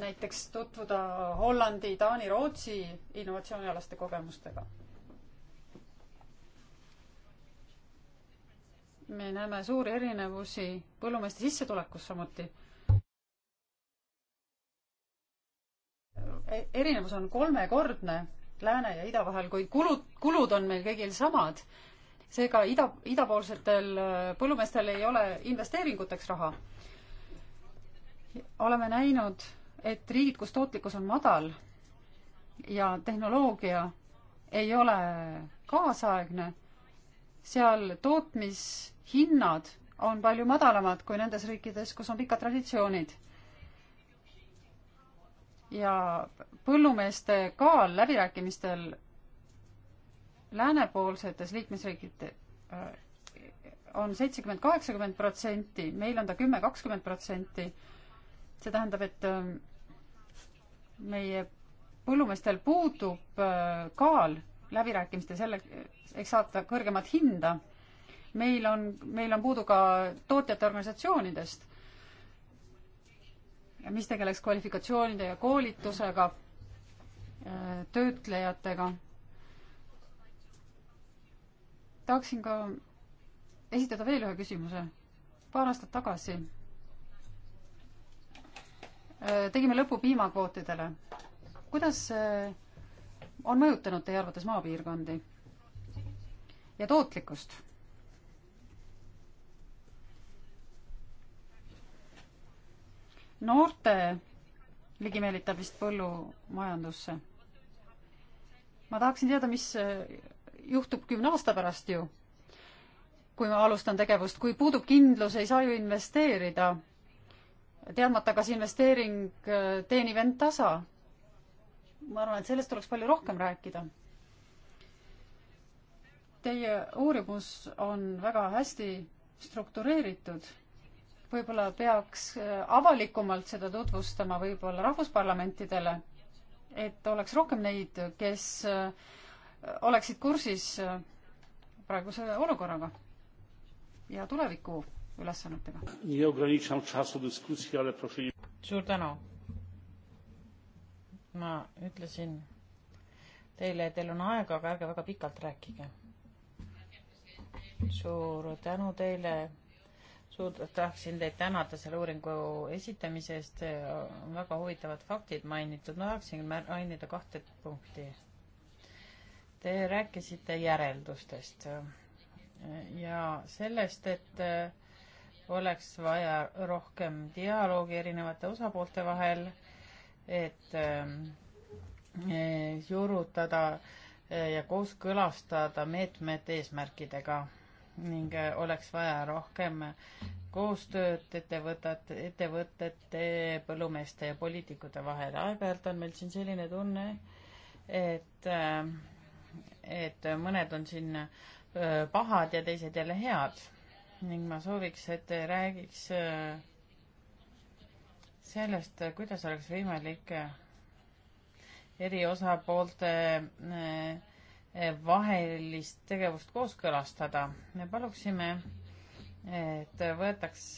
näiteks tutvuda Hollandi, Taani, Rootsi innovatsioonialaste kogemustega. me näeme suuri erinevusi põllumeeste sissetulekus samuti e-, erinevus on kolmekordne lääne ja ida vahel, kuid kulud, kulud on meil kõigil samad seega ida, idapoolsetel äh, põllumeestel ei ole investeeringuteks raha. oleme näinud, et riigid, kus tootlikkus on madal ja tehnoloogia ei ole kaasaegne, seal tootmishinnad on palju madalamad kui nendes riikides, kus on pikad traditsioonid ja põllumeeste kaal läbirääkimistel läänepoolsetes liikmesriigid äh, on seitsekümmend, kaheksakümmend protsenti, meil on ta kümme, kakskümmend protsenti. see tähendab, et äh, meie põllumeestel puudub äh, kaal läbirääkimistel selle, eks saata kõrgemat hinda. meil on, meil on puudu ka tootjate organisatsioonidest, mis tegeleks kvalifikatsioonide ja koolitusega, töötlejatega tahaksin ka esitada veel ühe küsimuse. paar aastat tagasi äh, tegime lõpu piimakvootidele. kuidas äh, on mõjutanud teie arvates maapiirkondi ja tootlikkust? noorte ligimeelitab vist põllumajandusse. ma tahaksin teada, mis äh, juhtub kümne aasta pärast ju, kui ma alustan tegevust, kui puudub kindlus, ei saa ju investeerida, teadmata, kas investeering äh, teenib end tasa. ma arvan, et sellest tuleks palju rohkem rääkida. Teie uurimus on väga hästi struktureeritud võib-olla peaks äh, avalikumalt seda tutvustama võib-olla rahvusparlamentidele, et oleks rohkem neid, kes äh, oleksid kursis äh, praeguse olukorraga ja tuleviku ülesannetega. suur tänu. ma ütlesin teile, et teil on aega, aga ärge väga pikalt rääkige. suur tänu teile. suur, tahaksin teid tänada selle uuringu esitamise eest. väga huvitavad faktid mainitud no,. ma tahaksin mainida kahte punkti Te rääkisite järeldustest ja sellest, et oleks vaja rohkem dialoogi erinevate osapoolte vahel, et eh, juurutada eh, ja kooskõlastada meetmed eesmärkidega ning eh, oleks vaja rohkem koostööd ettevõtet, ettevõtete, põllumeeste ja poliitikute vahel. aeg-ajalt on meil siin selline tunne, et äh, et mõned on siin pahad ja teised jälle head ning ma sooviks, et te räägiks sellest, kuidas oleks võimalik eri osapoolte vahelist tegevust kooskõlastada. me paluksime, et võetaks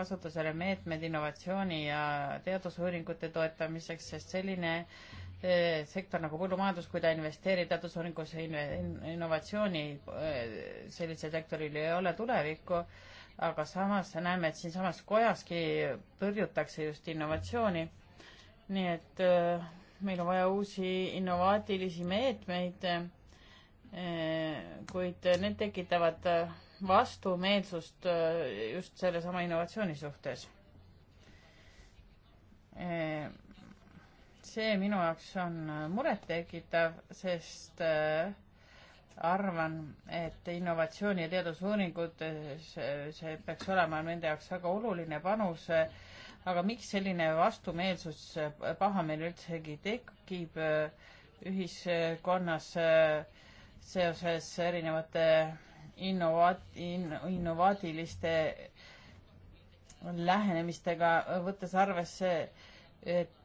kasutusele meetmed innovatsiooni ja teadusuuringute toetamiseks, sest selline äh, Eh, sektor nagu põllumajandus, kui ta investeerib teadusuuringusse innovatsiooni, eh, sellisel sektoril ei ole tulevikku, aga samas näeme, et siinsamas kojaski tõrjutakse just innovatsiooni. nii et eh, meil on vaja uusi innovaatilisi meetmeid, kuid need tekitavad vastumeelsust just sellesama innovatsiooni suhtes see minu jaoks on äh, murettekitav, sest äh, arvan, et innovatsiooni ja teadusuuringud, see peaks olema nende jaoks väga oluline panus. Äh, aga miks selline vastumeelsus, pahameel üldsegi tekib ühiskonnas seoses erinevate innovaat-, innovaatiliste lähenemistega, võttes arvesse, et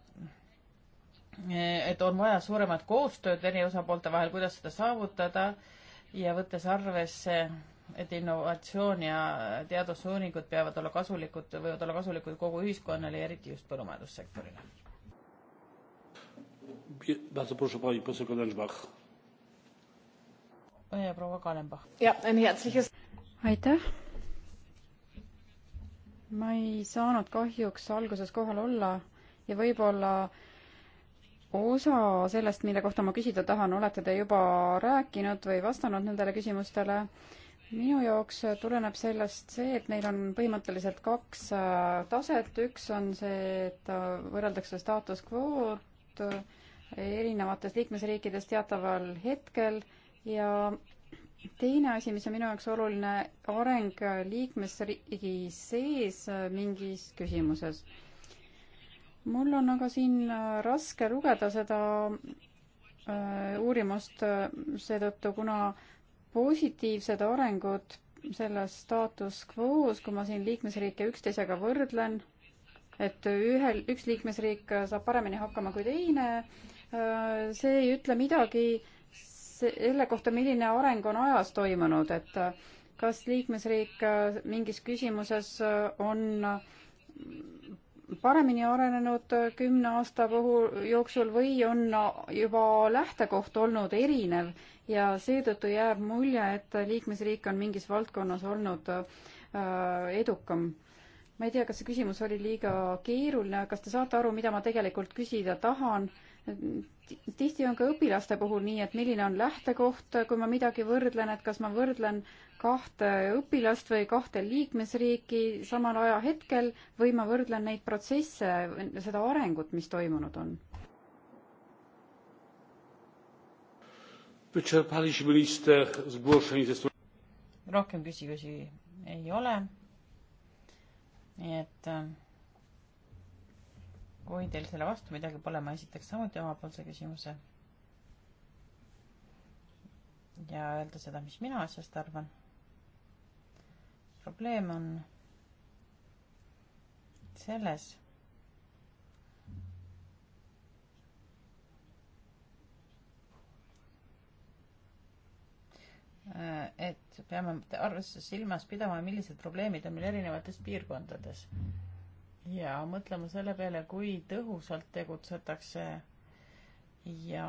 et on vaja suuremat koostööd eri osapoolte vahel, kuidas seda saavutada ja võttes arvesse, et innovatsioon ja teadusuuringud peavad olla kasulikud, võivad olla kasulikud kogu ühiskonnale ja eriti just põllumajandussektorile. proua Kalenbach. aitäh ma ei saanud kahjuks alguses kohal olla ja võib-olla osa sellest, mille kohta ma küsida tahan, olete te juba rääkinud või vastanud nendele küsimustele. minu jaoks tuleneb sellest see, et meil on põhimõtteliselt kaks äh, taset, üks on see, et äh, võrreldakse staatus quo'd äh, erinevates liikmesriikides teataval hetkel ja teine asi, mis on minu jaoks oluline, areng liikmesriigi sees mingis küsimuses mul on aga siin äh, raske lugeda seda äh, uurimust äh, seetõttu, kuna positiivsed arengud selles staatus quo's, kui ma siin liikmesriike üksteisega võrdlen, et ühel, üks liikmesriik saab paremini hakkama kui teine, see ei ütle midagi selle kohta, milline areng on ajas toimunud, et kas liikmesriik mingis küsimuses on paremini arenenud kümne aasta puhul jooksul või on juba lähtekoht olnud erinev ja seetõttu jääb mulje, et liikmesriik on mingis valdkonnas olnud äh, edukam. ma ei tea, kas see küsimus oli liiga keeruline, kas te saate aru, mida ma tegelikult küsida tahan tihti on ka õpilaste puhul nii, et milline on lähtekoht, kui ma midagi võrdlen, et kas ma võrdlen kahte õpilast või kahte liikmesriiki samal ajahetkel või ma võrdlen neid protsesse, seda arengut, mis toimunud on? rohkem küsimusi ei ole. nii et kui teil selle vastu midagi pole, ma esitaks samuti omapoolse küsimuse. ja öelda seda, mis mina asjast arvan. probleem on selles, et peame arvesse silmas pidama, millised probleemid on meil erinevates piirkondades mm ja mõtlema selle peale, kui tõhusalt tegutsetakse ja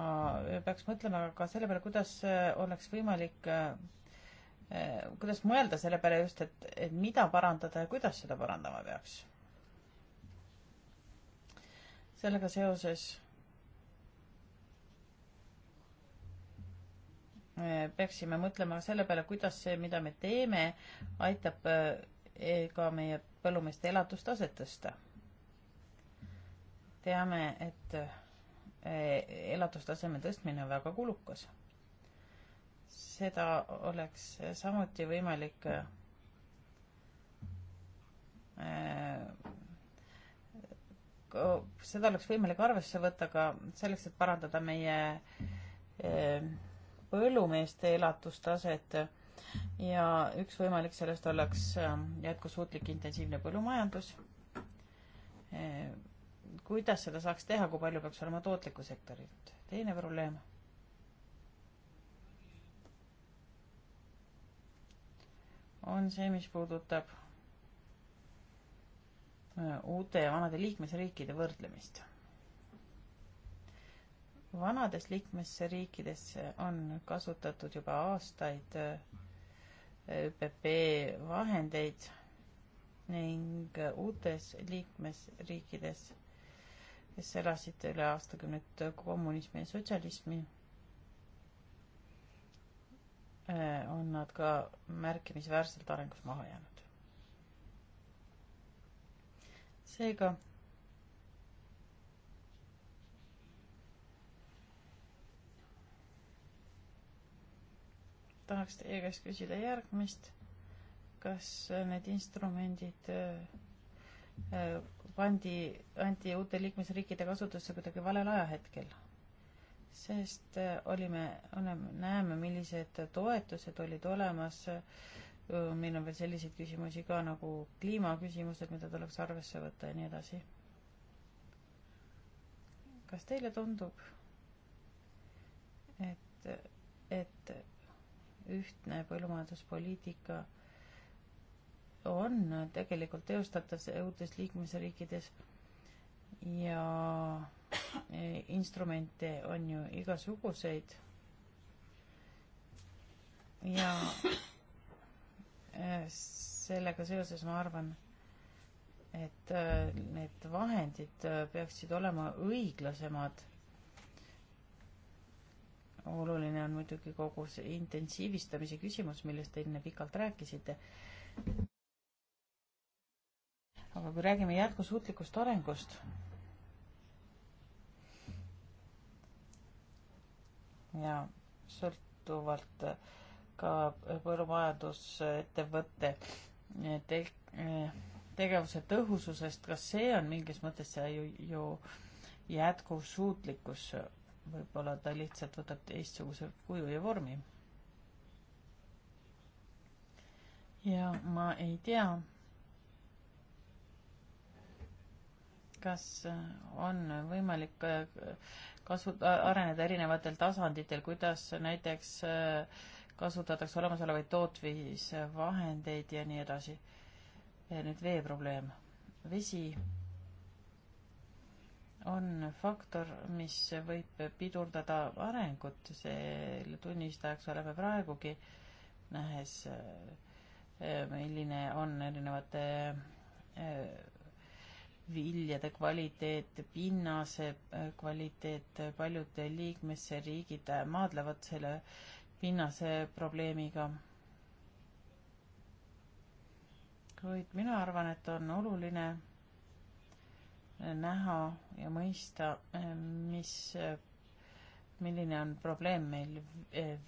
peaks mõtlema ka selle peale, kuidas oleks võimalik, eh, kuidas mõelda selle peale just, et, et mida parandada ja kuidas seda parandama peaks. sellega seoses eh, peaksime mõtlema selle peale, kuidas see, mida me teeme, aitab eh, ka meie põllumeeste elatustaset tõsta. teame, et e, elatustaseme tõstmine on väga kulukas. seda oleks samuti võimalik e, seda oleks võimalik arvesse võtta ka selleks, et parandada meie e, põllumeeste elatustaset ja üks võimalik sellest oleks ähm, jätkusuutlik intensiivne põllumajandus. Äh, kuidas seda saaks teha, kui palju peaks olema tootlikku sektorit? teine probleem. on see, mis puudutab äh, uute ja vanade liikmesriikide võrdlemist. vanades liikmesriikides on kasutatud juba aastaid äh, ÜPP vahendeid ning uutes liikmesriikides, kes elasid üle aastakümnet kommunismi ja sotsialismi, äh, on nad ka märkimisväärselt arengus maha jäänud. seega tahaks teie käest küsida järgmist. kas need instrumendid äh, äh, pandi, anti uute liikmesriikide kasutusse kuidagi valel ajahetkel? sest äh, olime, oleme, näeme, millised toetused olid olemas. meil on veel selliseid küsimusi ka nagu kliimaküsimused, mida tuleks arvesse võtta ja nii edasi. kas teile tundub, et, et ühtne põllumajanduspoliitika on tegelikult teostatav uutes liikmesriikides ja e, instrumente on ju igasuguseid ja e, sellega seoses ma arvan, et e, need vahendid peaksid olema õiglasemad muidugi kogu see intensiivistamise küsimus, millest te enne pikalt rääkisite. aga kui räägime jätkusuutlikust arengust, ja sõltuvalt ka põllumajandusettevõtte te-, tegevuse tõhususest, kas see on mingis mõttes see ju, ju jätkusuutlikkus võib-olla ta lihtsalt võtab teistsuguse kuju ja vormi. ja ma ei tea, kas on võimalik äh, kasu, areneda erinevatel tasanditel, kuidas näiteks äh, kasutatakse olemasolevaid tootmisvahendeid ja nii edasi. nüüd veeprobleem. vesi on faktor, mis võib pidurdada arengut, selle tunnistajaks oleme praegugi, nähes eh, milline on erinevate eh, viljade kvaliteet, pinnase eh, kvaliteet, paljud liikmesriigid maadlevad selle pinnase probleemiga. kuid mina arvan, et on oluline näha ja mõista, mis, milline on probleem meil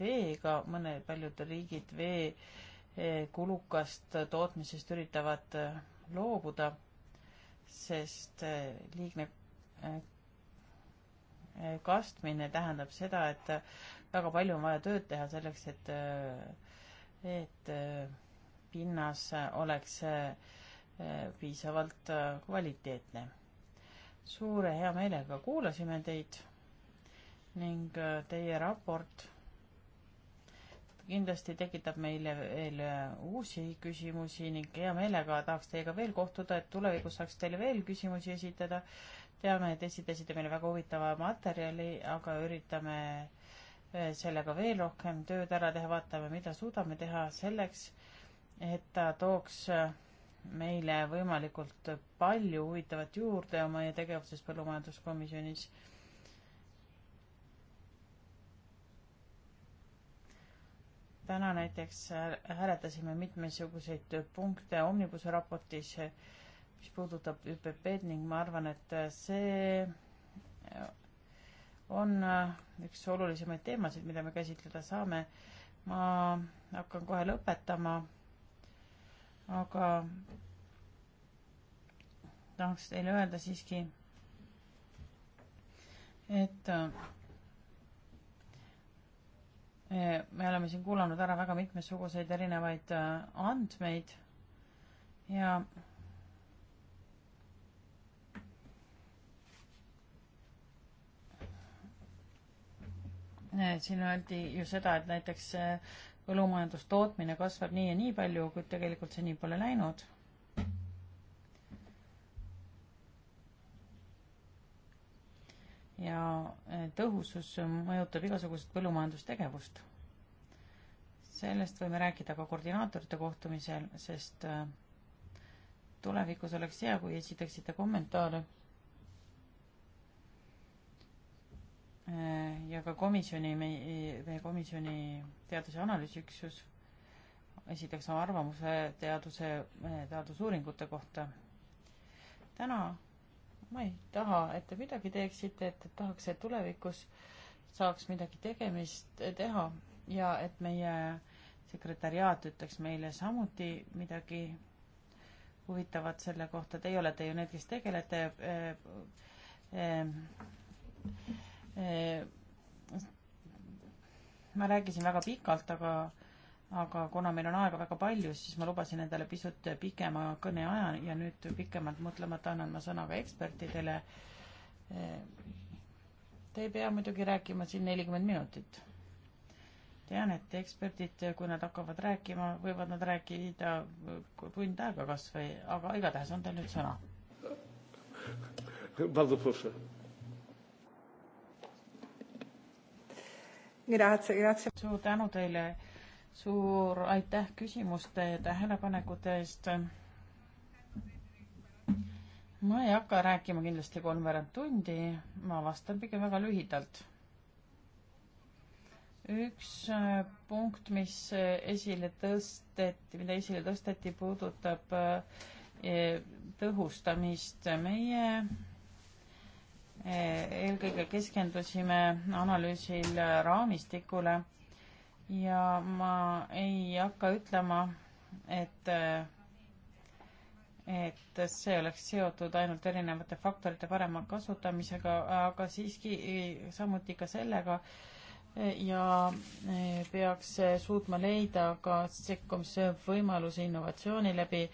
veega, mõne, paljud riigid vee kulukast tootmisest üritavad loobuda, sest liigne kastmine tähendab seda, et väga palju on vaja tööd teha selleks, et, et pinnas oleks piisavalt kvaliteetne suure hea meelega kuulasime teid ning äh, teie raport kindlasti tekitab meile veel äh, uusi küsimusi ning hea meelega tahaks teiega veel kohtuda, et tulevikus saaks teile veel küsimusi esitada. teame, et esitasite meile väga huvitava materjali, aga üritame äh, sellega veel rohkem tööd ära teha, vaatame, mida suudame teha selleks, et ta tooks meile võimalikult palju huvitavat juurde oma tegevuses põllumajanduskomisjonis. täna näiteks hääletasime mitmesuguseid punkte Omnibuse raportis, mis puudutab ÜPP-d ning ma arvan, et see on üks olulisemaid teemasid, mida me käsitleda saame. ma hakkan kohe lõpetama aga tahaks teile öelda siiski, et äh, me oleme siin kuulanud ära väga mitmesuguseid erinevaid äh, andmeid ja äh, siin öeldi ju seda, et näiteks põllumajandustootmine kasvab nii ja nii palju, kuid tegelikult see nii pole läinud. ja eh, tõhusus mõjutab igasugust põllumajandustegevust. sellest võime rääkida ka koordinaatorite kohtumisel, sest eh, tulevikus oleks hea, kui esitaksite kommentaare ja ka komisjoni, meie komisjoni teadus- ja analüüsiüksus esitaks oma arvamuse teaduse, teadusuuringute kohta. täna ma ei taha, et te midagi teeksite, et tahaks, et tulevikus saaks midagi tegemist teha ja et meie sekretäriaat ütleks meile samuti midagi huvitavat selle kohta. Teie olete ju need, kes tegelete eh, eh, ma rääkisin väga pikalt, aga, aga kuna meil on aega väga palju, siis ma lubasin endale pisut pikema kõneaja ja nüüd pikemalt mõtlemata annan ma sõna ka ekspertidele. Te ei pea muidugi rääkima siin nelikümmend minutit. tean, et eksperdid, kui nad hakkavad rääkima, võivad nad rääkida tund aega kasvõi, aga igatahes on teil nüüd sõna. Bardzo proszę. suur tänu teile, suur aitäh küsimuste ja tähelepanekute eest. ma ei hakka rääkima kindlasti kolmveerand tundi, ma vastan pigem väga lühidalt. üks äh, punkt, mis äh, esile tõsteti, mida esile tõsteti, puudutab äh, tõhustamist meie E, eelkõige keskendusime analüüsil raamistikule ja ma ei hakka ütlema, et, et see oleks seotud ainult erinevate faktorite parema kasutamisega, aga siiski samuti ka sellega e, ja e, peaks suutma leida ka sekkumisvõimalusi innovatsiooni läbi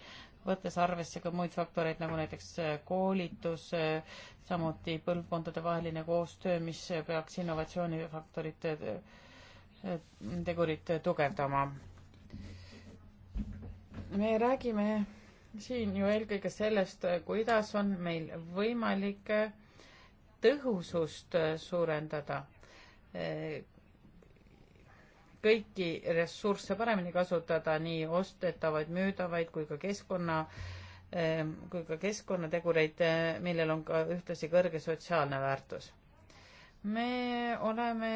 võttes arvesse ka muid faktoreid, nagu näiteks äh, koolitus, äh, samuti põlvkondadevaheline koostöö, mis peaks innovatsioonifaktorit, äh, tegurit tugevdama. me räägime siin ju eelkõige sellest, kuidas on meil võimalik tõhusust suurendada kõiki ressursse paremini kasutada, nii ostetavaid, müüdavaid kui ka keskkonna, ehm, kui ka keskkonnategureid, eh, millel on ka ühtlasi kõrge sotsiaalne väärtus. me oleme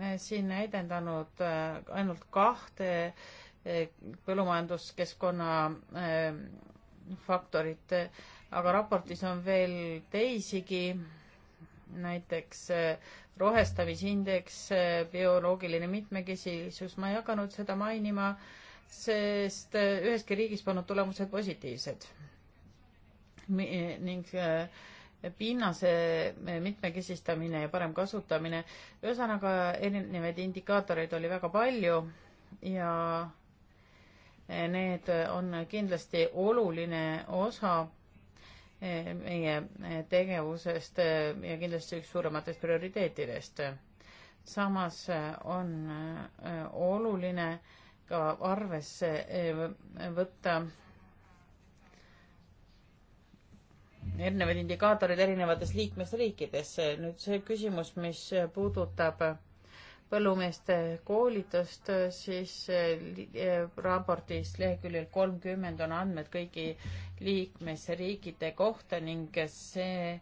eh, siin näidendanud eh, ainult kahte põllumajanduskeskkonna ehm, faktorit, aga raportis on veel teisigi näiteks äh, rohestamisindeks, äh, bioloogiline mitmekesisus, ma ei hakanud seda mainima, sest äh, üheski riigis polnud tulemused positiivsed. ning pinnase mitmekesistamine ja parem kasutamine, ühesõnaga erinevaid indikaatoreid oli väga palju ja need on kindlasti oluline osa meie tegevusest ja kindlasti üks suurematest prioriteetidest. samas on äh, oluline ka arvesse äh, võtta erinevaid indikaatoreid erinevates liikmesriikides. nüüd see küsimus, mis puudutab põllumeeste koolitust, siis eh, raportis leheküljel kolmkümmend on andmed kõigi liikmesriikide kohta ning see,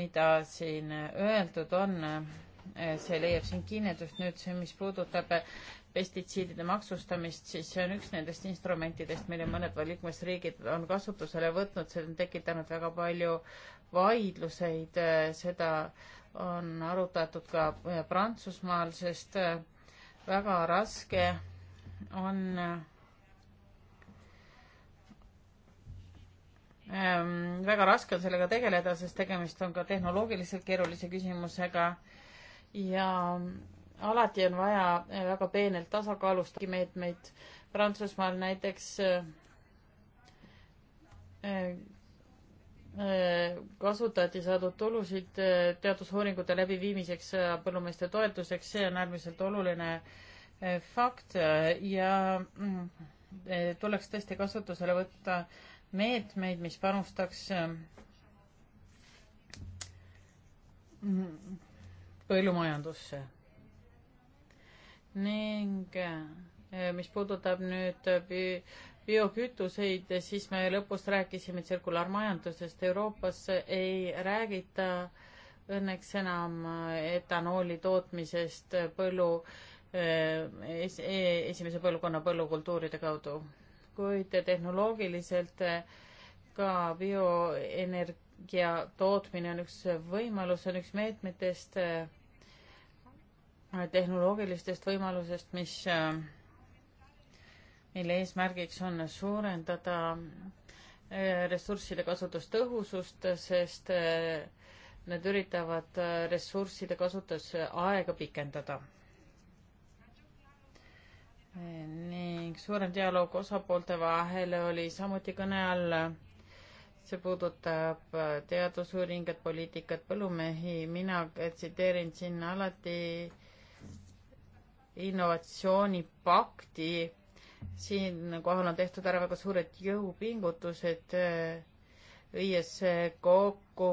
mida siin öeldud on, eh, see leiab siin kinnitust. nüüd see, mis puudutab eh, pestitsiidide maksustamist, siis see on üks nendest instrumentidest, mille mõned liikmesriigid on kasutusele võtnud, see on tekitanud väga palju vaidluseid, seda äh, on arutatud ka äh, Prantsusmaal, sest äh, väga raske on ähm, väga raske on sellega tegeleda, sest tegemist on ka tehnoloogiliselt keerulise küsimusega ja ähm, alati on vaja äh, väga peenelt tasakaalustada meetmeid. Prantsusmaal näiteks äh, kasutati saadud tulusid eh, teadusuuringute läbiviimiseks ja eh, põllumeeste toetuseks, see on äärmiselt oluline eh, fakt ja mm, tuleks tõesti kasutusele võtta meetmeid, mis panustaks mm, põllumajandusse. ning mis puudutab nüüd biokütuseid, siis me lõpus rääkisime tsirkulaarmajandusest. Euroopas ei räägita õnneks enam etanooli tootmisest põllu eh, es,, e-, esimese põlvkonna põllukultuuride kaudu, kuid tehnoloogiliselt eh, ka bioenergia tootmine on üks võimalus, on üks meetmetest, eh, tehnoloogilistest võimalusest, mis mille eesmärgiks on suurendada äh, ressursside kasutustõhusust, sest äh, nad üritavad äh, ressursside kasutuse aega pikendada. ning suurem dialoog osapoolte vahel oli samuti kõne all. see puudutab teadusuuringut, poliitikat, põllumehi. mina tsiteerin siin alati innovatsioonipakti siinkohal on tehtud ära väga suured jõupingutused, eh, viies kokku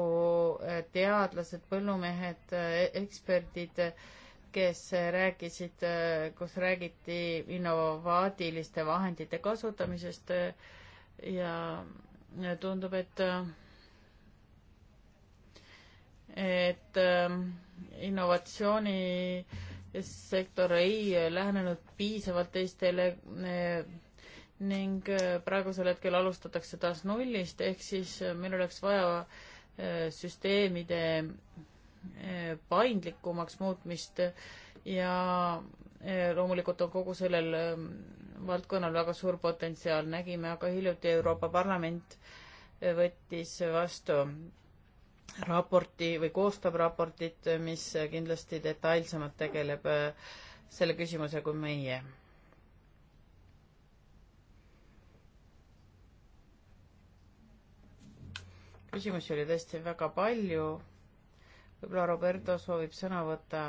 eh, teadlased, põllumehed, eh, eksperdid, kes rääkisid, kus räägiti innovaatiliste vahendite kasutamisest ja tundub, et et innovatsiooni äh, sektor ei lähenenud piisavalt teistele eh, ning eh, praegusel hetkel alustatakse taas nullist, ehk siis eh, meil oleks vaja süsteemide paindlikumaks muutmist ja loomulikult on kogu sellel valdkonnal väga suur potentsiaal, nägime aga hiljuti Euroopa Parlament võttis vastu raporti või koostab raportit, mis kindlasti detailsemalt tegeleb äh, selle küsimuse kui meie. küsimusi oli tõesti väga palju. võib-olla Roberto soovib sõna võtta,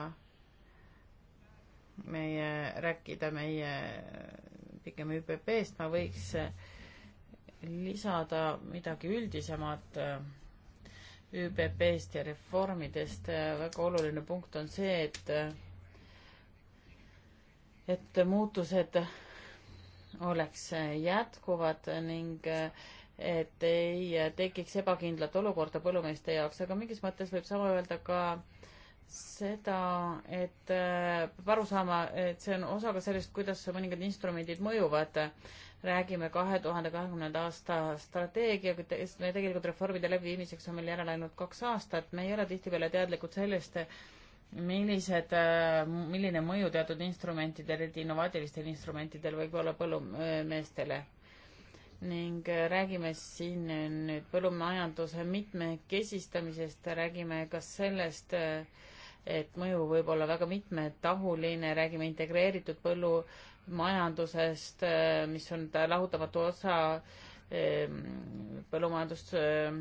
meie, rääkida meie pigem ÜPP-st, ma võiks lisada midagi üldisemat ÜPP-st ja reformidest äh, väga oluline punkt on see, et äh, et muutused oleks jätkuvad ning äh, et ei tekiks ebakindlat olukorda põllumeeste jaoks, aga mingis mõttes võib sama öelda ka seda, et peab aru saama, et see on osa ka sellest, kuidas mõningad instrumendid mõjuvad räägime kahe tuhande kahekümnenda aasta strateegiaga, me tegelikult reformide läbiviimiseks on meil järele ainult kaks aastat, me ei ole tihtipeale teadlikud sellest, millised, milline mõju teatud instrumentidel, eriti innovaatilistel instrumentidel võib olla põllumeestele. ning räägime siin nüüd põllumajanduse mitmekesistamisest, räägime ka sellest, et mõju võib olla väga mitmetahuline, räägime integreeritud põllu majandusest, eh, mis on lahutamatu osa eh, põllumajandust eh,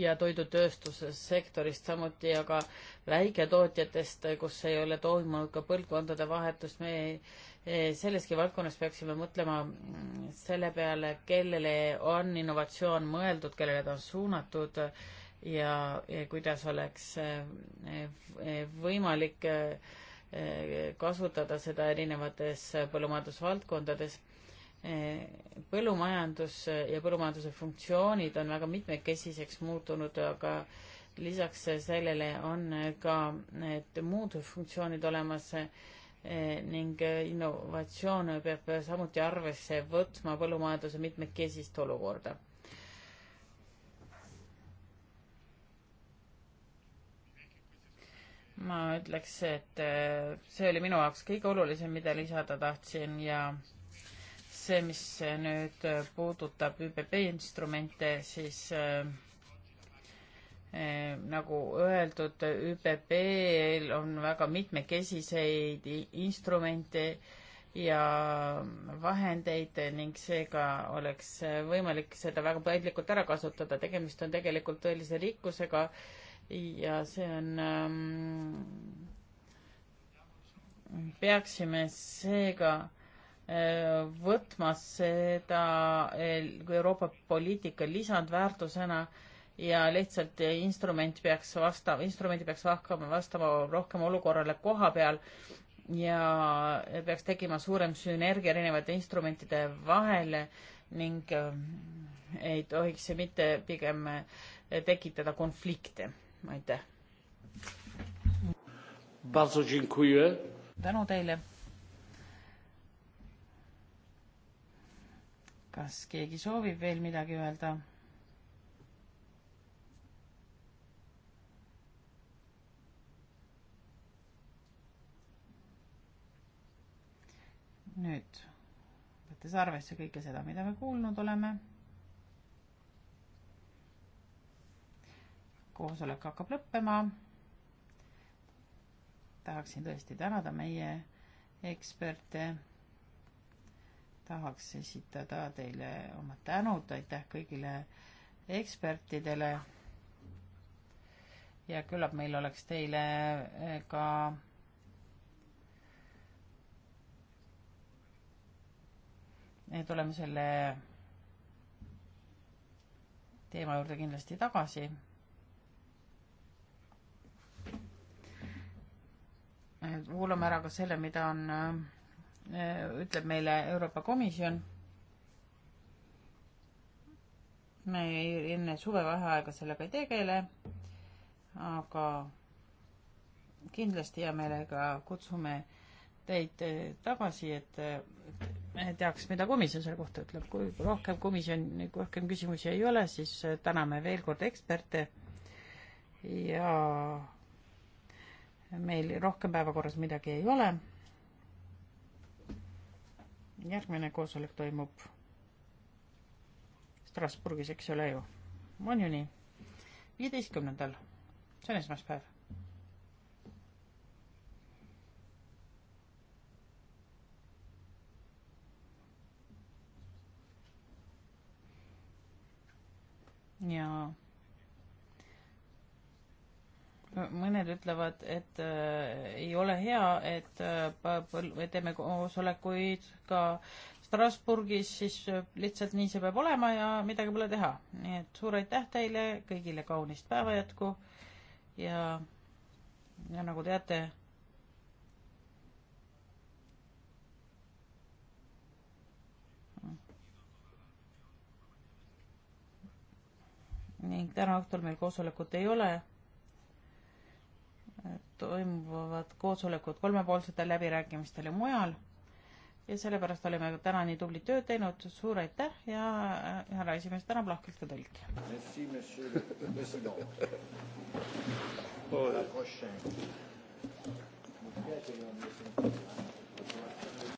ja toidutööstussektorist samuti, aga väiketootjatest, kus ei ole toimunud ka põlvkondade vahetust, me selleski valdkonnas peaksime mõtlema mm, selle peale, kellele on innovatsioon mõeldud, kellele ta on suunatud ja, ja kuidas oleks võimalik kasutada seda erinevates põllumajandusvaldkondades. põllumajandus ja põllumajanduse funktsioonid on väga mitmekesiseks muutunud, aga lisaks sellele on ka need muud funktsioonid olemas eh, ning innovatsioon peab samuti arvesse võtma põllumajanduse mitmekesist olukorda ma ütleks, et äh, see oli minu jaoks kõige olulisem, mida lisada tahtsin ja see, mis nüüd puudutab ÜBB instrumente, siis äh, äh, nagu öeldud, ÜBB-l on väga mitmekesiseid instrumente ja vahendeid ning seega oleks võimalik seda väga paindlikult ära kasutada. tegemist on tegelikult tõelise rikkusega äh, ja see on ähm,, peaksime seega äh, võtma seda äh, Euroopa poliitika lisandväärtusena ja lihtsalt instrument peaks vastama, instrumendi peaks hakkama vastama rohkem olukorrale koha peal ja peaks tegema suurem sünergia erinevate instrumentide vahel ning äh, ei tohiks see mitte pigem äh, tekitada konflikte aitäh. tänu teile. kas keegi soovib veel midagi öelda? nüüd, võttes arvesse kõike seda, mida me kuulnud oleme koosolek hakkab lõppema. tahaksin tõesti tänada meie eksperte. tahaks esitada teile oma tänud, aitäh kõigile ekspertidele. ja küllap meil oleks teile eh, ka eh, tuleme selle teema juurde kindlasti tagasi kuulame ära ka selle, mida on, äh, ütleb meile Euroopa Komisjon. me ei, enne suvevaheaega sellega ei tegele, aga kindlasti hea meelega kutsume teid äh, tagasi, et me äh, teaks, mida komisjon selle kohta ütleb. kui rohkem komisjoni, kui rohkem küsimusi ei ole, siis täname veel kord eksperte ja meil rohkem päevakorras midagi ei ole. järgmine koosolek toimub Strasburgis, eks ole ju, on ju nii? viieteistkümnendal, see on esmaspäev. ja mõned ütlevad, et äh, ei ole hea, et äh, teeme koosolekuid ka Strasburgis, siis äh, lihtsalt nii see peab olema ja midagi pole teha. nii et suur aitäh teile, kõigile kaunist päeva jätku ja, ja nagu teate, ning täna õhtul meil koosolekut ei ole toimuvad koosolekud kolmepoolsetel läbirääkimistel ja mujal. ja sellepärast oleme täna nii tublit tööd teinud, suur aitäh ja äh, härra esimees tänab lahkelt ka tõlki. Oh, yeah.